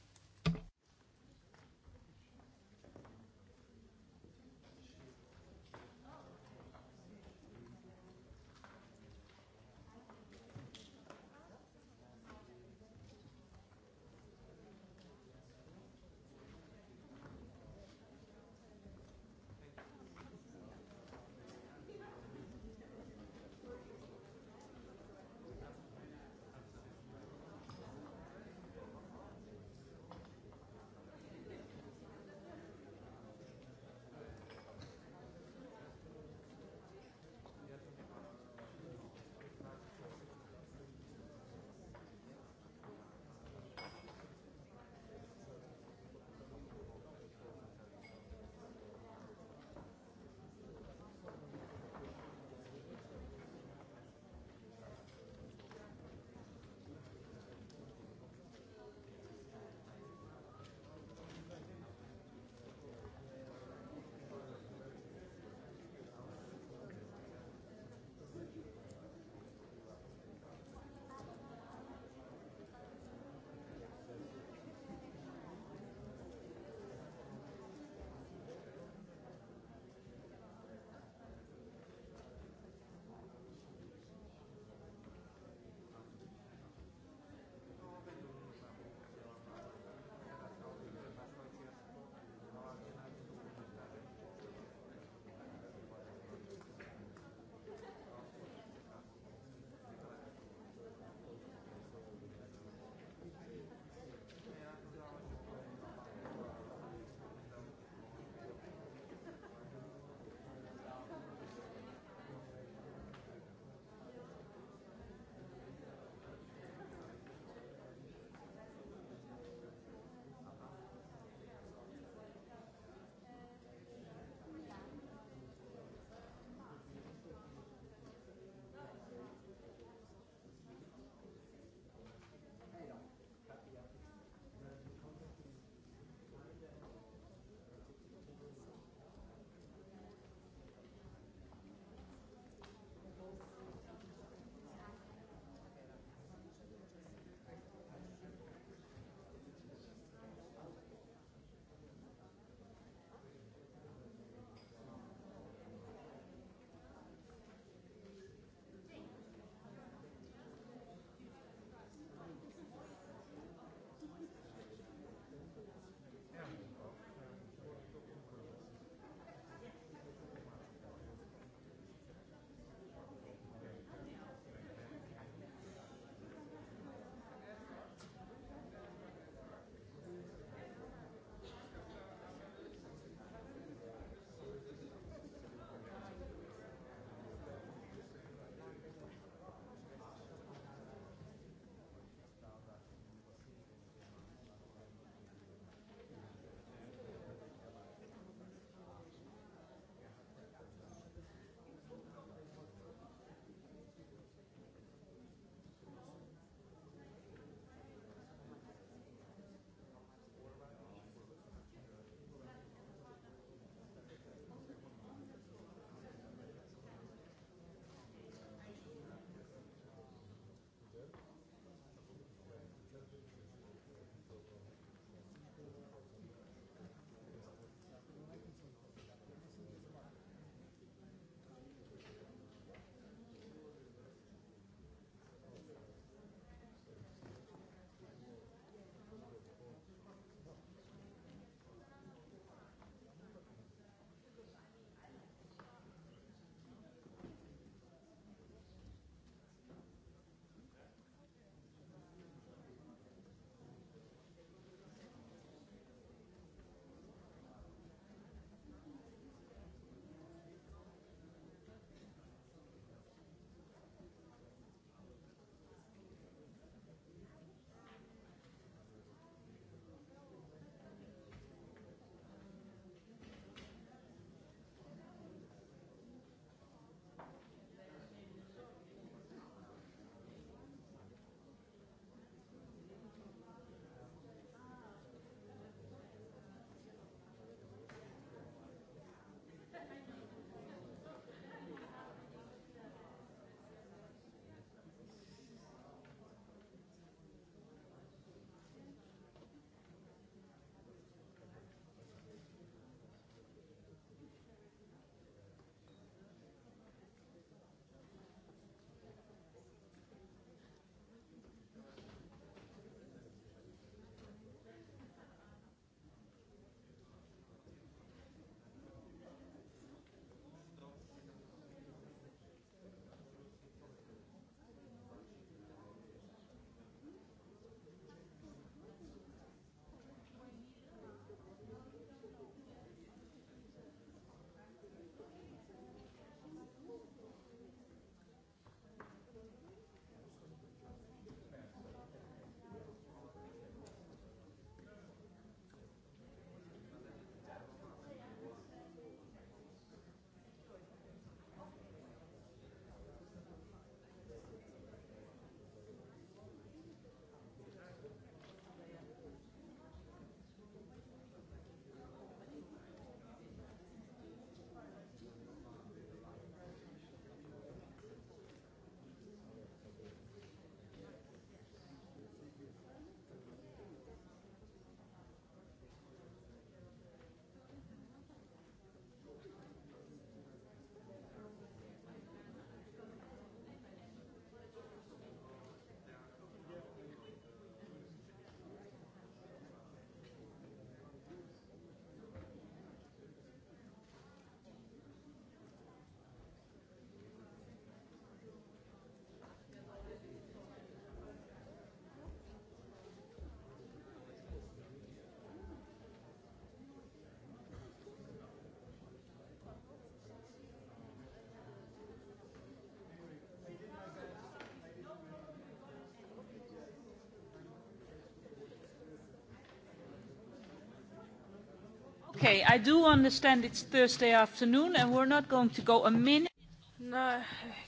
Speaker 4: Okay, I do understand it's Thursday
Speaker 3: afternoon and we're not going to go a minute. Na,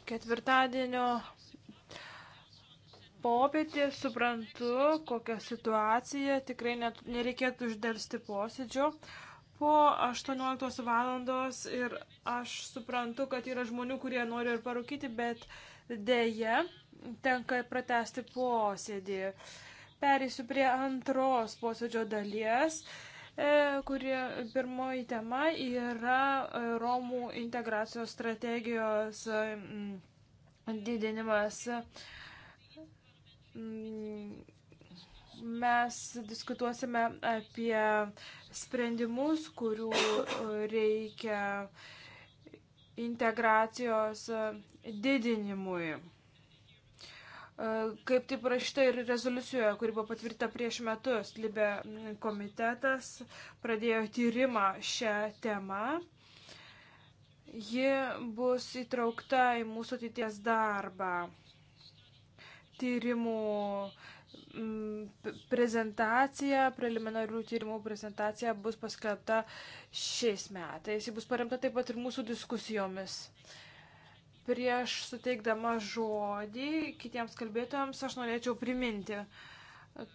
Speaker 3: ketvirtadienio popietė, suprantu, kokią situaciją, tikrai net, nereikėtų uždelsti posėdžio. Po 18 valandos ir aš suprantu, kad yra žmonių, kurie nori ir parūkyti, bet dėje tenka pratesti posėdį. Perėsiu prie antros posėdžio dalies. Uh, E, kuri pirmoji tema yra e, Romų integracijos strategijos e, didinimas. Mes diskutuosime apie sprendimus, kurių reikia integracijos didinimui. E, kaip taip rašta ir rezoliucijoje, kuri buvo patvirta prieš metus, Libė komitetas pradėjo tyrimą šią temą. Ji bus įtraukta į mūsų ateities darbą. Tyrimų prezentacija, preliminarių tyrimų prezentacija bus paskelbta šiais metais. Ji bus paremta taip pat ir mūsų diskusijomis. Uh, Prieš suteikdama žodį kitiems kalbėtojams aš norėčiau priminti,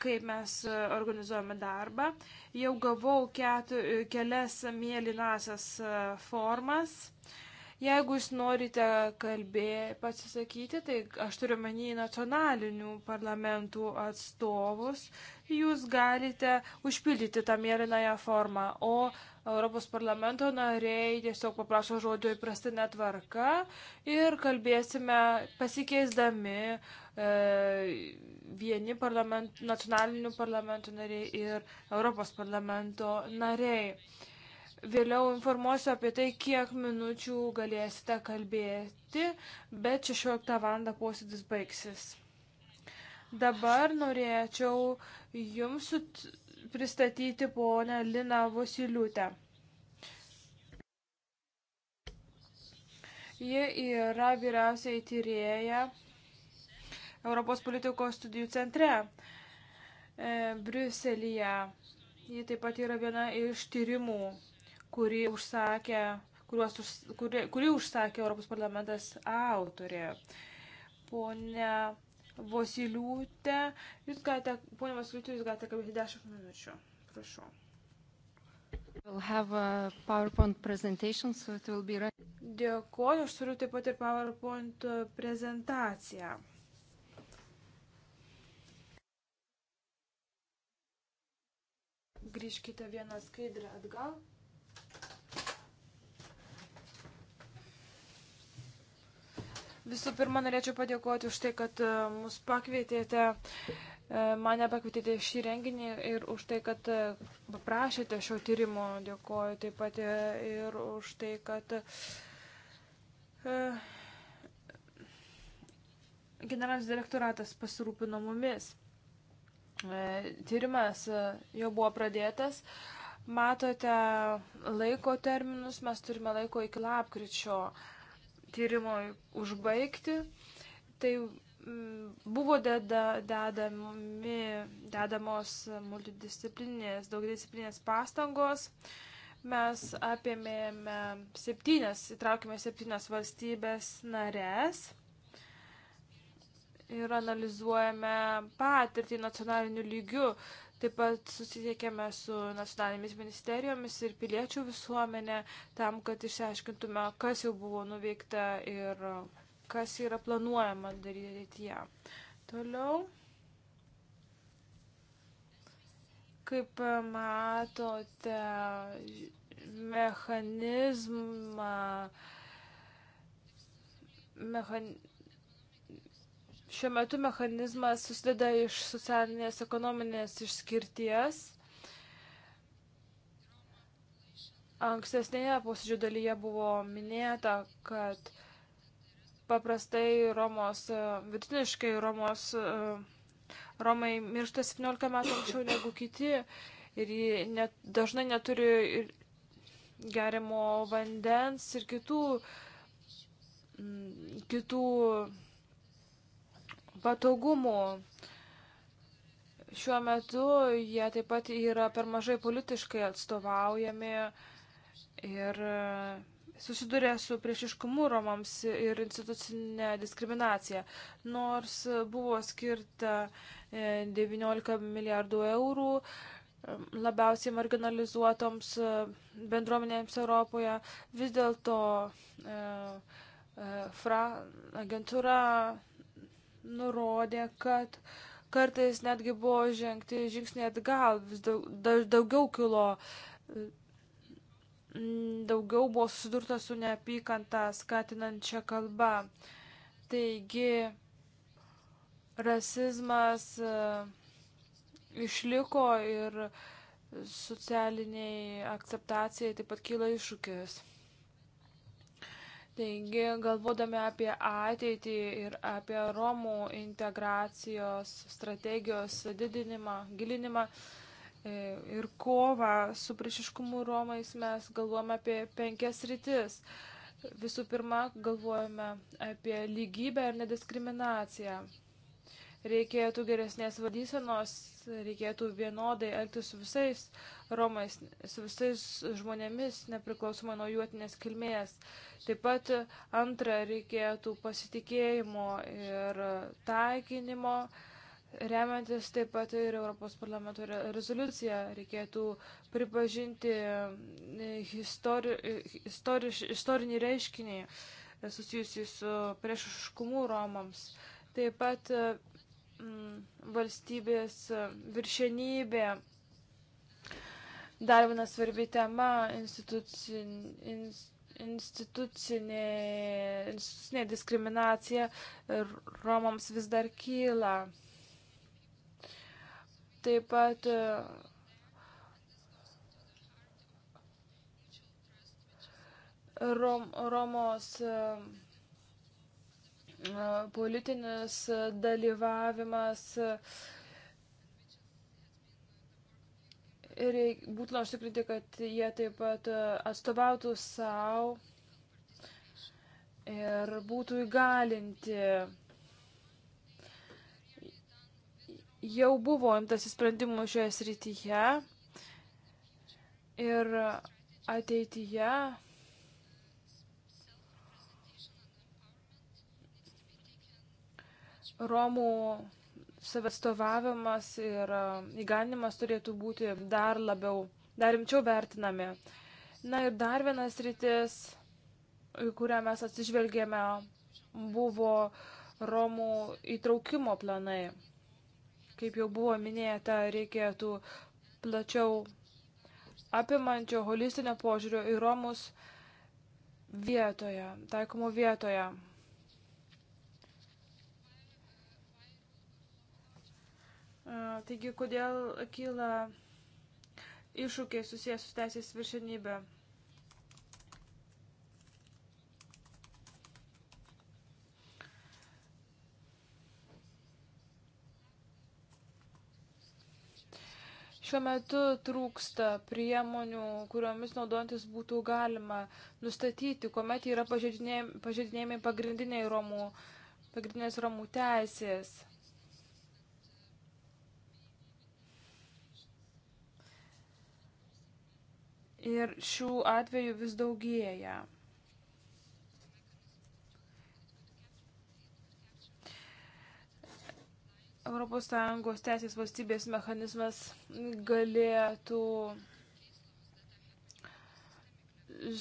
Speaker 3: kaip mes organizuojame darbą. Jau gavau ketu, kelias mėlynasias e, formas. Uh, Jeigu jūs norite kalbė, pasisakyti, tai aš turiu menį nacionalinių parlamentų atstovus, jūs galite užpildyti tą mėlynąją formą, o Europos parlamento nariai tiesiog paprašo žodžio įprastinę tvarką ir kalbėsime pasikeisdami e, vieni parlament, nacionalinių parlamentų nariai ir Europos parlamento nariai. E, Vėliau informuosiu apie tai, kiek minučių galėsite kalbėti, bet 16 val. posėdis baigsis. Dabar norėčiau jums pristatyti ponę Liną Vosiliutę. Ji yra vyriausiai tyrėja Europos politikos studijų centre e, Briuselyje. Ji taip pat yra viena iš tyrimų kurį užsakė, kuriuos, už, kurį, kurį užsakė Europos parlamentas autorė. Pone Vosiliūtė, jūs galite, ponia Vosiliūtė, jūs galite kalbėti 10 minučių. Prašau. We'll have a PowerPoint presentation, so it will be right. Dėkuoju, aš turiu taip pat ir PowerPoint prezentaciją. Grįžkite vieną skaidrę atgal. Visų pirma, norėčiau padėkoti už tai, kad e, mus pakvietėte, e, mane pakvietėte šį renginį ir už tai, kad e, paprašėte šio tyrimo. Dėkoju taip pat ir už tai, kad generalinis direktoratas pasirūpino mumis. Tyrimas jau buvo pradėtas. Matote laiko terminus, mes turime laiko iki lapkričio. Uh, tyrimui užbaigti, tai mm, buvo deda, dedami, dedamos multidisciplininės, daugdisciplininės pastangos. Mes apėmėme septynias, įtraukėme septynias valstybės narės ir analizuojame patirtį nacionaliniu lygiu. Taip pat susisiekėme su nacionalinėmis ministerijomis ir piliečių visuomenė tam, kad išsiaiškintume, kas jau buvo nuveikta ir kas yra planuojama daryti ateityje. Toliau. Kaip matote, mechanizmą mechan, Šiuo metu mechanizmas susideda iš socialinės ekonominės išskirties. Ankstesnėje posėdžio dalyje buvo minėta, kad paprastai Romos, e, vidutiniškai Romos, e, Romai miršta 17 metų anksčiau negu kiti ir net, dažnai neturi ir gerimo vandens ir kitų, kitų patogumų. Šiuo metu jie taip pat yra per mažai politiškai atstovaujami ir e, susiduria su priešiškumu romams ir institucinė diskriminacija. Nors buvo skirta 19 e, milijardų eurų e, labiausiai marginalizuotoms bendruomenėms Europoje, vis dėlto e, e, FRA agentūra nurodė, kad kartais netgi buvo žengti žingsnį atgal, vis daug, daugiau kilo, daugiau buvo susidurta su neapykanta skatinančia kalba. Taigi, rasizmas e, išliko ir socialiniai akceptacijai taip pat kyla iššūkis. Taigi, galvodami apie ateitį ir apie Romų integracijos strategijos didinimą, gilinimą e, ir kovą su priešiškumu Romais, mes galvojame apie penkias rytis. Visų pirma, galvojame apie lygybę ir nediskriminaciją reikėtų geresnės valdysenos, reikėtų vienodai elgtis su visais Romais, su visais žmonėmis, nepriklausomai nuo juotinės kilmės. Taip pat antra, reikėtų pasitikėjimo ir taikinimo, remiantis taip pat ir Europos parlamento rezoliuciją, reikėtų pripažinti e, histori, histori, istorinį reiškinį e, susijusį su priešiškumu Romams. Taip pat Mm, valstybės mm, viršenybė. Dar viena svarbi tema institucinė, institucinė, institucinė diskriminacija Romams vis dar kyla. Taip pat e, Rom, Romos e, politinis dalyvavimas. Ir būtina užtikrinti, kad jie taip pat atstovautų savo ir būtų įgalinti. Jau buvo imtasi sprendimų šioje srityje ir ateityje Romų savestavavimas ir e, įganimas turėtų būti dar labiau, dar rimčiau vertinami. Na ir dar vienas rytis, į kurią mes atsižvelgėme, buvo Romų įtraukimo planai. Kaip jau buvo minėta, reikėtų plačiau apimančio holistinio požiūrio į Romus vietoje, taikomo vietoje. Taigi, kodėl kyla iššūkiai susijęs su teisės viršenybė? Šiuo metu trūksta priemonių, kuriomis naudojantis būtų galima nustatyti, kuomet yra pažeidinėjami pagrindiniai romų, pagrindinės romų teisės. ir šių atvejų vis daugėja. ES teisės valstybės mechanizmas galėtų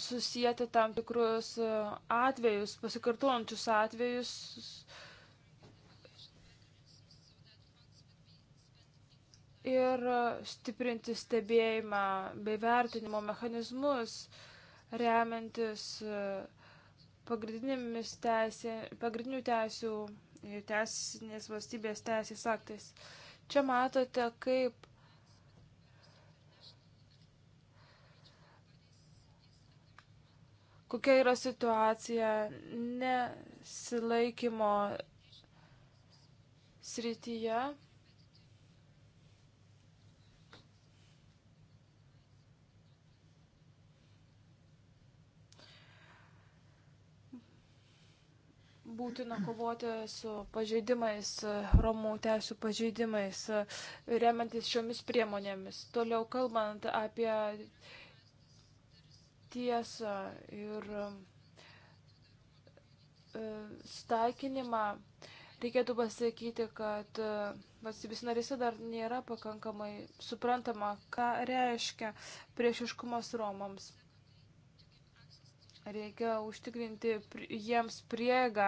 Speaker 3: susijęti tam tikrus atvejus, pasikartojančius atvejus ir stiprinti stebėjimą bei vertinimo mechanizmus, remiantis e, pagrindinėmis teisė, pagrindinių teisių ir e, teisinės valstybės teisės aktais. Čia matote, kaip kokia yra situacija nesilaikymo srityje. būtina kovoti su pažeidimais, Romų teisų pažeidimais, remiantis šiomis priemonėmis. Toliau kalbant apie tiesą ir e, staikinimą, reikėtų pasakyti, kad e, valstybės narėse dar nėra pakankamai suprantama, ką reiškia priešiškumas Romams. Reikia užtikrinti jiems priega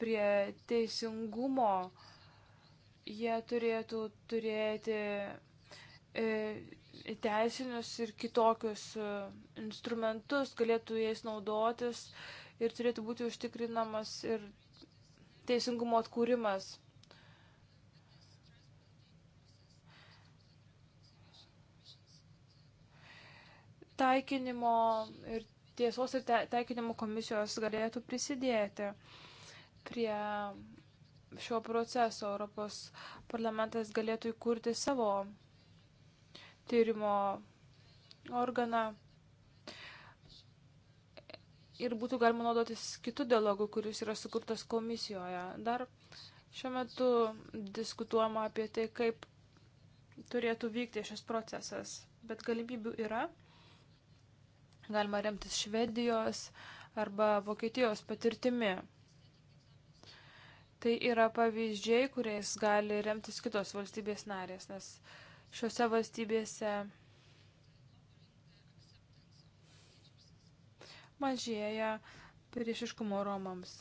Speaker 3: prie teisingumo. Jie turėtų turėti e, teisinius ir kitokius e, instrumentus, galėtų jais naudotis ir turėtų būti užtikrinamas ir teisingumo atkūrimas. Taikinimo ir tiesos ir te, teikinimo komisijos galėtų prisidėti prie šio proceso. Europos parlamentas galėtų įkurti savo tyrimo organą ir būtų galima naudotis kitų dialogų, kuris yra sukurtas komisijoje. Dar šiuo metu diskutuojama apie tai, kaip turėtų vykti šis procesas, bet galimybių yra galima remtis Švedijos arba Vokietijos patirtimi. Tai yra pavyzdžiai, kuriais gali remtis kitos valstybės narės, nes šiuose valstybėse mažėja priešiškumo Romams.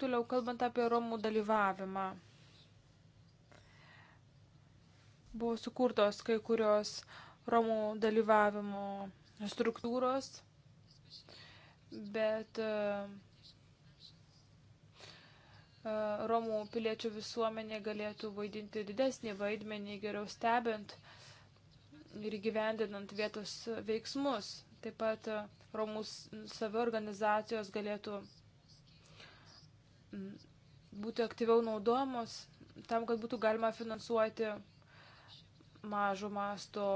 Speaker 3: Toliau kalbant apie Romų dalyvavimą. Buvo sukurtos kai kurios uh, Romų dalyvavimo struktūros, bet e, e, Romų piliečių visuomenė galėtų vaidinti didesnį vaidmenį, geriau stebint ir gyvendinant vietos veiksmus. Taip pat e, Romų saviorganizacijos galėtų būti aktyviau naudojamos tam, kad būtų galima finansuoti mažo masto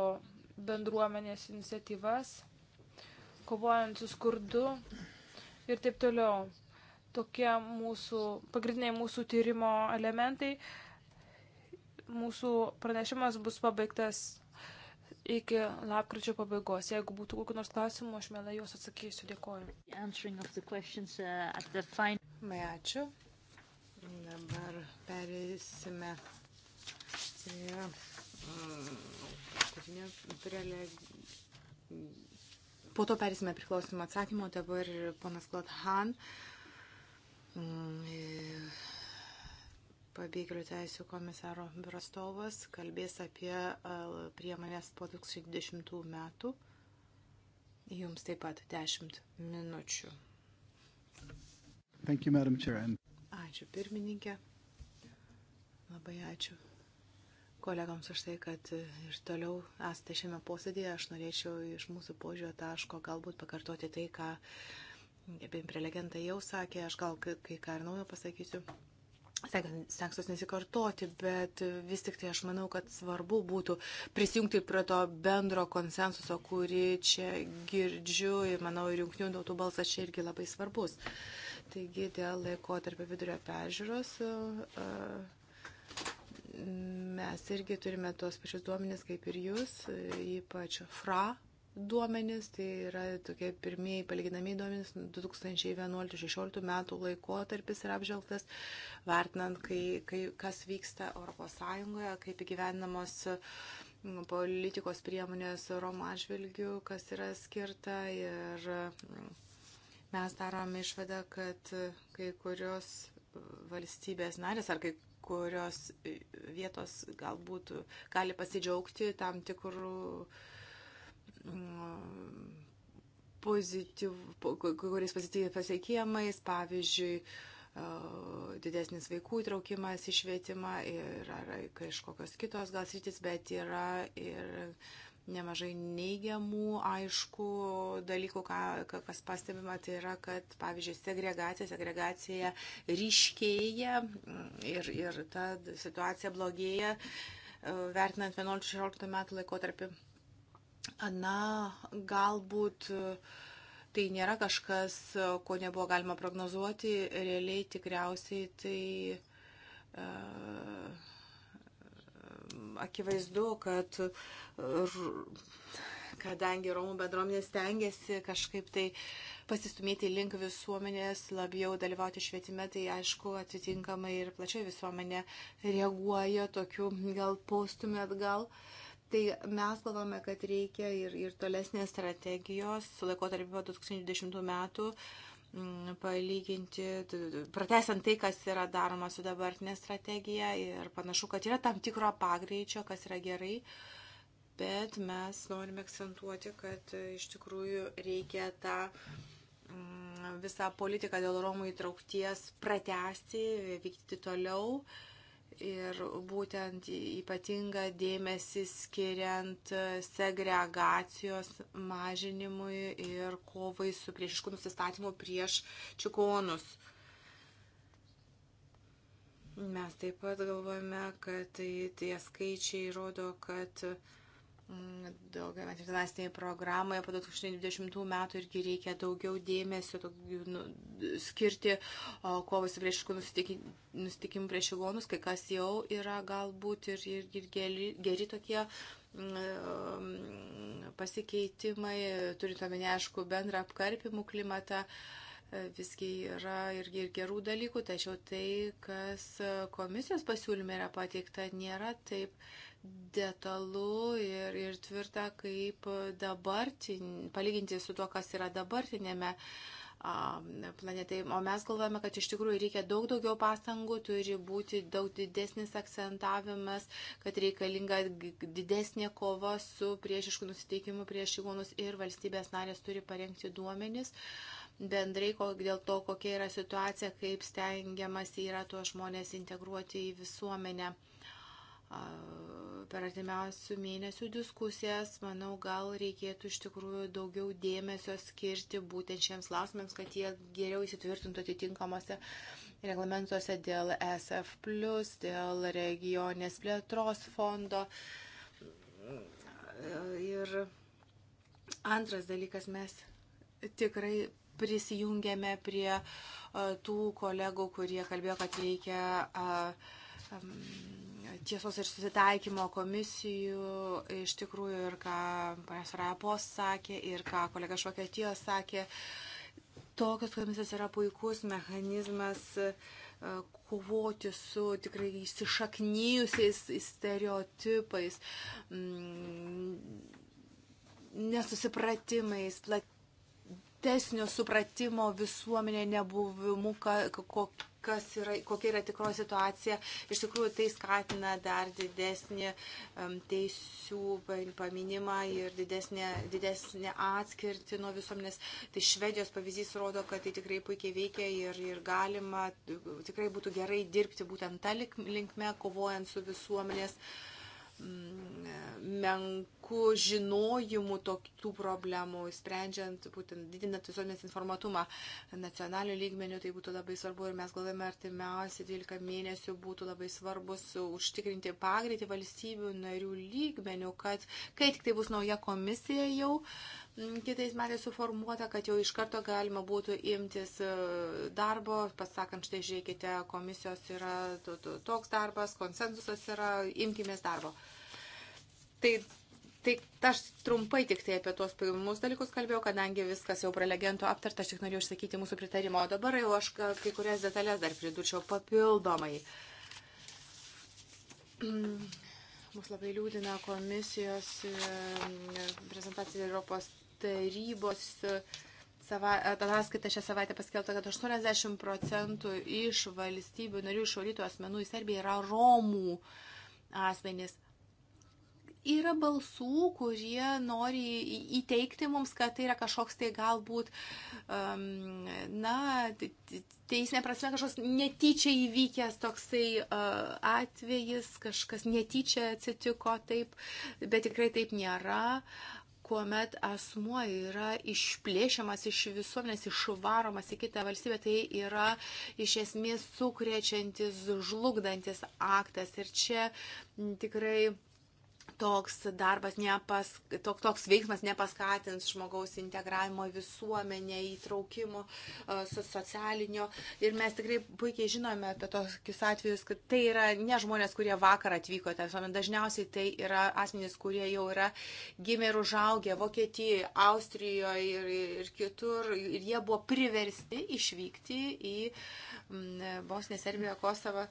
Speaker 3: bendruomenės iniciatyvas, kovojant su skurdu ir taip toliau. Tokie mūsų pagrindiniai mūsų tyrimo elementai. Mūsų pranešimas bus pabaigtas iki lapkričio pabaigos. Jeigu būtų kokių nors klausimų, aš mielai juos atsakysiu. Dėkoju.
Speaker 1: Mai uh, ačiū. Dabar perėsime prie mm, paskutinė prele... Po to perėsime priklausimą atsakymo, dabar ponas Klot Han, mm, e, pabėgėlių teisų komisaro Brastovas, kalbės apie e, priemonės po 2010 metų. Jums taip pat 10 minučių.
Speaker 2: Thank you, Madam Chair.
Speaker 1: Ačiū pirmininkė. Labai ačiū kolegoms už tai, kad ir toliau esate šiame posėdėje. Aš norėčiau iš mūsų požiūrio taško galbūt pakartoti tai, ką prelegentai jau sakė. Aš gal kai ką ir naujo pasakysiu. Seksus nesikartoti, bet vis tik tai aš manau, kad svarbu būtų prisijungti prie to bendro konsensuso, kurį čia girdžiu ir manau, ir jungtinių tautų balsas čia irgi labai svarbus. Taigi dėl laiko tarp vidurio pežiūros. Uh, uh, mes irgi turime tuos pačius duomenis kaip ir jūs, ypač FRA duomenis, tai yra tokie pirmieji palyginamiai duomenis 2011-2016 metų laikotarpis yra apžvelgtas, vertinant, kai, kai, kas vyksta ES, kaip įgyvenamos politikos priemonės Romo atžvilgių, kas yra skirta ir mes darom išvadą, kad kai kurios valstybės narės ar kai kurios vietos galbūt gali pasidžiaugti tam tikrų mm, pozityv, kuris pozityviai pasiekimais, pavyzdžiui, didesnis vaikų įtraukimas į švietimą ir ar kažkokios kitos gal sritis, bet yra ir nemažai neigiamų, aišku, dalykų, ką, kas pastebima, tai yra, kad, pavyzdžiui, segregacija, segregacija ryškėja mm, ir, ir ta situacija blogėja, e, vertinant 11-16 metų laikotarpį. Na, galbūt e, tai nėra kažkas, e, ko nebuvo galima prognozuoti, realiai tikriausiai tai. Uh, akivaizdu, kad kadangi Romų bendruomenė stengiasi kažkaip tai pasistumėti link visuomenės, labiau dalyvauti švietime, tai aišku, atitinkamai ir plačiai visuomenė reaguoja tokiu gal postumė atgal. Tai mes galvome, kad reikia ir, ir tolesnės strategijos laikotarpio 2010 metų Mm, palyginti, pratesiant tai, kas yra daroma su dabartinė strategija ir panašu, kad yra tam tikro pagreičio, kas yra gerai, bet mes norime akcentuoti, kad e, iš tikrųjų reikia tą mm, visą politiką dėl Romų įtraukties pratesti, vykti toliau. Uh, ir būtent ypatinga dėmesį skiriant segregacijos mažinimui ir kovai su priešiškų nusistatymu prieš čikonus. Mes taip pat galvojame, kad tai, tie skaičiai rodo, kad uh, daugiau finansinėje programoje po 2020 metų irgi reikia daugiau dėmesio daugiau, nu, skirti kovai su priešišku nusitikimu prieš įgonus, kai kas jau yra galbūt ir, ir, ir geri, geri tokie mm, mm, pasikeitimai, turint omenyje, aišku, bendrą apkarpimų klimatą visgi yra irgi ir gerų dalykų, tačiau tai, kas komisijos pasiūlyme yra pateikta, nėra taip detalu ir, ir tvirta, kaip dabartin, palyginti su tuo, kas yra dabartinėme planetai. O mes galvojame, kad iš tikrųjų reikia daug daugiau pastangų, turi būti daug didesnis akcentavimas, kad reikalinga didesnė kova su priešiškų nusiteikimu prieš įgonus ir valstybės narės turi parengti duomenis. Bendrai dėl to, kokia yra situacija, kaip stengiamas yra tuos žmonės integruoti į visuomenę per artimiausių mėnesių diskusijas, manau, gal reikėtų iš tikrųjų daugiau dėmesio skirti būtent šiems klausimams, kad jie geriau įsitvirtintų atitinkamuose reglamentuose dėl SF, dėl regionės plėtros fondo. Ir antras dalykas, mes tikrai prisijungėme prie tų kolegų, kurie kalbėjo, kad reikia tiesos ir susitaikymo komisijų iš tikrųjų ir ką panas Rapos sakė ir ką kolega iš Vokietijos sakė. Tokios komisijos yra puikus mechanizmas e, kovoti su tikrai įsišaknyjusiais stereotipais, mm, nesusipratimais, platesnio supratimo visuomenė nebuvimu, kokiu kas yra, kokia yra tikro situacija, iš tikrųjų tai skatina dar didesnį teisių paminimą ir didesnį, didesnį atskirtį nuo visuomenės. Tai Švedijos pavyzdys rodo, kad tai tikrai puikiai veikia ir, ir galima, tikrai būtų gerai dirbti būtent tą linkme, kovojant su visuomenės uh, Mm, menku žinojimu tokių problemų, sprendžiant, būtent didinant visuomenės informatumą nacionaliniu lygmeniu, tai būtų labai svarbu ir mes galvojame artimiausi 12 mėnesių būtų labai svarbus užtikrinti pagreitį valstybių narių lygmeniu, kad kai tik tai bus nauja komisija jau, mm, kitais metais suformuota, kad jau iš karto galima būtų imtis e, darbo, pasakant, štai žiūrėkite, komisijos yra toks darbas, konsensusas yra, imkimės darbo. Tai, tai aš trumpai tik tai apie tuos pirmus dalykus kalbėjau, kadangi viskas jau prelegento aptarta, aš tik norėjau išsakyti mūsų pritarimo. O dabar jau aš kai kurias detalės dar pridurčiau papildomai. Mm, mus labai liūdina komisijos e, prezentacija Europos tarybos e, ataskaita šią savaitę paskelbta, kad 80 procentų iš valstybių narių išvarytų asmenų į Serbiją yra Romų asmenys yra balsų, kurie nori įteikti mums, kad tai yra kažkoks tai galbūt, um, na, teisinė prasme kažkoks netyčia įvykęs toksai uh, atvejis, kažkas netyčia atsitiko taip, bet tikrai taip nėra kuomet asmuo yra išplėšiamas iš visuomenės, išvaromas į kitą valstybę, tai yra iš esmės sukrečiantis, žlugdantis aktas. Ir čia tikrai toks darbas, nepas, tok, toks veiksmas nepaskatins žmogaus integravimo į visuomenę, įtraukimo e, socialinio. Ir mes tikrai puikiai žinome apie tokius atvejus, kad tai yra ne žmonės, kurie vakar atvyko, visuomenė. dažniausiai tai yra asmenys, kurie jau yra gimę ir užaugę Vokietijoje, Austrijoje ir, ir kitur. Ir jie buvo priversti išvykti į Bosnę, Serbiją, Kosovą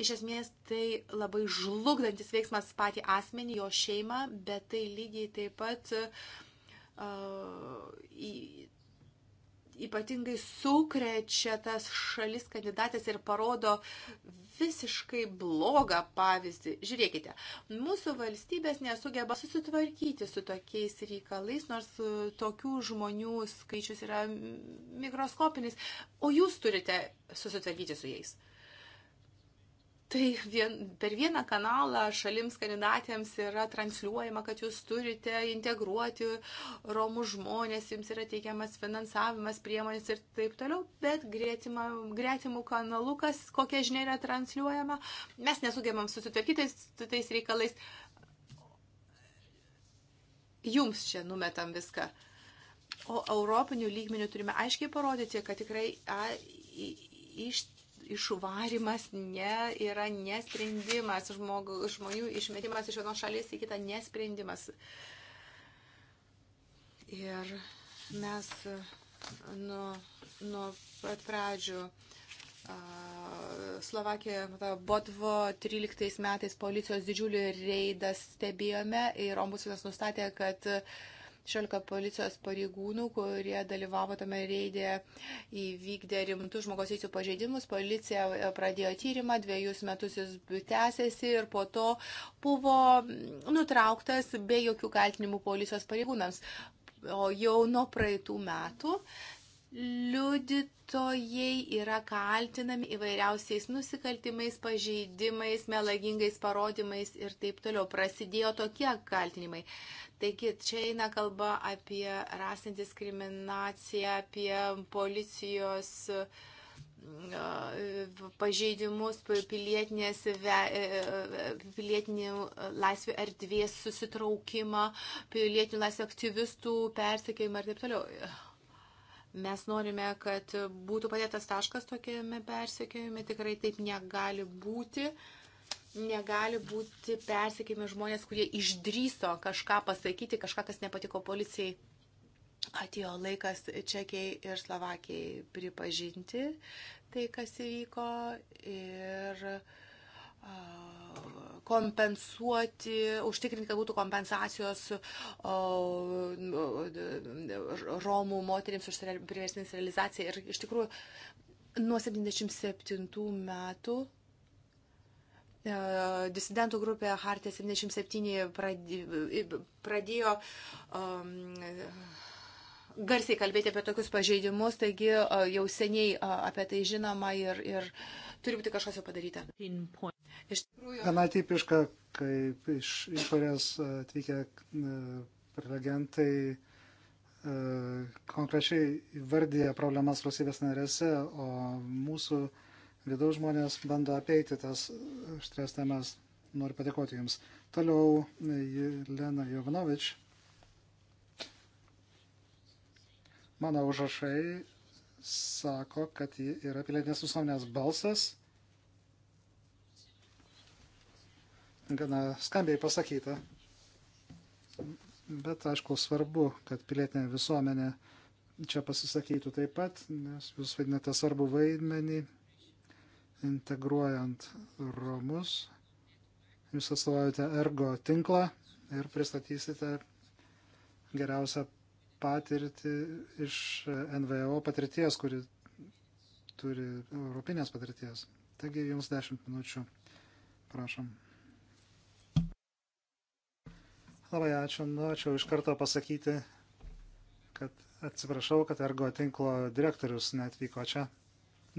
Speaker 1: iš esmės tai labai žlugdantis veiksmas patį asmenį, jo šeimą, bet tai lygiai taip pat uh, ypatingai sukrečia tas šalis kandidatės ir parodo visiškai blogą pavyzdį. Žiūrėkite, mūsų valstybės nesugeba susitvarkyti su tokiais reikalais, nors e, tokių žmonių skaičius yra mikroskopinis, o jūs turite susitvarkyti su jais. Tai vien, per vieną kanalą šalims kandidatėms yra transliuojama, kad jūs turite integruoti romų žmonės, jums yra teikiamas finansavimas, priemonės ir taip toliau, bet greitima, greitimų kanalu, kas kokia žinia yra transliuojama, mes nesugebam susitvarkyti su tais reikalais. Jums čia numetam viską. O europinių lygmenių turime aiškiai parodyti, kad tikrai a, i, iš išvarimas ne, yra nesprendimas, žmogų, žmonių išmetimas iš vienos šalies į kitą nesprendimas. Ir mes uh, nuo, nuo pat pradžių uh, Slovakijoje Botvo 13 metais policijos didžiulį reidą stebėjome ir ombudsmenas nustatė, kad uh, 16 policijos pareigūnų, kurie dalyvavo tame reidė, įvykdė rimtus žmogaus teisų pažeidimus. Policija e, pradėjo tyrimą, dviejus metus jis tęsėsi ir po to buvo nutrauktas be jokių kaltinimų policijos pareigūnams. O jau nuo praeitų metų liudytojai yra kaltinami įvairiausiais nusikaltimais, pažeidimais, melagingais parodymais ir taip toliau. Prasidėjo tokie kaltinimai. Taigi čia eina kalba apie rasinę diskriminaciją, apie policijos e, pažeidimus pilietinės, e, pilietinių laisvių erdvės susitraukimą, pilietinių laisvių aktyvistų persekėjimą ir taip toliau Mes norime, kad būtų padėtas taškas tokiame persekiojime, tikrai taip negali būti. Negali būti persekiojami žmonės, kurie išdryso kažką pasakyti, kažką, kas nepatiko policijai. Atėjo laikas Čekijai ir Slovakijai pripažinti tai, kas įvyko. Ir, uh, kompensuoti, užtikrinti, kad būtų kompensacijos Romų moteriams už priversinį realizaciją. Ir iš tikrųjų, nuo 77 metų e, disidentų grupė Hartė 77 pradėjo um, garsiai kalbėti apie tokius pažeidimus, taigi e, jau seniai e, apie tai žinoma ir, ir turi būti kažkas jau padaryta. Iš tikrųjų. Gana
Speaker 2: tipiška, kaip iš išorės e, atvykę e, prelegentai e, konkrečiai vardė problemas valstybės narėse, o mūsų vidaus žmonės bando apeiti tas štres temas. Noriu padėkoti Jums. Toliau Lena Jovanovič. Mano užrašai sako, kad ji yra pilietinės visuomenės balsas gana skambiai pasakyta. Bet, aišku, svarbu, kad pilietinė visuomenė čia pasisakytų taip pat, nes jūs vaidinate svarbu vaidmenį, integruojant Romus. Jūs atstovaujate ergo tinklą ir pristatysite geriausią patirtį iš NVO patirties, kuri turi europinės patirties. Taigi jums 10 minučių. Prašom. Labai ačiū. Norėčiau nu, iš karto pasakyti, kad atsiprašau, kad ergo tinklo direktorius netvyko čia.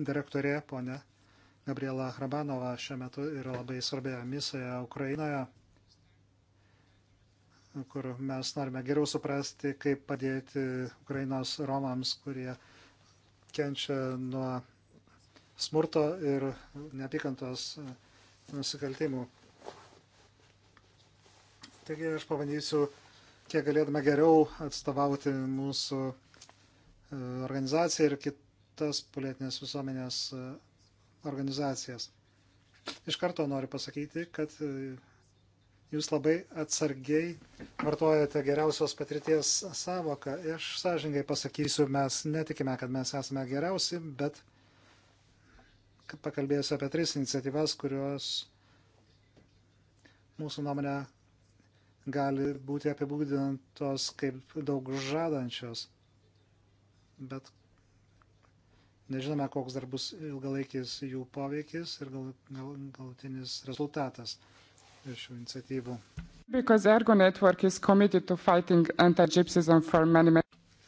Speaker 2: Direktorė, ponė Gabriela Hrabanova, šiuo metu yra labai svarbioje misijoje Ukrainoje kur mes norime geriau suprasti, kaip padėti Ukrainos romams, kurie kenčia nuo smurto ir neapykantos nusikaltimų. Taigi aš pabandysiu, kiek galėdama geriau atstovauti mūsų e, organizaciją ir kitas politinės visuomenės e, organizacijas. Iš karto noriu pasakyti, kad e, jūs labai atsargiai vartojate geriausios patirties savoką. Aš sąžingai pasakysiu, mes netikime, kad mes esame geriausi, bet pakalbėsiu apie tris iniciatyvas, kurios mūsų nuomonė gali būti apibūdintos kaip daug žadančios, bet nežinome, koks dar bus ilgalaikis jų poveikis ir gal, gal, galutinis rezultatas iš šių iniciatyvų. Many...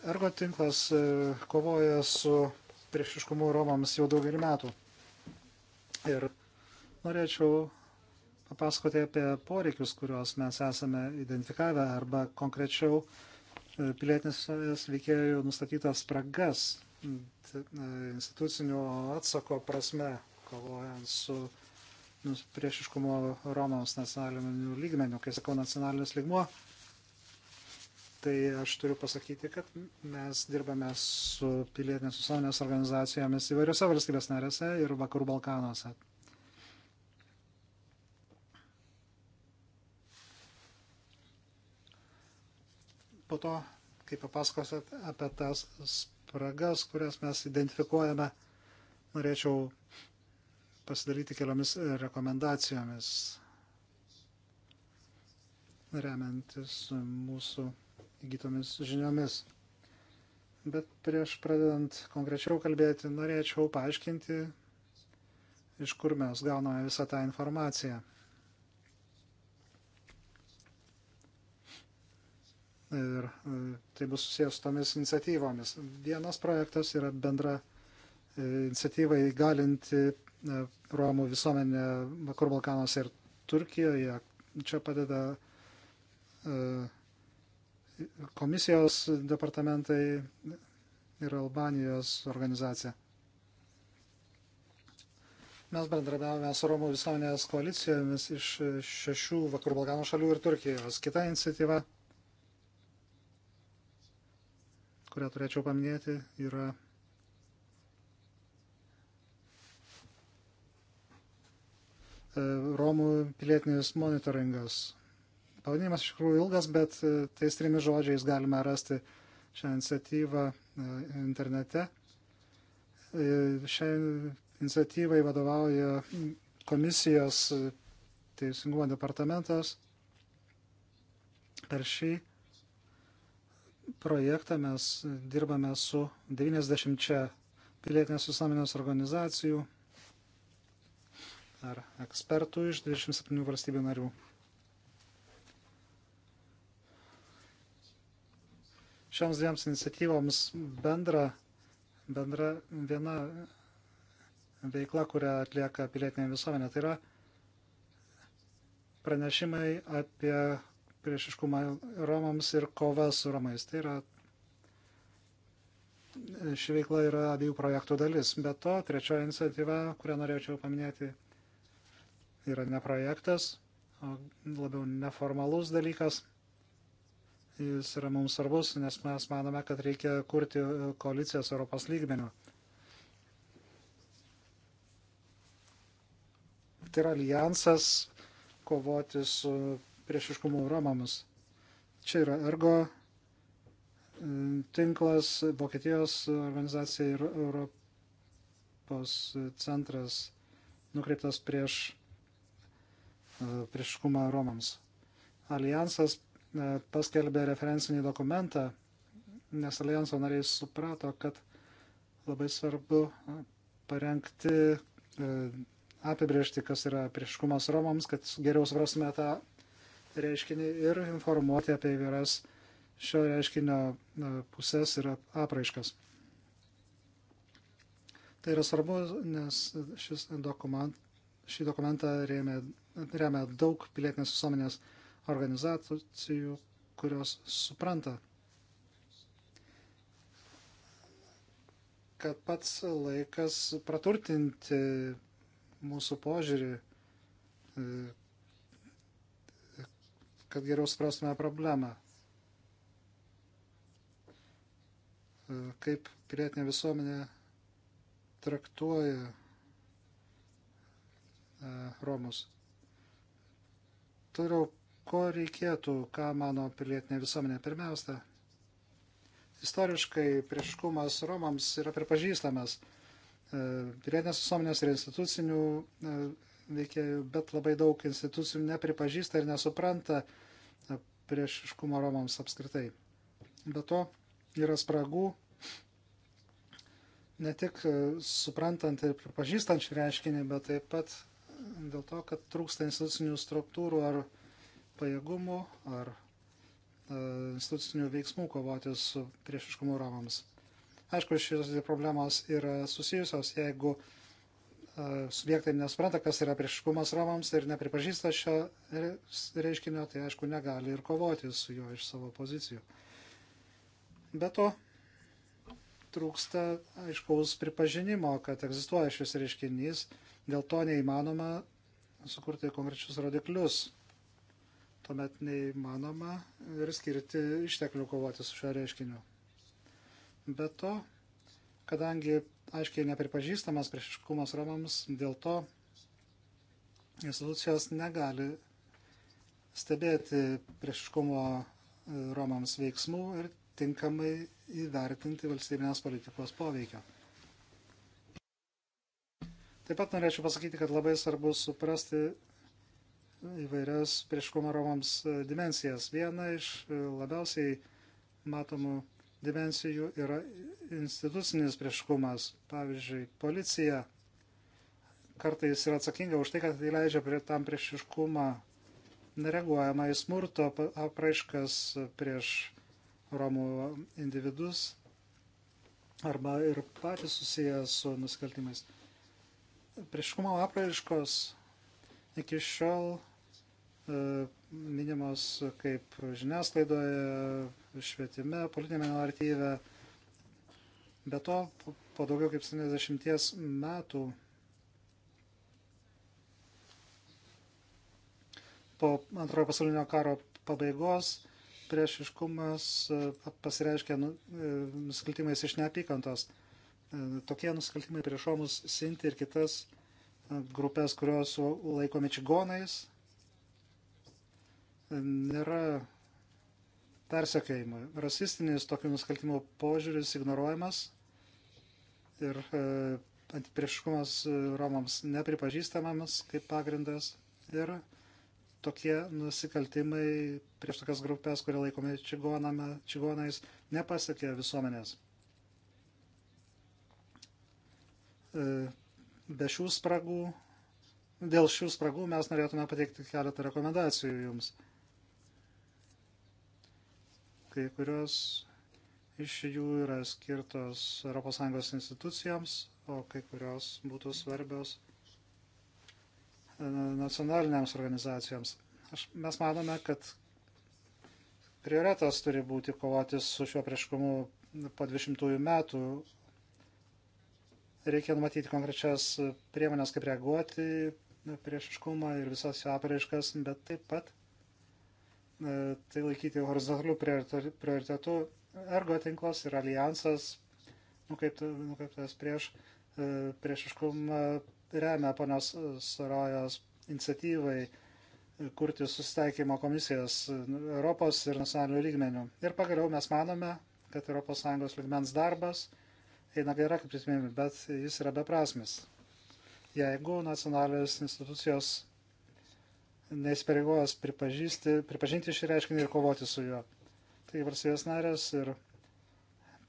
Speaker 2: Ergo tinklas e, kovoja su priešiškumu Romams jau daugelį metų. Ir norėčiau papasakoti apie poreikius, kuriuos mes esame identifikavę arba konkrečiau e, pilietinės veikėjų nustatytas spragas e, institucinio atsako prasme, kovojant su nu, priešiškumo Romams nacionaliniu lygmeniu. Kai sakau nacionalinis lygmuo, tai aš turiu pasakyti, kad mes dirbame su pilietinės visuomenės organizacijomis įvairiose valstybės narėse ir Vakarų Balkanuose po to, kaip papasakosit apie tas spragas, kurias mes identifikuojame, norėčiau pasidalyti keliomis rekomendacijomis, remiantis mūsų įgytomis žiniomis. Bet prieš pradedant konkrečiau kalbėti, norėčiau paaiškinti, iš kur mes gauname visą tą informaciją. ir e, tai bus susijęs su tomis iniciatyvomis. Vienas projektas yra bendra e, iniciatyva įgalinti e, Romų visuomenę Vakarų Balkanuose ir Turkijoje. Čia padeda komisijos departamentai ir Albanijos organizacija. Mes bendradavome su Romų visuomenės koalicijomis iš šešių Vakarų Balkanų šalių ir Turkijos. Kita iniciatyva kurią turėčiau paminėti, yra e, Romų pilietinis monitoringas. Pavadinimas iš tikrųjų ilgas, bet e, tais trimis žodžiais galime rasti šią iniciatyvą e, internete. Šiai iniciatyvai vadovauja komisijos teisingumo departamentas. Per šį projektą mes dirbame su 90 pilietinės visuomenės organizacijų ar ekspertų iš 27 valstybių narių. Šioms dviems iniciatyvoms bendra, bendra viena veikla, kurią atlieka pilietinė visuomenė, tai yra pranešimai apie priešiškumą Romams ir kova su Romais. Tai yra, ši veikla yra abiejų projektų dalis. Be to, trečioji iniciatyva, kurią norėčiau paminėti, yra ne projektas, o labiau neformalus dalykas. Jis yra mums svarbus, nes mes manome, kad reikia kurti koalicijas Europos lygmenių. Tai yra alijansas kovoti su priešiškumu Romams. Čia yra ergo e, tinklas, Vokietijos organizacija ir Europos centras nukreiptas prieš e, priešiškumą Romams. Alijansas e, paskelbė referencinį dokumentą, nes alijanso nariai suprato, kad labai svarbu parengti apibriežti, kas yra priešiškumas Romams, kad geriau suprastume tą reiškinį ir informuoti apie vyras šio reiškinio pusės ir apraiškas. Tai yra svarbu, nes šis dokument, šį dokumentą remia, remia daug pilietinės visuomenės organizacijų, kurios supranta, kad pats laikas praturtinti mūsų požiūrį kad geriau suprastume problemą. E, kaip pilietinė visuomenė traktuoja e, Romus. Toliau, ko reikėtų, ką mano pilietinė visuomenė pirmiausia. Istoriškai priešiškumas Romams yra pripažįstamas e, pilietinės visuomenės ir institucinių veikėjų, bet labai daug institucijų nepripažįsta ir nesupranta priešiškumo romams apskritai. Be to yra spragų ne tik e, suprantant ir pripažįstant šį reiškinį, bet taip pat dėl to, kad trūksta institucinių struktūrų ar pajėgumų ar e, institucinių veiksmų kovoti su priešiškumu romams. Aišku, šios problemos yra susijusios, jeigu uh, subjektai nesupranta, kas yra priešiškumas Romams ir nepripažįsta šio reiškinio, tai aišku negali ir kovoti su juo iš savo pozicijų. Be to, trūksta aiškaus pripažinimo, kad egzistuoja šis reiškinys, dėl to neįmanoma sukurti konkrečius rodiklius. Tuomet neįmanoma ir skirti išteklių kovoti su šio reiškiniu. Be to, kadangi aiškiai nepripažįstamas priešiškumas Romams, dėl to institucijos negali stebėti priešiškumo e, Romams veiksmų ir tinkamai įvertinti valstybinės politikos poveikio. Taip pat norėčiau pasakyti, kad labai svarbu suprasti įvairias prieškumo Romams e, dimensijas. Viena iš e, labiausiai matomų dimensijų yra institucinis prieškumas. Pavyzdžiui, policija kartais yra atsakinga už tai, kad tai leidžia prie tam priešiškumą nereaguojama į smurto apraiškas prieš Romų individus arba ir patys susiję su nusikaltimais. Prieškumo apraiškos iki šiol e, minimos kaip žiniasklaidoje, švietime, politinėme naratyve. Be to, po daugiau kaip 70 metų po antrojo pasaulinio karo pabaigos priešiškumas e, pasireiškia nu, e, nusikaltimais iš neapykantos. E, tokie nusikaltimai prieš Romus, Sinti ir kitas grupės, kurios laikomi čigonais, nėra persekėjimui. Rasistinis tokių nusikaltimų požiūris ignoruojamas ir e, antipriešiškumas e, Romams nepripažįstamamas kaip pagrindas ir tokie nusikaltimai prieš tokias grupės, kurie laikomi čigonais, nepasiekė visuomenės. E, be šių spragų, dėl šių spragų mes norėtume pateikti keletą rekomendacijų jums. Kai kurios iš jų yra skirtos ES institucijoms, o kai kurios būtų svarbios e, nacionaliniams organizacijoms. Aš, mes manome, kad prioritetas turi būti kovoti su šiuo prieškumu po 20 metų. Reikia numatyti konkrečias priemonės, kaip reaguoti priešiškumą ir visas jo apraiškas, bet taip pat E, tai laikyti horizontaliu prioritetu. Ergo tinklas ir alijansas, nukreiptas nu, prieš e, priešiškumą, remia ponios Sorojos iniciatyvai kurti susitaikymo komisijas Europos ir nacionalinių lygmenių. Ir pagaliau mes manome, kad ES lygmens darbas eina gera kaip prisimėmi, bet jis yra beprasmis. Jeigu nacionalinės institucijos neįsipareigos pripažinti šį reiškinį ir kovoti su juo. Tai valstybės narės ir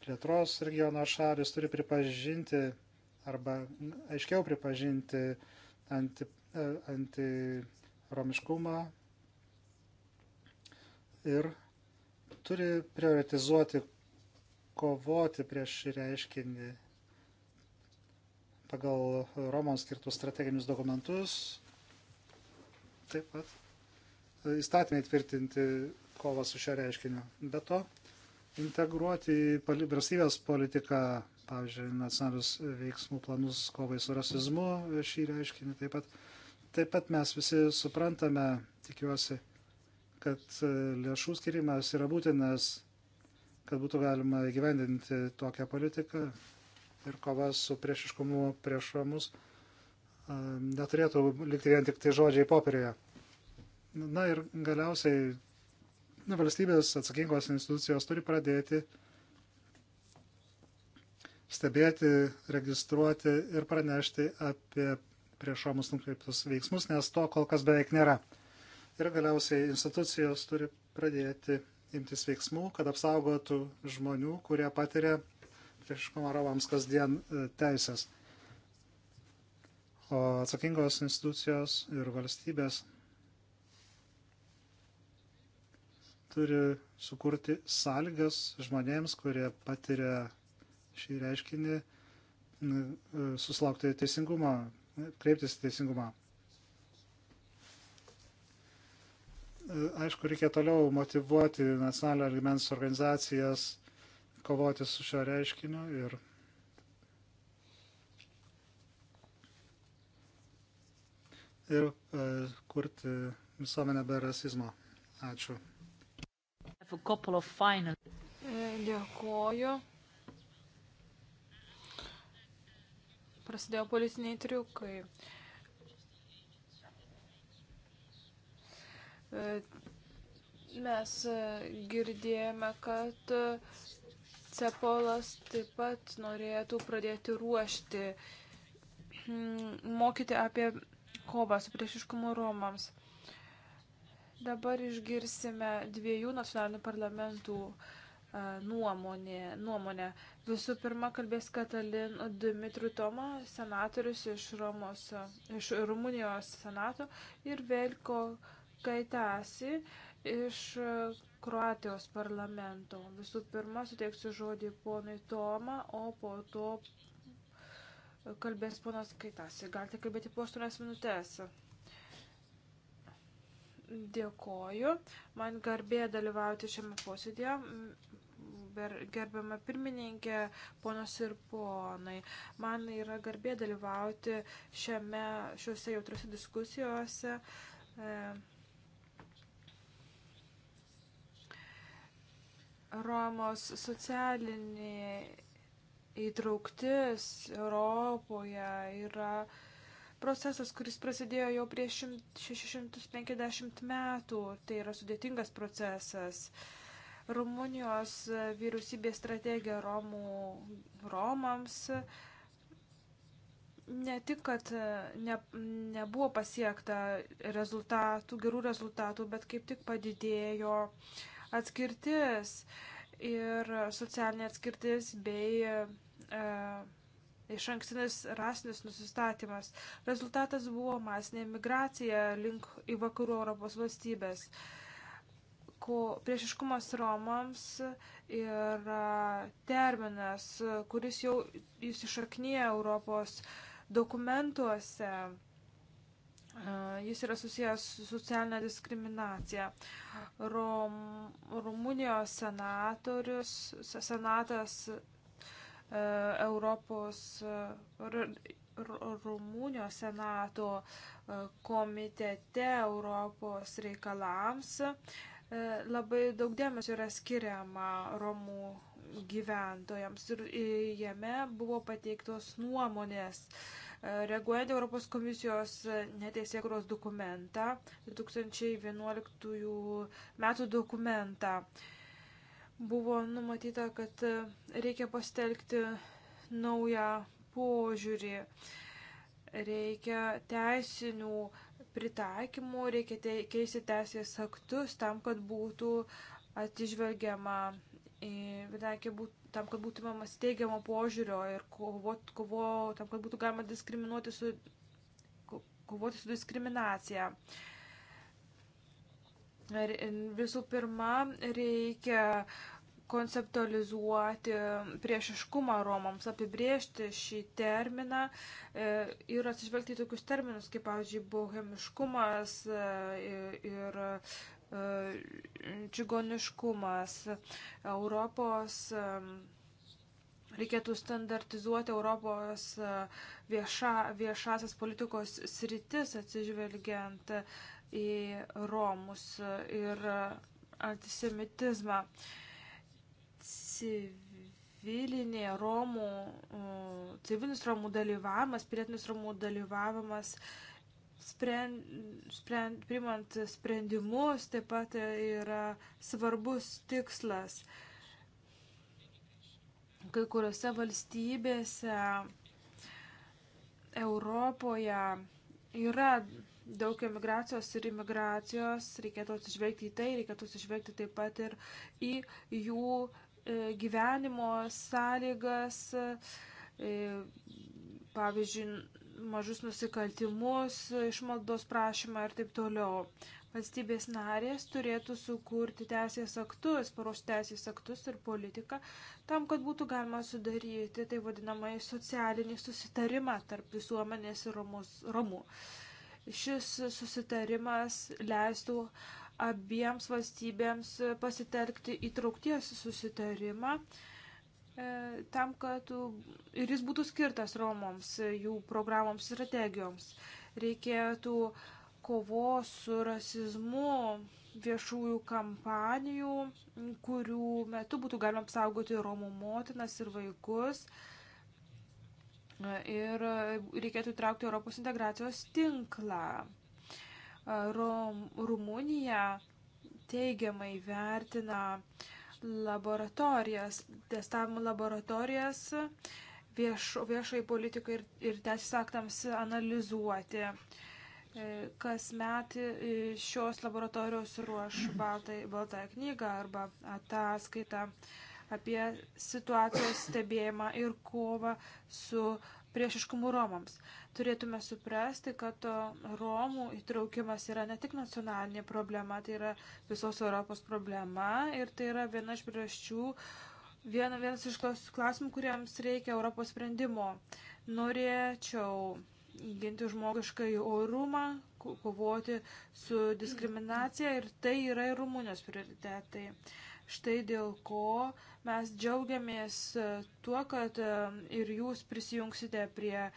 Speaker 2: plėtros regiono šalis turi pripažinti arba aiškiau pripažinti anti, e, antiromiškumą ir turi prioritizuoti kovoti prieš šį reiškinį pagal Romams skirtus strateginius dokumentus, taip pat įstatymai tvirtinti kovą su šio reiškiniu. Be to, integruoti valstybės politiką, pavyzdžiui, nacionalius veiksmų planus kovai su rasizmu šį reiškinį taip pat. Taip pat mes visi suprantame, tikiuosi, kad e, lėšų skirimas yra būtinas, kad būtų galima gyvendinti tokią politiką ir kovas su priešiškumu prieš ramus. Prieš neturėtų likti vien tik tai žodžiai popierėje. Na ir galiausiai na, valstybės atsakingos institucijos turi pradėti stebėti, registruoti ir pranešti apie priešomus nukreiptus veiksmus, nes to kol kas beveik nėra. Ir galiausiai institucijos turi pradėti imtis veiksmų, kad apsaugotų žmonių, kurie patiria priešiškumo rovams kasdien e, teisės. O atsakingos institucijos ir valstybės turi sukurti sąlygas žmonėms, kurie patiria šį reiškinį, e, susilaukti teisingumą, kreiptis į teisingumą. E, aišku, reikia toliau motivuoti nacionalinio lygmens organizacijas kovoti su šio reiškiniu ir ir e, kurti visuomenę be rasizmo. Ačiū. E,
Speaker 3: dėkoju. Prasidėjo policiniai triukai. E, mes girdėjome, kad Cepolas taip pat norėtų pradėti ruošti, mokyti apie kovą su priešiškumu Romams. Dabar išgirsime dviejų nacionalinių parlamentų e, nuomonė. nuomonė. Visų pirma, kalbės Katalin Dimitru Toma, senatorius iš, Romos, iš Rumunijos senato ir Velko Kaitasi iš Kroatijos parlamento. Visų pirma, suteiksiu žodį ponui Toma, o po to kalbės ponas Kaitas. Galite kalbėti po 8 minutės. Dėkoju. Man garbė dalyvauti šiame posėdėje. Gerbiama pirmininkė, ponos ir ponai, man yra garbė dalyvauti šiame, šiuose jautrose diskusijose. E, Romos socialiniai įtrauktis Europoje yra procesas, kuris prasidėjo jau prieš 650 metų. Tai yra sudėtingas procesas. Rumunijos vyriausybės strategija Romų, Romams ne tik, kad ne, nebuvo pasiekta rezultatų, gerų rezultatų, bet kaip tik padidėjo atskirtis ir socialinė atskirtis bei E, iš ankstinis rasinis nusistatymas. Rezultatas buvo masinė migracija link į vakarų Europos valstybės. Ko priešiškumas Romams yra terminas, kuris jau įsišaknyja Europos dokumentuose. E, jis yra susijęs su socialinė diskriminacija. Rom, Rumunijos senatorius, senatas E, Europos e, Rumunijos senato e, komitete Europos reikalams labai daug dėmesio yra skiriama Romų gyventojams ir jame buvo pateiktos nuomonės. Reaguojant Europos komisijos neteisėkros dokumentą, 2011 metų dokumentą, buvo numatyta, kad e, reikia pastelgti naują požiūrį, reikia teisinių pritaikymų, reikia te, keisti teisės aktus tam, kad būtų atsižvelgiama, tam, kad būtų mamas teigiamo požiūrio ir kovot, kovo, tam, kad būtų galima diskriminuoti su, kovoti su diskriminacija. Uh, E, visų pirma, reikia konceptualizuoti priešiškumą Romams, apibriežti šį terminą e, ir atsižvelgti į tokius terminus, kaip, pavyzdžiui, bohemiškumas e, ir čigoniškumas. Europos reikėtų standartizuoti Europos vieša, viešasias politikos sritis atsižvelgiant į Romus ir antisemitizmą. Civilinė Romų, civilinis Romų dalyvavimas, pilietinis Romų dalyvavimas, sprend, sprend, primant sprendimus, taip pat yra svarbus tikslas. Kai kuriuose valstybėse Europoje yra daug emigracijos ir imigracijos, reikėtų atsižvelgti į tai, reikėtų atsižvelgti taip pat ir į jų e, gyvenimo sąlygas, e, pavyzdžiui, mažus nusikaltimus, išmaldos prašymą ir taip toliau. Valstybės narės turėtų sukurti teisės aktus, paruošti teisės aktus ir politiką, tam, kad būtų galima sudaryti tai vadinamai socialinį susitarimą tarp visuomenės ir romos, romų. romų šis susitarimas leistų abiems valstybėms pasitelkti įtraukties susitarimą e, tam, kad ir jis būtų skirtas Romoms, jų programoms, strategijoms. Reikėtų kovos su rasizmu viešųjų kampanijų, kurių metu būtų galima apsaugoti Romų motinas ir vaikus. Uh, ir e, reikėtų įtraukti Europos integracijos tinklą. E, Rom, Rumunija teigiamai vertina laboratorijas, testavimo laboratorijas vieš, viešai politikai ir, ir teisės aktams analizuoti. E, Kasmet šios laboratorijos ruoš baltąją knygą arba ataskaitą. Uh, apie situacijos stebėjimą ir kovą su priešiškumu Romams. Turėtume suprasti, kad Romų įtraukimas yra ne tik nacionalinė problema, tai yra visos Europos problema ir tai yra viena iš priežasčių, viena, vienas iš klausimų, kuriems reikia Europos sprendimo. Norėčiau ginti žmogiškai orumą, kovoti su diskriminacija ir tai yra ir Rumunijos prioritetai. Uh, Štai dėl ko mes džiaugiamės e, tuo, kad e, ir jūs prisijungsite prie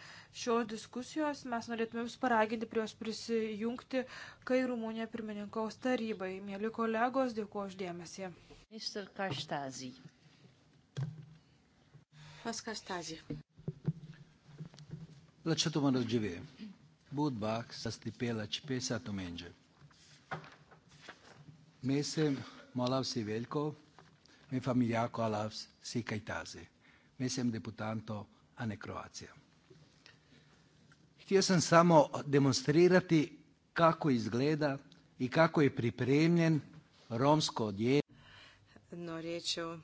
Speaker 3: šios diskusijos. Mes norėtume jūs paraginti prie jos prisijungti, kai Rumunija pirmininkaus tarybai. Mėly kolegos, dėkuoju uždėmesį. Mr. Kaštazį.
Speaker 1: Pas Kaštazį.
Speaker 2: Lačetu man razdžiavė. Budbak sastipėla čipėsė atumendžia. Mislim, malav si veljko, mi familjako alav si kajtazi. Mislim deputanto, a ne Kroacija. Htio sam samo demonstrirati kako izgleda i kako je pripremljen romsko odjeće.
Speaker 1: Norėčiau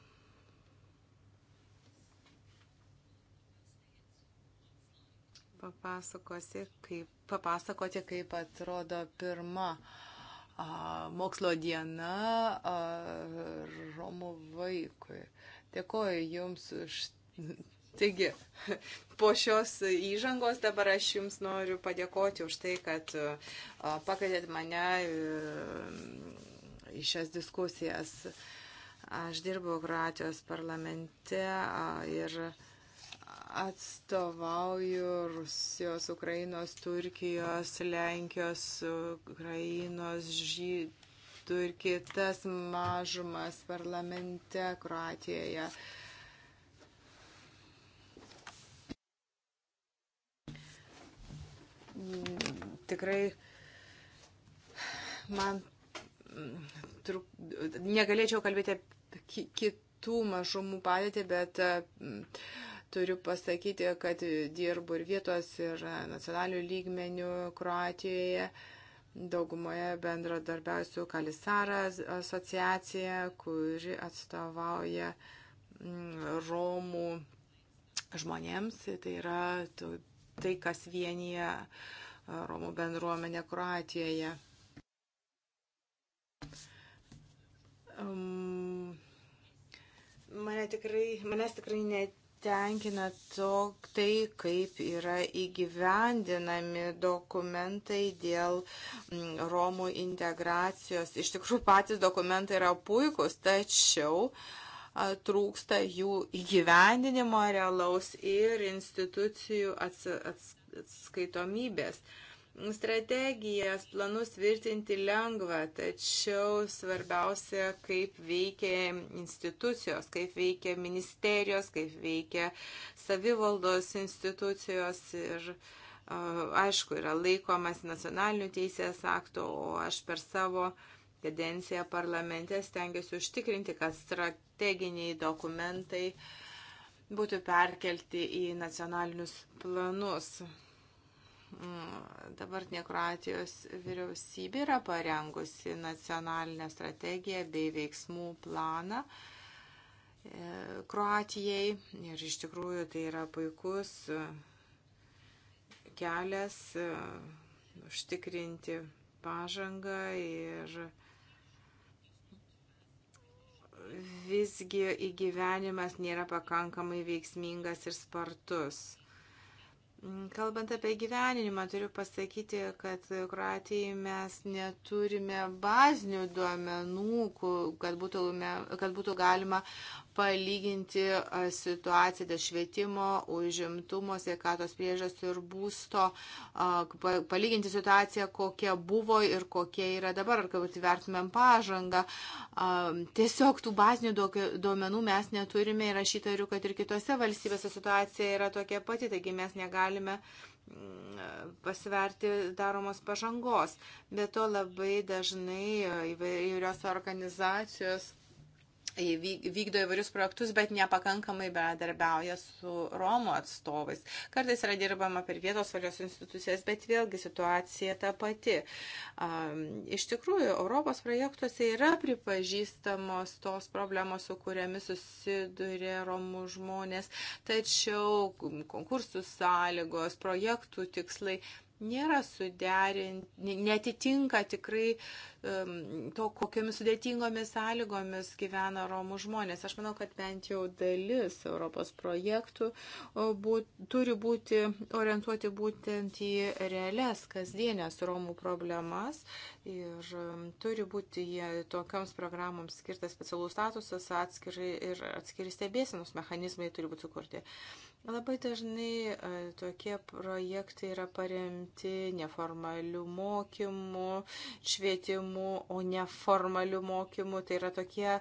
Speaker 1: papasakosi, kaip, papasakoti, kaip atrodo pirma uh, mokslo diena Romų vaikui. Dėkoju Jums už. Taigi, po šios įžangos dabar aš Jums noriu padėkoti už tai, kad pakvietėt mane e, į šias diskusijas. Aš dirbu Kroatijos parlamente ir atstovauju Rusijos, Ukrainos, Turkijos, Lenkijos, Ukrainos, žydų ir kitas mažumas parlamente Kroatijoje. Tikrai man truk, negalėčiau kalbėti apie kitų mažumų padėtį, bet uh, Turiu pasakyti, kad dirbu ir vietos, ir nacionalių lygmenių Kroatijoje. Daugumoje bendradarbiauju su Kalisara asociacija, kuri atstovauja mm, Romų žmonėms. Tai yra tai, kas vienyje e, Romų bendruomenė Kroatijoje. Um, mane tikrai, manęs tikrai net tenkina to, tai, kaip yra įgyvendinami dokumentai dėl mm, Romų integracijos. Iš tikrųjų, patys dokumentai yra puikus, tačiau trūksta jų įgyvendinimo realaus ir institucijų ats, ats, atskaitomybės. Ats Strategijas, planus tvirtinti lengva, tačiau svarbiausia, kaip veikia institucijos, kaip veikia ministerijos, kaip veikia savivaldos institucijos ir aišku, yra laikomas nacionalinių teisės aktų, o aš per savo kadenciją parlamente stengiuosi užtikrinti, kad strateginiai dokumentai būtų perkelti į nacionalinius planus. Mm, dabartinė Kroatijos vyriausybė yra parengusi nacionalinę strategiją bei veiksmų planą e, Kroatijai ir iš tikrųjų tai yra puikus e, kelias e, užtikrinti pažangą ir visgi įgyvenimas nėra pakankamai veiksmingas ir spartus Mm, kalbant apie gyveninimą, turiu pasakyti, kad Kroatijai mes neturime bazinių duomenų, kad būtų, kad būtų galima palyginti situaciją dėl švietimo, užimtumo, sveikatos priežas ir būsto, palyginti situaciją, kokia buvo ir kokia yra dabar, ar kad vertumėm pažangą. Tiesiog tų bazinių duomenų mes neturime ir aš įtariu, kad ir kitose valstybėse situacija yra tokia pati, taigi mes negalime mm, pasverti daromos pažangos. Bet to labai dažnai įvairios organizacijos Tai vykdo įvairius projektus, bet nepakankamai bendarbiauja su Romų atstovais. Kartais yra dirbama per vietos valios institucijas, bet vėlgi situacija ta pati. Iš tikrųjų, Europos projektuose yra pripažįstamos tos problemos, su kuriamis susiduria Romų žmonės, tačiau konkursų sąlygos, projektų tikslai nėra suderinti, netitinka tikrai um, to, kokiamis sudėtingomis sąlygomis gyvena Romų žmonės. Aš manau, kad bent jau dalis Europos projektų būt, turi būti orientuoti būtent į realias kasdienės Romų problemas ir um, turi būti jie tokioms programoms skirtas specialus statusas atskirai ir atskiri stebėsenos mechanizmai turi būti sukurti. Uh, Labai dažnai e, tokie projektai yra paremti neformalių mokymų, švietimų, o neformalių mokymų. Tai yra tokie,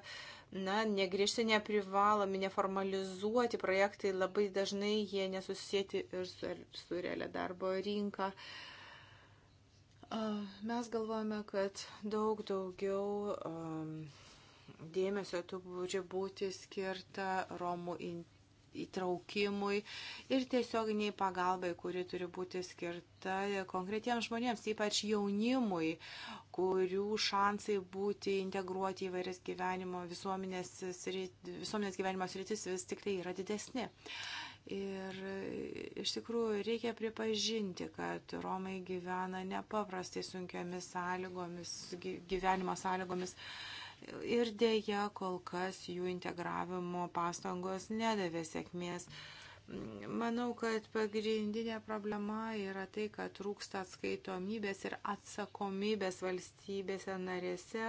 Speaker 1: na, negrįžti neprivalomi, neformalizuoti projektai. Labai dažnai jie nesusijęti ir su, su realia darbo rinka. Mes galvojame, kad daug daugiau. Um, dėmesio turi būti skirta Romų in, įtraukimui ir tiesioginiai pagalbai, kuri turi būti skirta konkretiems žmonėms, ypač jaunimui, kurių šansai būti integruoti į vairias gyvenimo visuomenės, visuomenės gyvenimo sritis vis tik tai yra didesni. Ir iš tikrųjų reikia pripažinti, kad Romai gyvena nepaprastai sunkiamis sąlygomis, gyvenimo sąlygomis ir dėja kol kas jų integravimo pastangos nedavė sėkmės. Manau, kad pagrindinė problema yra tai, kad trūksta atskaitomybės ir atsakomybės valstybėse narėse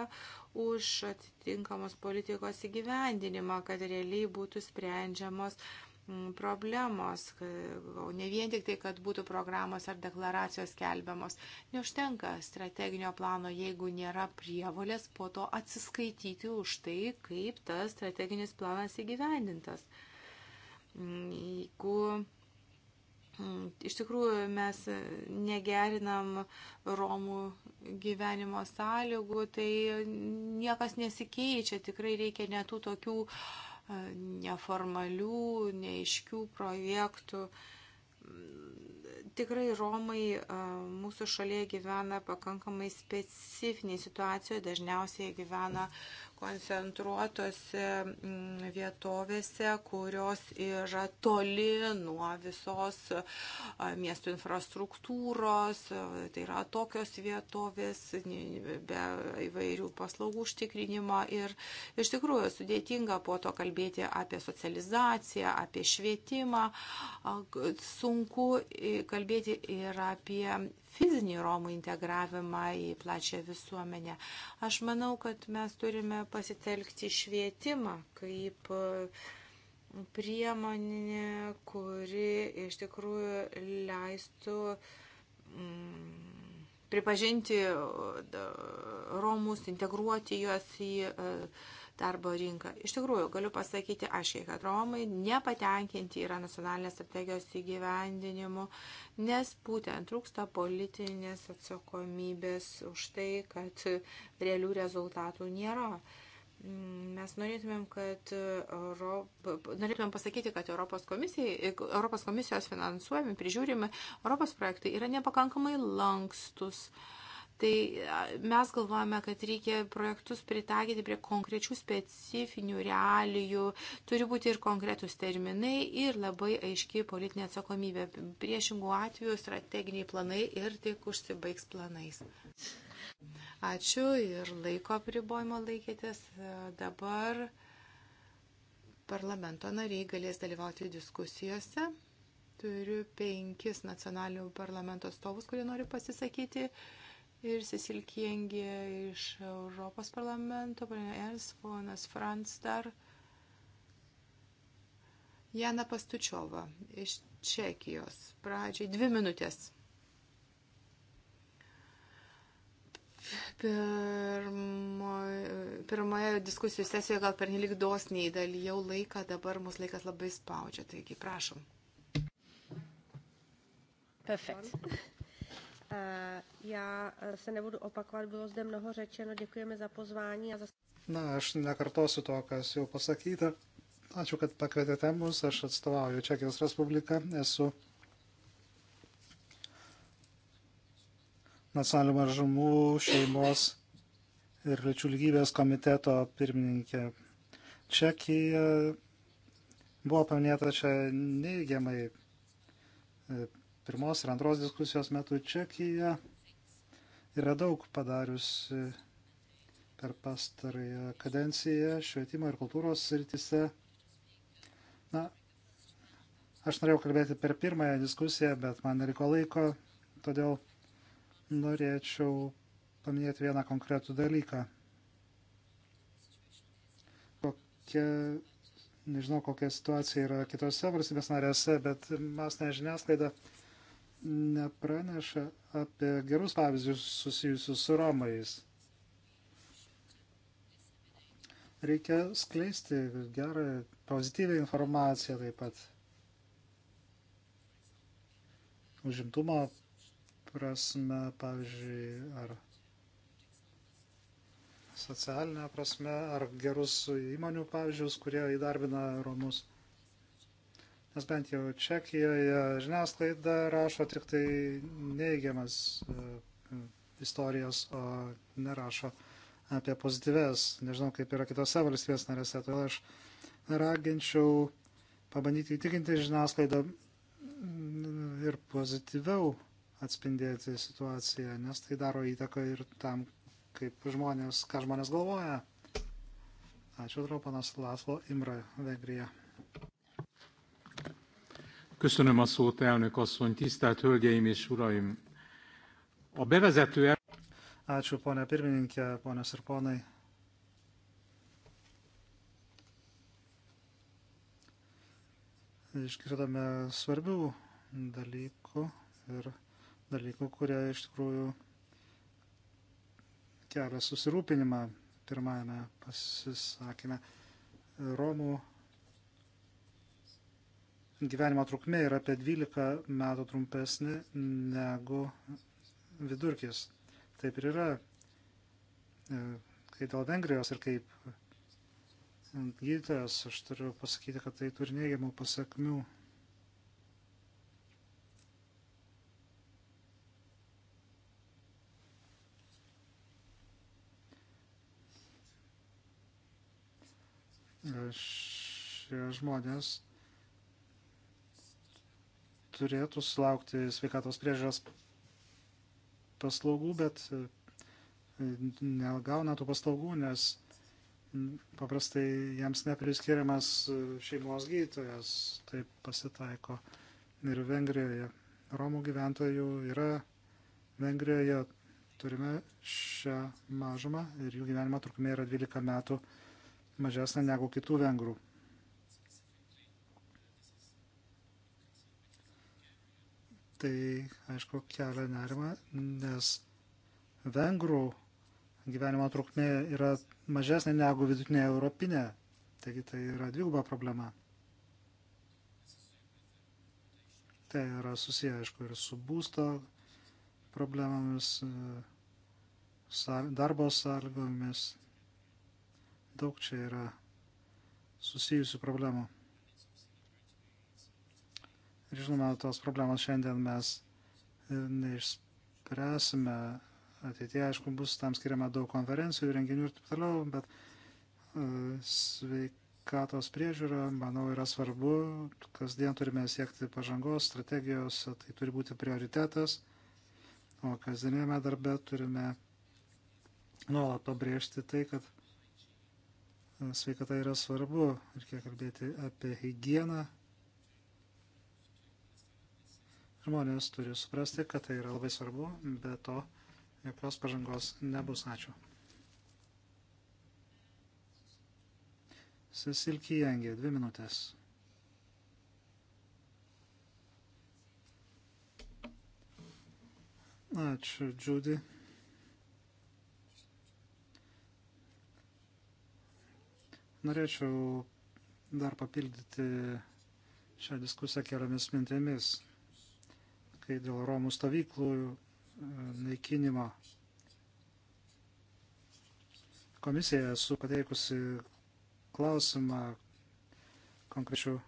Speaker 1: už atitinkamos politikos įgyvendinimą, kad realiai būtų sprendžiamos uh, Mm, problemos, ne vien tik tai, kad būtų programos ar deklaracijos kelbiamos. Neužtenka strateginio plano, jeigu nėra prievolės po to atsiskaityti už tai, kaip tas strateginis planas įgyvendintas. Mm, jeigu mm, iš tikrųjų mes negerinam Romų gyvenimo sąlygų, tai niekas nesikeičia, tikrai reikia netų tokių uh, neformalių, neiškių projektų. Tikrai Romai mūsų šalyje gyvena pakankamai specifiniai situacijoje, dažniausiai gyvena koncentruotose mm, vietovėse, kurios yra toli nuo visos miestų infrastruktūros, tai yra tokios vietovės be įvairių paslaugų užtikrinimo ir iš tikrųjų sudėtinga po to kalbėti apie socializaciją, apie švietimą, sunku kalbėti ir apie fizinį Romų integravimą į plačią visuomenę. Aš manau, kad mes turime pasitelkti švietimą kaip e, priemonė, kuri iš tikrųjų leistų mm, pripažinti e, Romus, integruoti juos į uh, darbo rinką. Iš tikrųjų, galiu pasakyti aiškiai, kad Romai nepatenkinti yra nacionalinės strategijos įgyvendinimu, nes būtent trūksta politinės atsakomybės už tai, kad realių rezultatų nėra. Mes norėtumėm, kad Europ... norėtumėm pasakyti, kad Europos, Europos komisijos finansuojami, prižiūrimi Europos projektai yra nepakankamai lankstus. Uh, Tai mes galvojame, kad reikia projektus pritaikyti prie konkrečių specifinių realijų, turi būti ir konkretus terminai ir labai aiški politinė atsakomybė. Priešingų atveju strateginiai planai ir tik užsibaigs planais. Ačiū ir laiko pribojimo laikėtės. Dabar parlamento nariai galės dalyvauti diskusijose. Turiu penkis nacionalinių parlamento stovus, kurie nori pasisakyti ir Cecil Kiengė iš Europos parlamento, ponė Ernst, ponas Franz dar, Jana Pastučiova iš Čekijos. Pradžiai dvi minutės. Pirmo, pirmoje diskusijų sesijoje gal per nelik dosniai dalyjau laiką, dabar mūsų laikas labai spaudžia, taigi prašom.
Speaker 3: Perfekt. Eh, já eh, se nebudu opakovat, bylo zde mnoho řečeno, děkujeme za pozvání.
Speaker 4: A za...
Speaker 2: Na, aš nekartosiu to, kas jau pasakyta. Ačiū, kad pakvietėte mus, aš atstovauju Čekijos Respubliką, esu nacionalinių mažumų šeimos ir lyčių lygybės komiteto pirmininkė. Čekija buvo paminėta čia neigiamai e, pirmos ir antros diskusijos metu Čekija yra daug padariusi per pastarąją kadenciją švietimo ir kultūros srityse. Na, aš norėjau kalbėti per pirmąją diskusiją, bet man neliko laiko, todėl norėčiau paminėti vieną konkretų dalyką. Kokia, nežinau, kokia situacija yra kitose valstybės narėse, bet masinė žiniasklaida nepraneša apie gerus pavyzdžius susijusius su Romais. Reikia skleisti gerą, pozityvę informaciją taip pat. Užimtumo prasme, pavyzdžiui, ar socialinę prasme, ar gerus įmonių pavyzdžius, kurie įdarbina Romus. Nes bent jau Čekijoje žiniasklaida rašo tik tai neigiamas e, istorijas, o nerašo apie pozityves. Nežinau, kaip yra kitose valstybės narėse. Todėl aš raginčiau pabandyti įtikinti žiniasklaidą mm, ir pozityviau atspindėti situaciją, nes tai daro įtaką ir tam, kaip žmonės, ką žmonės galvoja. Ačiū, Tropanas Laslo Imra, Vengrija. Köszönöm a szót, elnök asszony, tisztelt hölgyeim és uraim. A bevezető el... Ačiū, ponia pirmininkė, ponios ir ponai. Išgirdome svarbių dalykų ir dalykų, kurie iš tikrųjų kelia susirūpinimą pirmajame pasisakime. Romų gyvenimo trukmė yra apie 12 metų trumpesnė negu vidurkis. Taip ir yra, e, kai dėl Vengrijos ir kaip gydytojas aš turiu pasakyti, kad tai turi neigiamų pasakmių. Šie žmonės turėtų sulaukti sveikatos priežiūros paslaugų, bet e, negauna tų paslaugų, nes paprastai jiems nepriskiriamas e, šeimos gydytojas. Taip pasitaiko ir Vengrijoje. Romų gyventojų yra Vengrijoje, turime šią mažumą ir jų gyvenimo trukmė yra 12 metų mažesnė negu kitų vengrų. tai aišku kelia nerima, nes vengrų gyvenimo trukmė yra mažesnė negu vidutinė europinė, taigi tai yra dviguba problema. Tai yra susiję, aišku, ir su būsto problemomis, darbo sąlygomis. Daug čia yra susijusių problemų. Žinoma, tos problemos šiandien mes e, neišspręsime. Ateitie, aišku, bus tam skiriama daug konferencijų, renginių ir taip toliau, bet e, sveikatos priežiūra, manau, yra svarbu. Kasdien turime siekti pažangos, strategijos, tai turi būti prioritetas. O kasdienėme darbe turime nuolat pabrėžti tai, kad e, sveikata yra svarbu. Reikia kalbėti apie hygieną, Žmonės turi suprasti, kad tai yra labai svarbu, be to jokios pažangos nebus. Ačiū. Cecil Kijangė, dvi minutės. Ačiū, Džudi. Norėčiau dar papildyti šią diskusiją keliomis mintimis kai dėl Romų stovyklų e, naikinimo komisija esu pateikusi klausimą konkrečių e,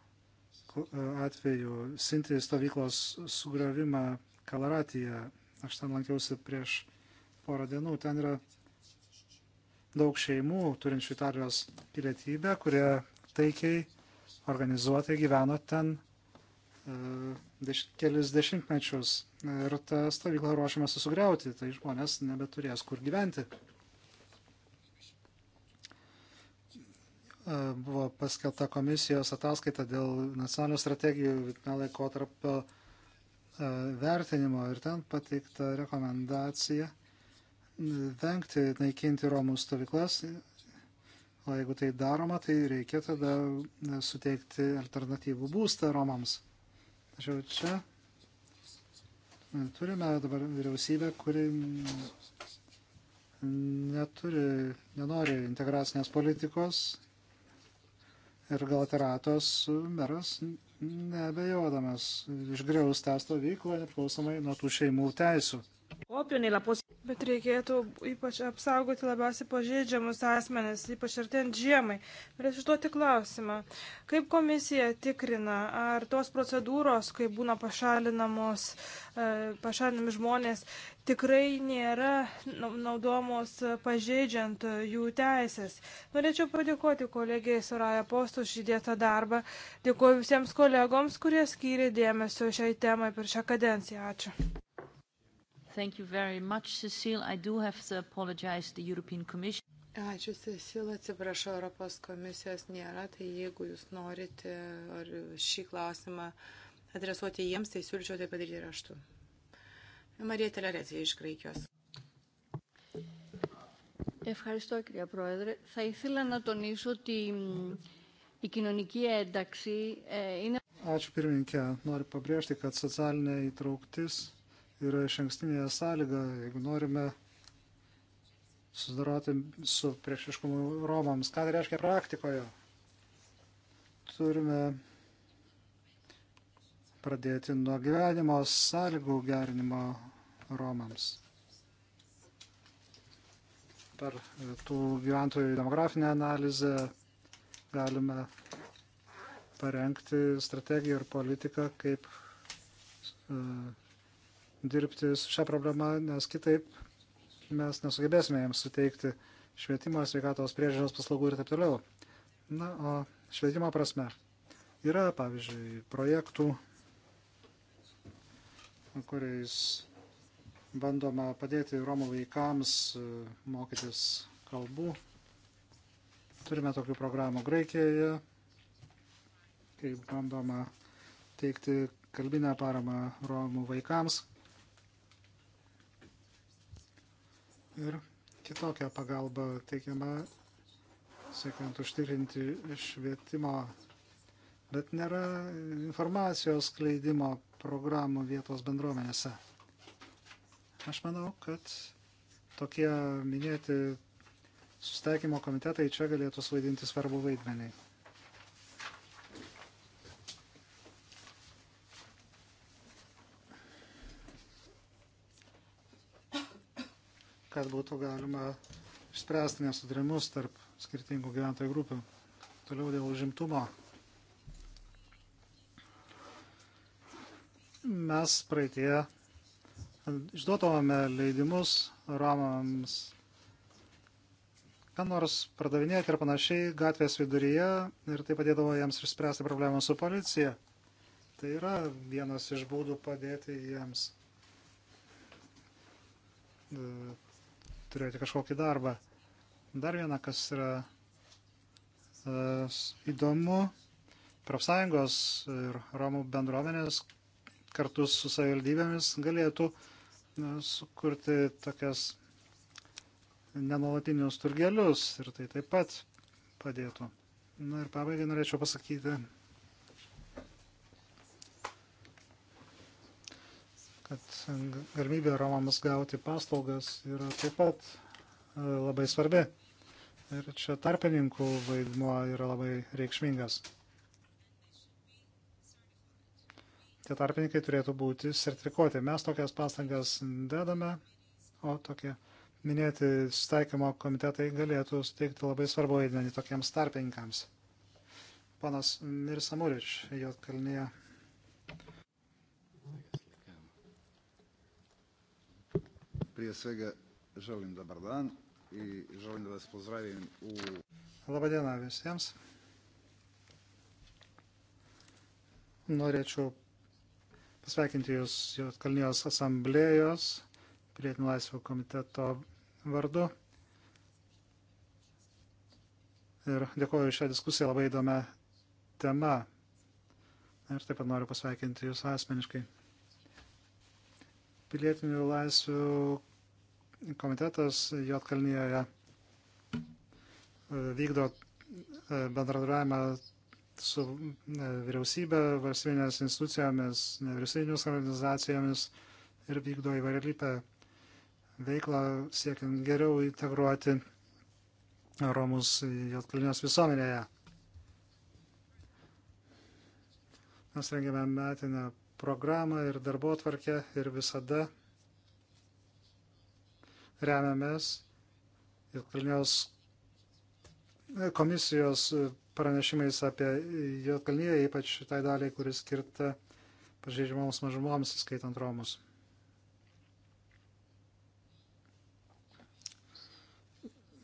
Speaker 2: atveju Sinti stovyklos sugravimą Kalaratyje. Aš ten lankiausi prieš porą dienų. Ten yra daug šeimų turinčių Italijos pilietybę, kurie taikiai organizuotai gyveno ten E, deš, kelis dešimtmečius ir tą stovyklą ruošiamasi sugriauti, tai žmonės nebeturės kur gyventi. E, buvo paskelta komisijos ataskaita dėl nacionalinių strategijų vidutinio laikotarpio e, vertinimo ir ten pateikta rekomendacija vengti naikinti Romų stovyklas. O jeigu tai daroma, tai reikia tada suteikti alternatyvų būstą Romams. Tačiau čia e, turime dabar vyriausybę, kuri neturi, nenori integracinės politikos ir gal teratos meras nebejodamas išgriaus tą stovyklą nepriklausomai nuo tų šeimų teisų.
Speaker 3: Bet reikėtų ypač apsaugoti labiausiai pažeidžiamus asmenis, ypač artent žiemai. Norėčiau užduoti klausimą. Kaip komisija tikrina, ar tos procedūros, kai būna pašalinamos, e, pašalinami žmonės, tikrai nėra naudomos pažeidžiant jų teisės? Norėčiau padėkoti kolegijai Soraya Post už įdėtą darbą. Dėkuoju visiems kolegoms, kurie skyrė dėmesio šiai temai per šią kadenciją. Ačiū.
Speaker 4: Thank you very much, Cecile. I do have to apologize the European Commission. Ačiū,
Speaker 1: Cecil, atsiprašau, Europos komisijos nėra, tai jeigu jūs norite ar šį klausimą adresuoti jiems, tai siūlyčiau tai padaryti raštu. Marija Telerezija iš Graikijos.
Speaker 3: Ευχαριστώ κυρία Πρόεδρε.
Speaker 4: Θα ήθελα να τονίσω ότι η κοινωνική ένταξη ε, είναι...
Speaker 2: Ačiū pirmininkė. Noriu pabrėžti, kad socialinė įtrauktis yra šankstinė sąlyga, jeigu norime sudaroti su priešiškumu Romams. Ką tai reiškia praktikoje? Turime pradėti nuo gyvenimo sąlygų gerinimo Romams. Per tų gyventojų demografinę analizę galime parengti strategiją ir politiką, kaip e, dirbti su šią problemą, nes kitaip mes nesugebėsime jiems suteikti švietimo, sveikatos priežiūros paslaugų ir taip toliau. Na, o švietimo prasme yra, pavyzdžiui, projektų, kuriais bandoma padėti Romų vaikams e, mokytis kalbų. Turime tokių programų Graikijoje, kai bandoma teikti kalbinę paramą Romų vaikams. ir kitokia pagalba teikiama, siekiant užtikrinti švietimo, bet nėra informacijos kleidimo programų vietos bendruomenėse. Aš manau, kad tokie minėti susitaikymo komitetai čia galėtų suvaidinti svarbu vaidmenį. kad būtų galima išspręsti nesudarimus tarp skirtingų gyventojų grupių. Toliau dėl užimtumo. Mes praeitie išduotumėme leidimus romams, ką nors pardavinėti ir panašiai gatvės viduryje ir tai padėdavo jiems išspręsti problemą su policija. Tai yra vienas iš būdų padėti jiems e, turėti kažkokį darbą. Dar viena, kas yra uh, įdomu, profsąjungos ir Romų bendruomenės kartu su savivaldybėmis galėtų uh, sukurti tokias nenuolatinius turgelius ir tai taip pat padėtų. Na ir pabaigai norėčiau pasakyti kad galimybė romams gauti paslaugas yra taip pat e, labai svarbi. Ir čia tarpininkų vaidmuo yra labai reikšmingas. Tie tarpininkai turėtų būti sertifikuoti. Mes tokias pastangas dedame, o tokie minėti staikymo komitetai galėtų suteikti labai svarbu vaidmenį tokiems tarpininkams. Panas Mirsamurič, jo kalnyje. prije svega želim dobar dan i želim da vas pozdravim u... Labą dieną visiems. Norėčiau pasveikinti Jūs Jotkalnijos asamblėjos pilietinių laisvių komiteto vardu. Ir dėkoju šią diskusiją labai įdomią temą. Ir taip pat noriu pasveikinti Jūs asmeniškai. Pilietinių laisvių komitetas Jotkalnyje e, vykdo e, bendradarbiavimą su e, vyriausybė, valstybinės institucijomis, nevyriausybinės organizacijomis ir vykdo įvairialypę veiklą siekiant geriau integruoti Romus Jotkalinės visuomenėje. Mes rengiame metinę programą ir darbo atvarkę ir visada remiamės Jotkalnijos komisijos pranešimais apie Jotkalniją, ypač tai daliai, kuris skirta pažeidžiamoms mažumoms, skaitant Romus.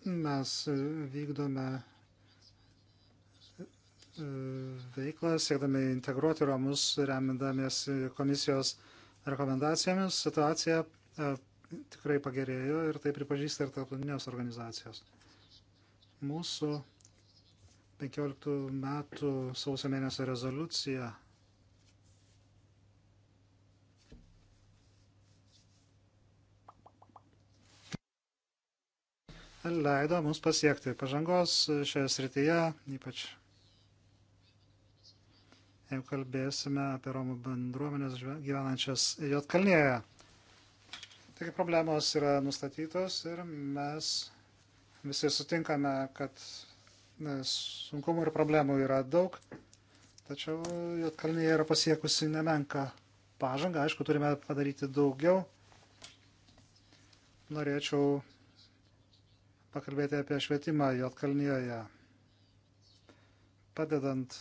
Speaker 2: Mes vykdome e, veiklą, siekdami integruoti Romus, remindamiesi komisijos rekomendacijomis. Situacija e, tikrai pagerėjo ir tai pripažįsta ir tarptautinės organizacijos. Mūsų 15 metų sausio mėnesio rezoliucija leido mums pasiekti pažangos šioje srityje, ypač jeigu kalbėsime apie Romų bendruomenės gyvenančias Jotkalnėje. Taigi problemos yra nustatytos ir mes visi sutinkame, kad sunkumų ir problemų yra daug, tačiau Jotkalnyje yra pasiekusi nemenka pažanga, aišku, turime padaryti daugiau. Norėčiau pakalbėti apie švietimą Jotkalnyje, padedant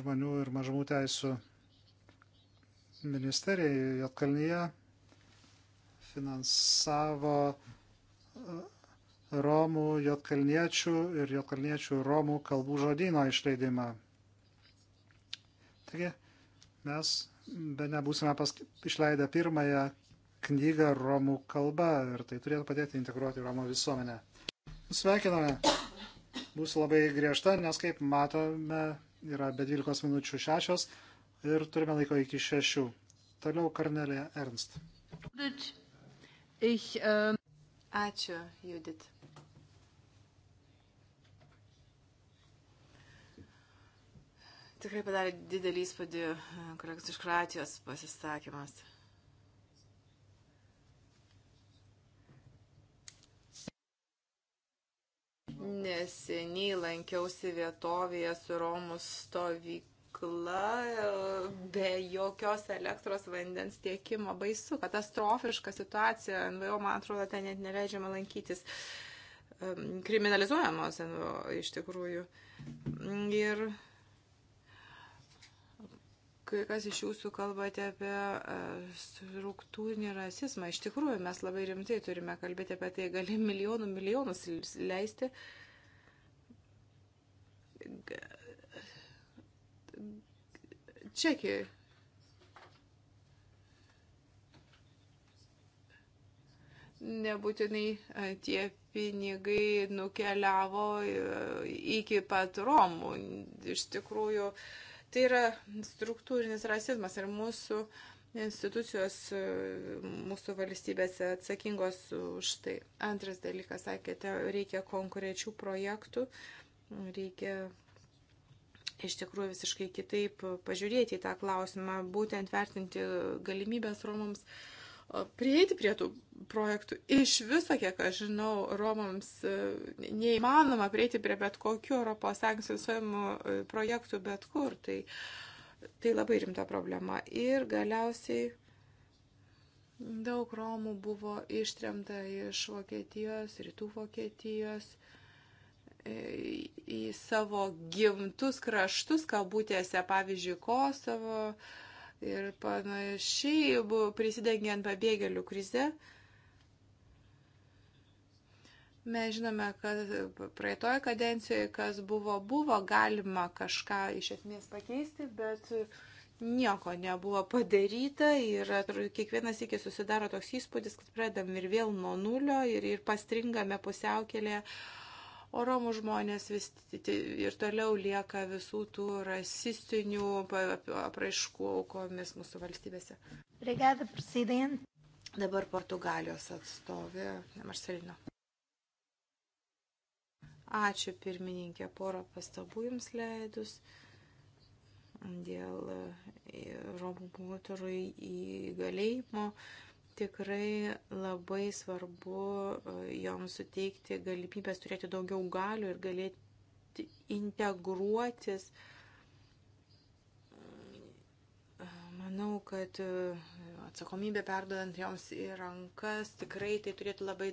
Speaker 2: žmonių ir mažumų teisų ministerijai Jotkalnyje finansavo e, Romų, Jotkalniečių ir Jotkalniečių Romų kalbų žodyno išleidimą. Taigi mes be nebūsime pask... išleidę pirmąją knygą Romų kalba ir tai turėtų padėti integruoti Romų visuomenę. Sveikiname. Būsiu labai griežta, nes kaip matome, yra be 12 minučių 6 ir turime laiko iki 6. Toliau Karnelė Ernst.
Speaker 1: But... Ich, um... Ačiū, Judit. Tikrai padarė didelį įspūdį e, kolegos iš Kroatijos pasisakymas. Neseniai lankiausi vietovėje su Romų stovyk gamykla e, be jokios elektros vandens tiekimo. Baisu, katastrofiška situacija. NVO, man atrodo, ten net neleidžiama lankytis. Kriminalizuojamos NVO iš tikrųjų. Ir kai kas iš jūsų kalbate apie e, struktūrinį rasizmą. Iš tikrųjų, mes labai rimtai turime kalbėti apie tai, gali milijonų milijonus leisti. Čekijoje. Nebūtinai tie pinigai nukeliavo e, iki pat Romų. Iš tikrųjų, tai yra struktūrinis rasizmas ir mūsų institucijos e, mūsų valstybėse atsakingos už tai. Antras dalykas, sakėte, reikia konkrečių projektų, reikia iš tikrųjų visiškai kitaip pažiūrėti į tą klausimą, būtent vertinti galimybės Romams prieiti prie tų projektų. Iš viso, kiek aš žinau, Romams e, neįmanoma prieiti prie bet kokių Europos sankcijų e, projektų bet kur. Tai, tai labai rimta problema. Ir galiausiai daug Romų buvo ištremta iš Vokietijos, rytų Vokietijos E, į savo gimtus kraštus, kabutėse, pavyzdžiui, Kosovo ir panašiai, prisidengiant pabėgėlių krize. Mes žinome, kad praeitoje kadencijoje, kas buvo, buvo galima kažką iš esmės pakeisti, bet nieko nebuvo padaryta ir kiekvienas iki susidaro toks įspūdis, kad pradedam ir vėl nuo nulio ir, ir pastringame pusiaukelėje. Uh, o romų žmonės vis ir toliau lieka visų tų rasistinių apraiškų aukomis mūsų valstybėse.
Speaker 4: Brigada prasidėjant.
Speaker 1: Dabar Portugalijos atstovė Marcelino. Ačiū pirmininkė, porą pastabų jums leidus dėl e, romų moterų įgalėjimo. Uh, tikrai labai svarbu e, joms suteikti galimybės turėti daugiau galių ir galėti integruotis. E, manau, kad e, atsakomybė perdodant joms į rankas tikrai tai turėtų labai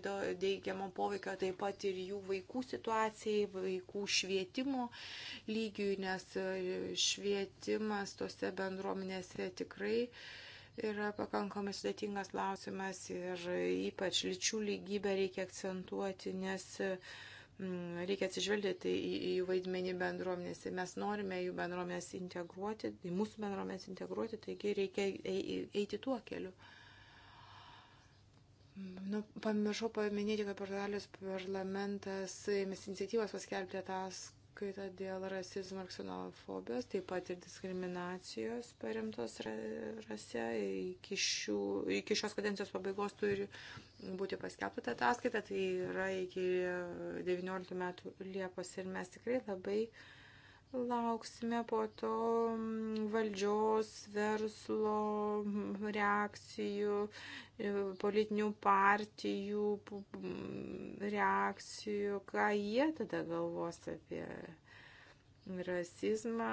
Speaker 1: deigiamo poveikio taip pat ir jų vaikų situacijai, vaikų švietimo lygiui, nes švietimas tose bendruomenėse tikrai uh, yra pakankamai sudėtingas klausimas ir ypač lyčių lygybę reikia akcentuoti, nes mm, reikia atsižvelgti tai į, į jų vaidmenį bendruomenėse. Mes norime jų bendruomenės integruoti, į mūsų bendruomenės integruoti, taigi reikia eiti tuo keliu. Nu, pamiršau paminėti, kad Portugalijos parlamentas ėmėsi iniciatyvos paskelbti atas, kaita dėl rasizmo ir ksenofobijos, taip pat ir diskriminacijos paremtos rase. Iki, šių, iki šios kadencijos pabaigos turi būti paskelbta ta ataskaita, tai yra iki 19 metų Liepos ir mes tikrai labai uh, Lauksime po to mm, valdžios, verslo mm, reakcijų, e, politinių partijų mm, reakcijų, ką jie tada galvos apie rasizmą,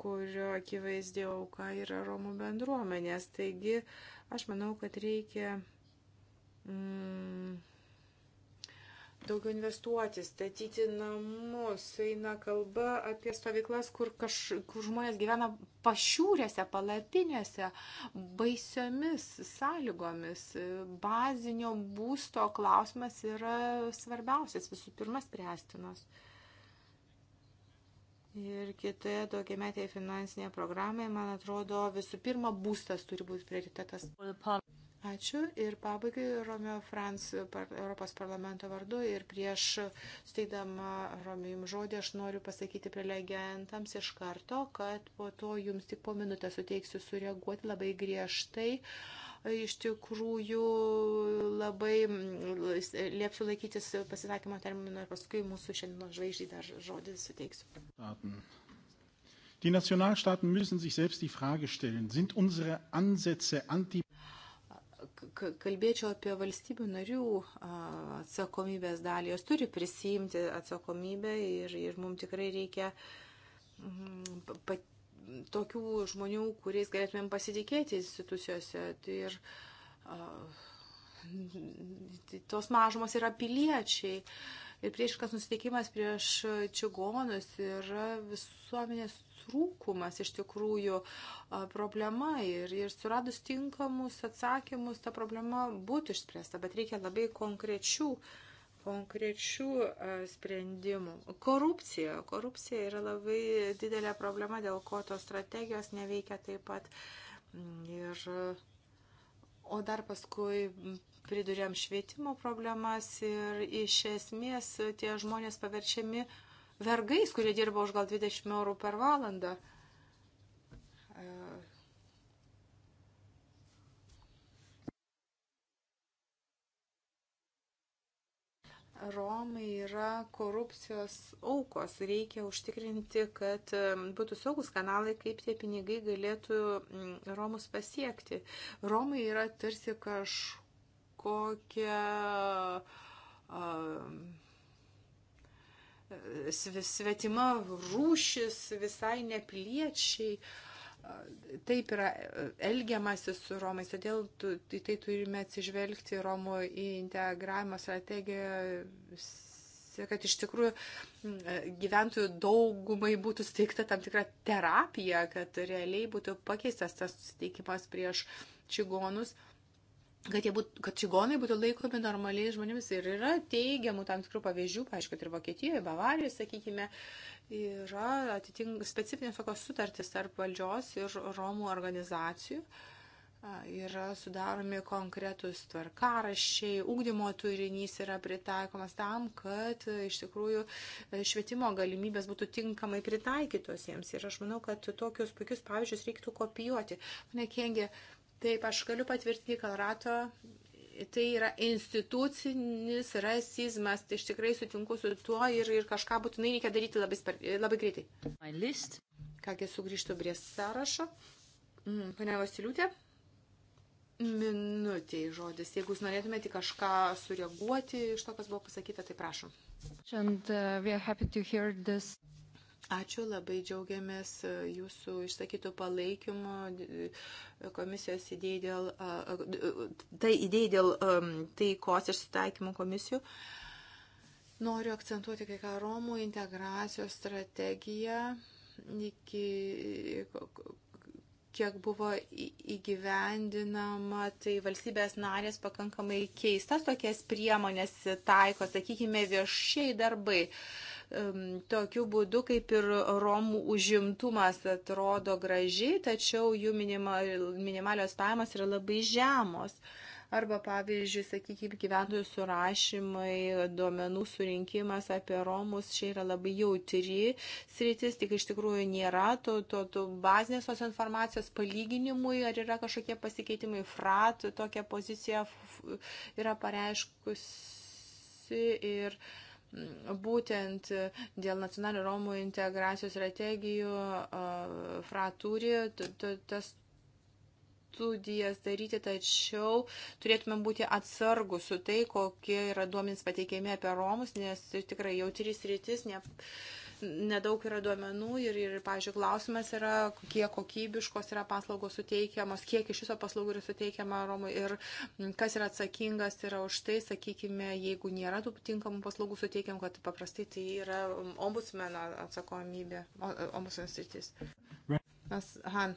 Speaker 1: kurio akivaizdė auka yra Romų bendruomenės. Taigi aš manau, kad reikia. Mm, daugiau investuoti, statyti namus, eina kalba apie stovyklas, kur, kaž, kur žmonės gyvena pašiūrėse, palapinėse, baisiomis sąlygomis. Bazinio būsto klausimas yra svarbiausias, visų pirma, spręstinas. Ir kitoje daugiametėje finansinėje programoje, man atrodo, visų pirma, būstas turi būti prioritetas. Ačiū. Ir pabaigai Romeo Franz par, Europos parlamento vardu ir prieš steigdama Romeo jums žodį aš noriu pasakyti prelegentams iš karto, kad po to jums tik po minutę suteiksiu sureaguoti labai griežtai. Iš tikrųjų labai liepsiu laikytis pasisakymo termino ir paskui mūsų šiandienos žvaigždį dar žodį suteiksiu.
Speaker 2: Aten. Die Nationalstaaten müssen sich selbst die Frage stellen, sind unsere Ansätze anti
Speaker 1: kalbėčiau apie valstybių narių atsakomybės dalį. Jos turi prisijimti atsakomybę ir, ir mums tikrai reikia mm, pat, tokių žmonių, kuriais galėtumėm pasitikėti institucijose. Tai ir tai tos mažumos yra piliečiai. Ir priešiškas nusiteikimas prieš čigonus yra visuomenės trūkumas, iš tikrųjų problema ir, ir suradus tinkamus atsakymus, ta problema būtų išspręsta, bet reikia labai konkrečių konkrečių sprendimų. Korupcija. Korupcija yra labai didelė problema, dėl ko tos strategijos neveikia taip pat. Ir, o dar paskui pridurėm švietimo problemas ir iš esmės tie žmonės paverčiami uh, vergais, kurie dirba už gal 20 eurų per valandą. Romai yra korupcijos aukos. Reikia užtikrinti, kad um, būtų saugus kanalai, kaip tie pinigai galėtų mm, Romus pasiekti. Romai yra tarsi kažkokia. Uh, svetima rūšis, visai nepliečiai. Taip yra e, elgiamasi su Romais, todėl į tai turime atsižvelgti Romų į integravimo strategiją, kad iš tikrųjų e, gyventojų daugumai būtų steigta tam tikra terapija, kad realiai būtų pakeistas tas susitikimas prieš čigonus. Uh, kad, būt, kad čigonai būtų laikomi normaliai žmonėmis. Ir yra teigiamų tam tikrų pavyzdžių, paaišku, ir Vokietijoje, Bavarijoje, sakykime, yra atitink, specifinės tokios sutartys tarp valdžios ir Romų organizacijų. Yra sudaromi konkretus tvarkaraščiai, ūkdymo turinys yra pritaikomas tam, kad e, iš tikrųjų e, švietimo galimybės būtų tinkamai pritaikytos jiems. Ir aš manau, kad tokius puikius pavyzdžius reiktų kopijuoti. Mane kengia Taip, aš galiu patvirtinti Kalrato tai yra institucinis rasizmas, tai aš tikrai sutinku su tuo ir, ir kažką būtinai reikia daryti labai, spar, labai greitai. Kągi sugrįžtu prie sąrašo. Mm, Pane Vasiliutė, minutiai žodis. Jeigu jūs norėtumėte kažką sureaguoti iš to, kas buvo pasakyta, tai prašom. Uh, Ačiū, labai džiaugiamės e, jūsų išsakytų palaikymų e, komisijos idėjai dėl, e, tai idėjai dėl taikos ir sutaikymų komisijų. Noriu akcentuoti kai ką Romų integracijos strategiją, iki, kiek buvo įgyvendinama, tai valstybės narės pakankamai keistas tokias priemonės taiko, sakykime, viešiai darbai. Uh, tokiu būdu, kaip ir Romų užimtumas atrodo gražiai, tačiau jų minimalios pajamos yra labai žemos arba, pavyzdžiui, sakykime, gyventojų surašymai, duomenų surinkimas apie Romus, čia yra labai jautri sritis, tik iš tikrųjų nėra to, to, to bazinės tos informacijos palyginimui, ar yra kažkokie pasikeitimai, frat tokią poziciją yra pareiškusi ir būtent dėl nacionalinių Romų integracijos strategijų FRA turi tas studijas daryti, tačiau turėtume būti atsargus su tai, kokie yra duomenys pateikiami apie Romus, nes tai tikrai jautris rytis, ne nedaug yra duomenų ir, ir pažiūrėjau, klausimas yra, kiek kokybiškos yra paslaugos suteikiamos, kiek iš viso paslaugų yra suteikiama Romui ir kas yra atsakingas yra už tai, sakykime, jeigu nėra tų tinkamų paslaugų suteikiam, kad paprastai tai yra ombudsmeno atsakomybė, ombudsmenas rytis. Mes, Han,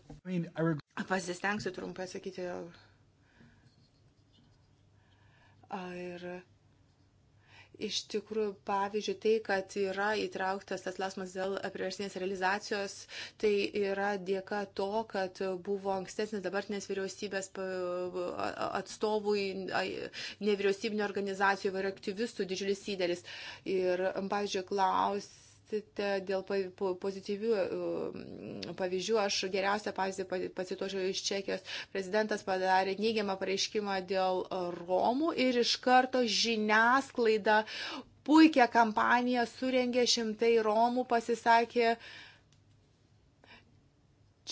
Speaker 1: pasistengsiu trumpai atsakyti. Ir Iš tikrųjų, pavyzdžiui, tai, kad yra įtrauktas tas klausimas dėl priverstinės realizacijos, tai yra dėka to, kad buvo ankstesnis dabartinės vyriausybės atstovui, nevyriausybinio organizacijų ir aktyvistų didžiulis įdėlis. Ir, pavyzdžiui, klaus, klausite dėl pozityvių um, pavyzdžių, aš geriausią pavyzdį pacituočiau iš Čekijos. Prezidentas padarė neigiamą pareiškimą dėl Romų ir iš karto žiniasklaida puikią kampaniją surengė šimtai Romų, pasisakė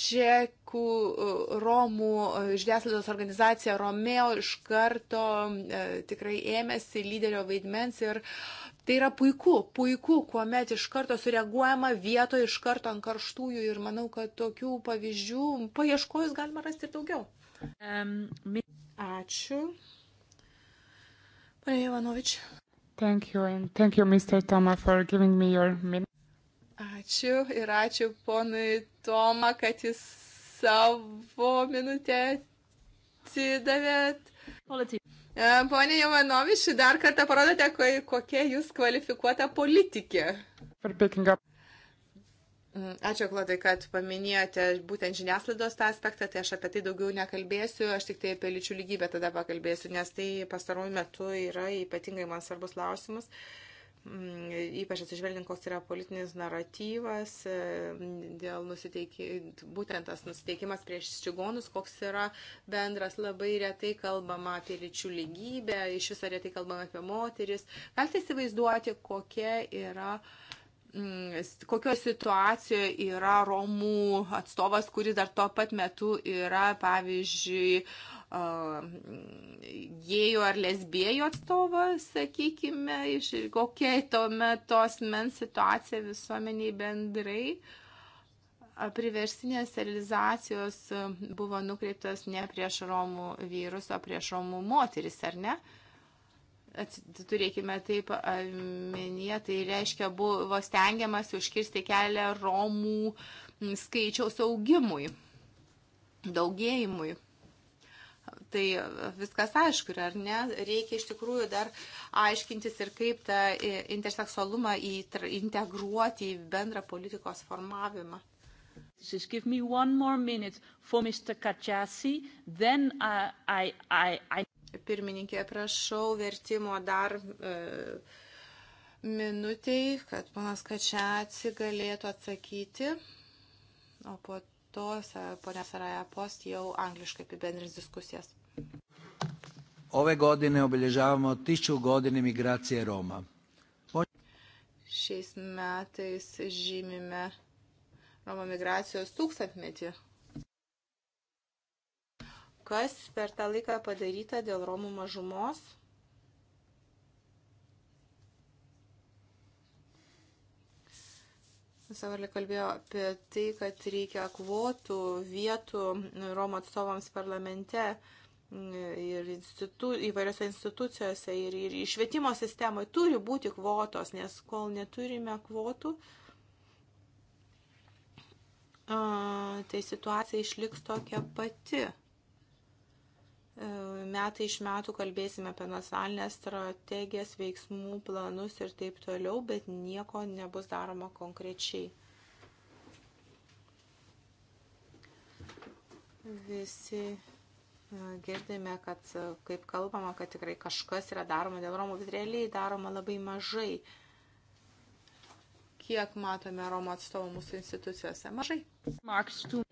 Speaker 1: čekų uh, Romų uh, žiniasklaidos organizacija Romeo iš karto e, tikrai ėmėsi lyderio vaidmens ir uh, Tai yra puiku, puiku, kuomet iš karto sureaguojama vietoje, iš karto ant karštųjų ir manau, kad tokių pavyzdžių paieškojus galima rasti ir daugiau. Um, Ačiū. Pane Ivanovič.
Speaker 3: Thank you and thank you, Mr. Toma, for giving me your minute.
Speaker 1: Ačiū ir ačiū ponui Toma, kad jis savo minutę atidavėt. Polity. E, pone Jovanovič, dar kartą parodote, kokia jūs kvalifikuota politikė. Mm, ačiū, Klodai, kad paminėjote būtent žiniasklaidos tą aspektą, tai aš apie tai daugiau nekalbėsiu, aš tik tai apie lyčių lygybę tada pakalbėsiu, nes tai pastaruoju metu yra ypatingai man svarbus klausimas. Uh, Mm, ypač atsižvelgiant, koks yra politinis naratyvas, mm, dėl nusiteiki, būtent tas nusiteikimas prieš čigonus, koks yra bendras, labai retai kalbama apie ryčių lygybę, iš viso retai kalbama apie moteris. Galite įsivaizduoti, kokia yra mm, kokioje situacijoje yra Romų atstovas, kuris dar tuo pat metu yra, pavyzdžiui, uh, gėjų ar lesbėjų atstovą, sakykime, iš kokia tuomet tos men situacija visuomeniai bendrai. Priversinės realizacijos buvo nukreiptas ne prieš Romų vyrus, o prieš Romų moteris, ar ne? turėkime taip minėję, tai reiškia buvo stengiamas užkirsti kelią Romų skaičiaus augimui, daugėjimui tai viskas aišku, ar ne? Reikia iš tikrųjų dar aiškintis ir kaip tą e, interseksualumą integruoti į bendrą politikos formavimą. Just give me one more minute for Mr. Kachasi, then uh, I, I, I... Pirmininkė, prašau vertimo dar uh, e, minutiai, kad panas Kačiatsi galėtų atsakyti, o po to ponia Saraja Post jau angliškai apibendrins diskusijas.
Speaker 2: Ove godine obilježavamo tiščių godinį migraciją Roma. O...
Speaker 1: Šiais metais žymime eh, Roma migracijos tūkstantmetį. Kas per tą laiką padaryta dėl Romų mažumos? Savarlė kalbėjo apie tai, kad reikia kvotų vietų Romų atstovams parlamente ir institu, įvairiose institucijose, ir, ir švietimo sistemoje turi būti kvotos, nes kol neturime kvotų, tai situacija išliks tokia pati. E, metai iš metų kalbėsime apie nacionalinės strategijas, veiksmų, planus ir taip toliau, bet nieko nebus daroma konkrečiai. Visi girdime, kad kaip kalbama, kad tikrai kažkas yra daroma dėl Romų, bet realiai daroma labai mažai. Kiek matome Romų atstovų mūsų institucijose? Mažai. Makstų.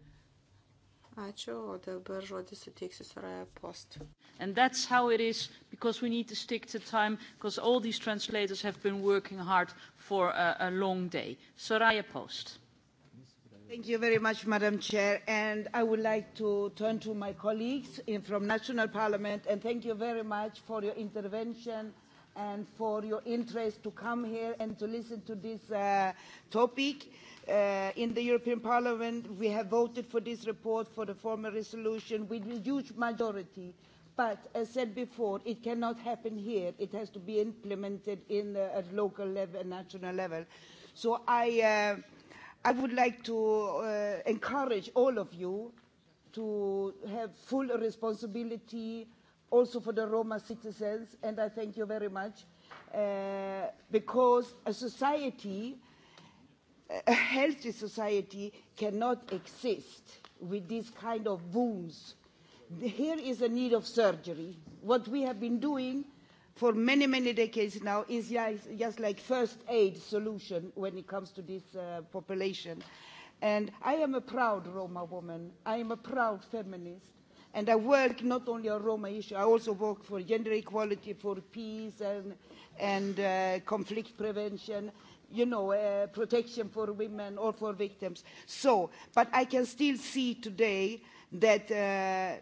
Speaker 1: Ačiū, o dabar žodį suteiksiu Soraya
Speaker 4: Post. And that's how it is, because we need to stick to time, because all these translators have been working hard for a, a long day. Soraya Post. Thank you very much, Madam Chair. And I would like to turn to my colleagues in, from National Parliament and thank you very much for your intervention and for your interest to come here and to listen to this uh, topic. Uh, in the European Parliament, we have voted for this report for the former resolution with a huge majority. But as said before, it cannot happen here. It has to be implemented in, uh, at local level and national level. So I... Uh, I would like to uh, encourage all of you to have full responsibility also for the Roma citizens, and I thank you very much, uh, because a society, a healthy society, cannot exist with these kind of wounds. Here is a need of surgery. What we have been doing for many, many decades now is just like first aid solution when it comes to this uh, population. And I am a proud Roma woman. I am a proud feminist. And I work not only on Roma issue, I also work for gender equality, for peace and, and uh, conflict prevention, you know, uh, protection for women or for victims. So, but I can still see today that uh,